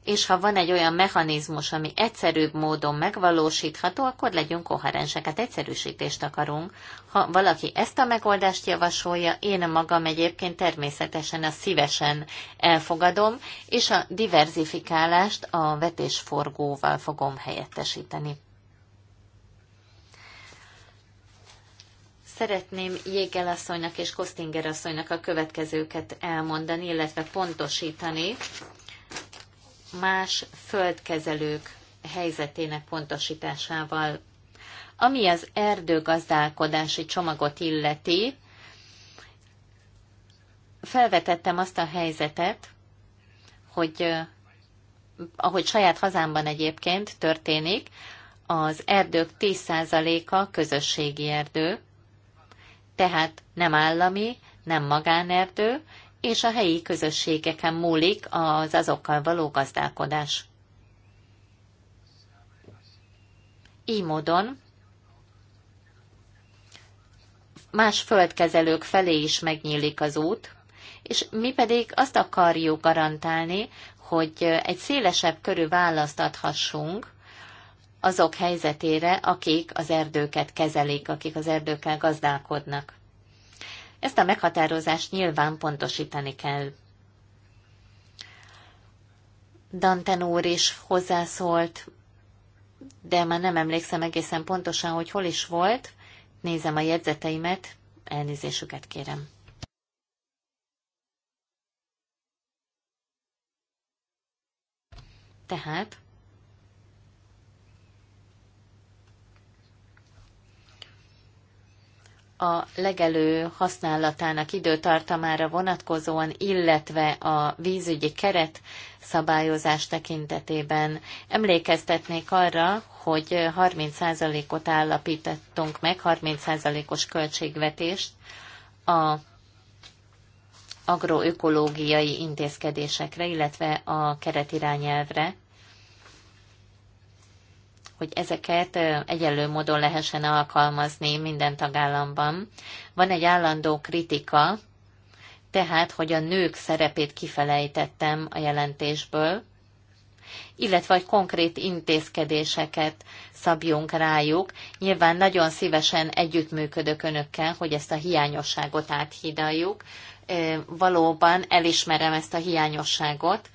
És ha van egy olyan mechanizmus, ami egyszerűbb módon megvalósítható, akkor legyünk koherensek. Hát egyszerűsítést akarunk. Ha valaki ezt a megoldást javasolja, én magam egyébként természetesen a szívesen elfogadom, és a diverzifikálást a vetésforgóval fogom helyettesíteni. Szeretném Jégel asszonynak és Kostinger asszonynak a következőket elmondani, illetve pontosítani más földkezelők helyzetének pontosításával. Ami az erdőgazdálkodási csomagot illeti, felvetettem azt a helyzetet, hogy ahogy saját hazámban egyébként történik, az erdők 10%-a közösségi erdő, tehát nem állami, nem magánerdő, és a helyi közösségeken múlik az azokkal való gazdálkodás. Így módon más földkezelők felé is megnyílik az út, és mi pedig azt akarjuk garantálni, hogy egy szélesebb körű választ adhassunk azok helyzetére, akik az erdőket kezelik, akik az erdőkkel gazdálkodnak. Ezt a meghatározást nyilván pontosítani kell. Danten úr is hozzászólt, de már nem emlékszem egészen pontosan, hogy hol is volt. Nézem a jegyzeteimet, elnézésüket kérem. Tehát a legelő használatának időtartamára vonatkozóan, illetve a vízügyi keret szabályozás tekintetében. Emlékeztetnék arra, hogy 30%-ot állapítottunk meg, 30%-os költségvetést a agroökológiai intézkedésekre, illetve a keretirányelvre, hogy ezeket egyenlő módon lehessen alkalmazni minden tagállamban. Van egy állandó kritika, tehát, hogy a nők szerepét kifelejtettem a jelentésből, illetve hogy konkrét intézkedéseket szabjunk rájuk. Nyilván nagyon szívesen együttműködök önökkel, hogy ezt a hiányosságot áthidaljuk. Valóban elismerem ezt a hiányosságot,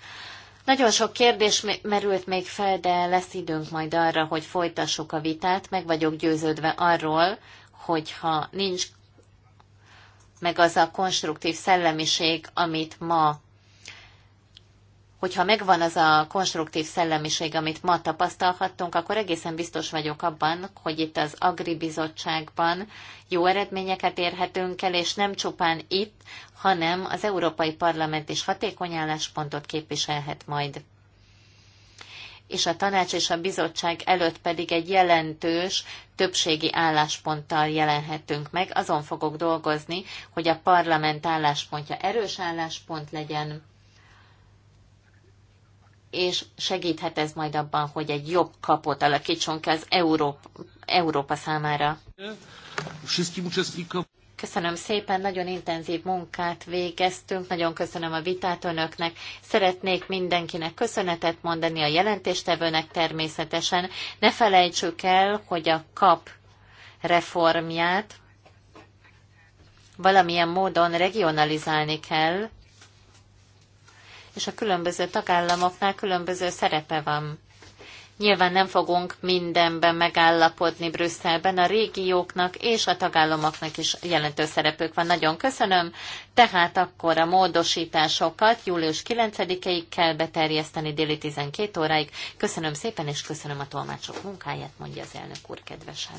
nagyon sok kérdés merült még fel, de lesz időnk majd arra, hogy folytassuk a vitát. Meg vagyok győződve arról, hogyha nincs meg az a konstruktív szellemiség, amit ma hogyha megvan az a konstruktív szellemiség, amit ma tapasztalhattunk, akkor egészen biztos vagyok abban, hogy itt az Agri Bizottságban jó eredményeket érhetünk el, és nem csupán itt, hanem az Európai Parlament is hatékony álláspontot képviselhet majd és a tanács és a bizottság előtt pedig egy jelentős többségi állásponttal jelenhetünk meg. Azon fogok dolgozni, hogy a parlament álláspontja erős álláspont legyen, és segíthet ez majd abban, hogy egy jobb kapot alakítsunk az Európa, Európa számára. Köszönöm szépen, nagyon intenzív munkát végeztünk, nagyon köszönöm a vitát önöknek. Szeretnék mindenkinek köszönetet mondani a jelentéstevőnek természetesen. Ne felejtsük el, hogy a kap reformját valamilyen módon regionalizálni kell, és a különböző tagállamoknál különböző szerepe van. Nyilván nem fogunk mindenben megállapodni Brüsszelben, a régióknak és a tagállamoknak is jelentős szerepük van. Nagyon köszönöm. Tehát akkor a módosításokat július 9-ig kell beterjeszteni déli 12 óráig. Köszönöm szépen, és köszönöm a tolmácsok munkáját, mondja az elnök úr kedvesen.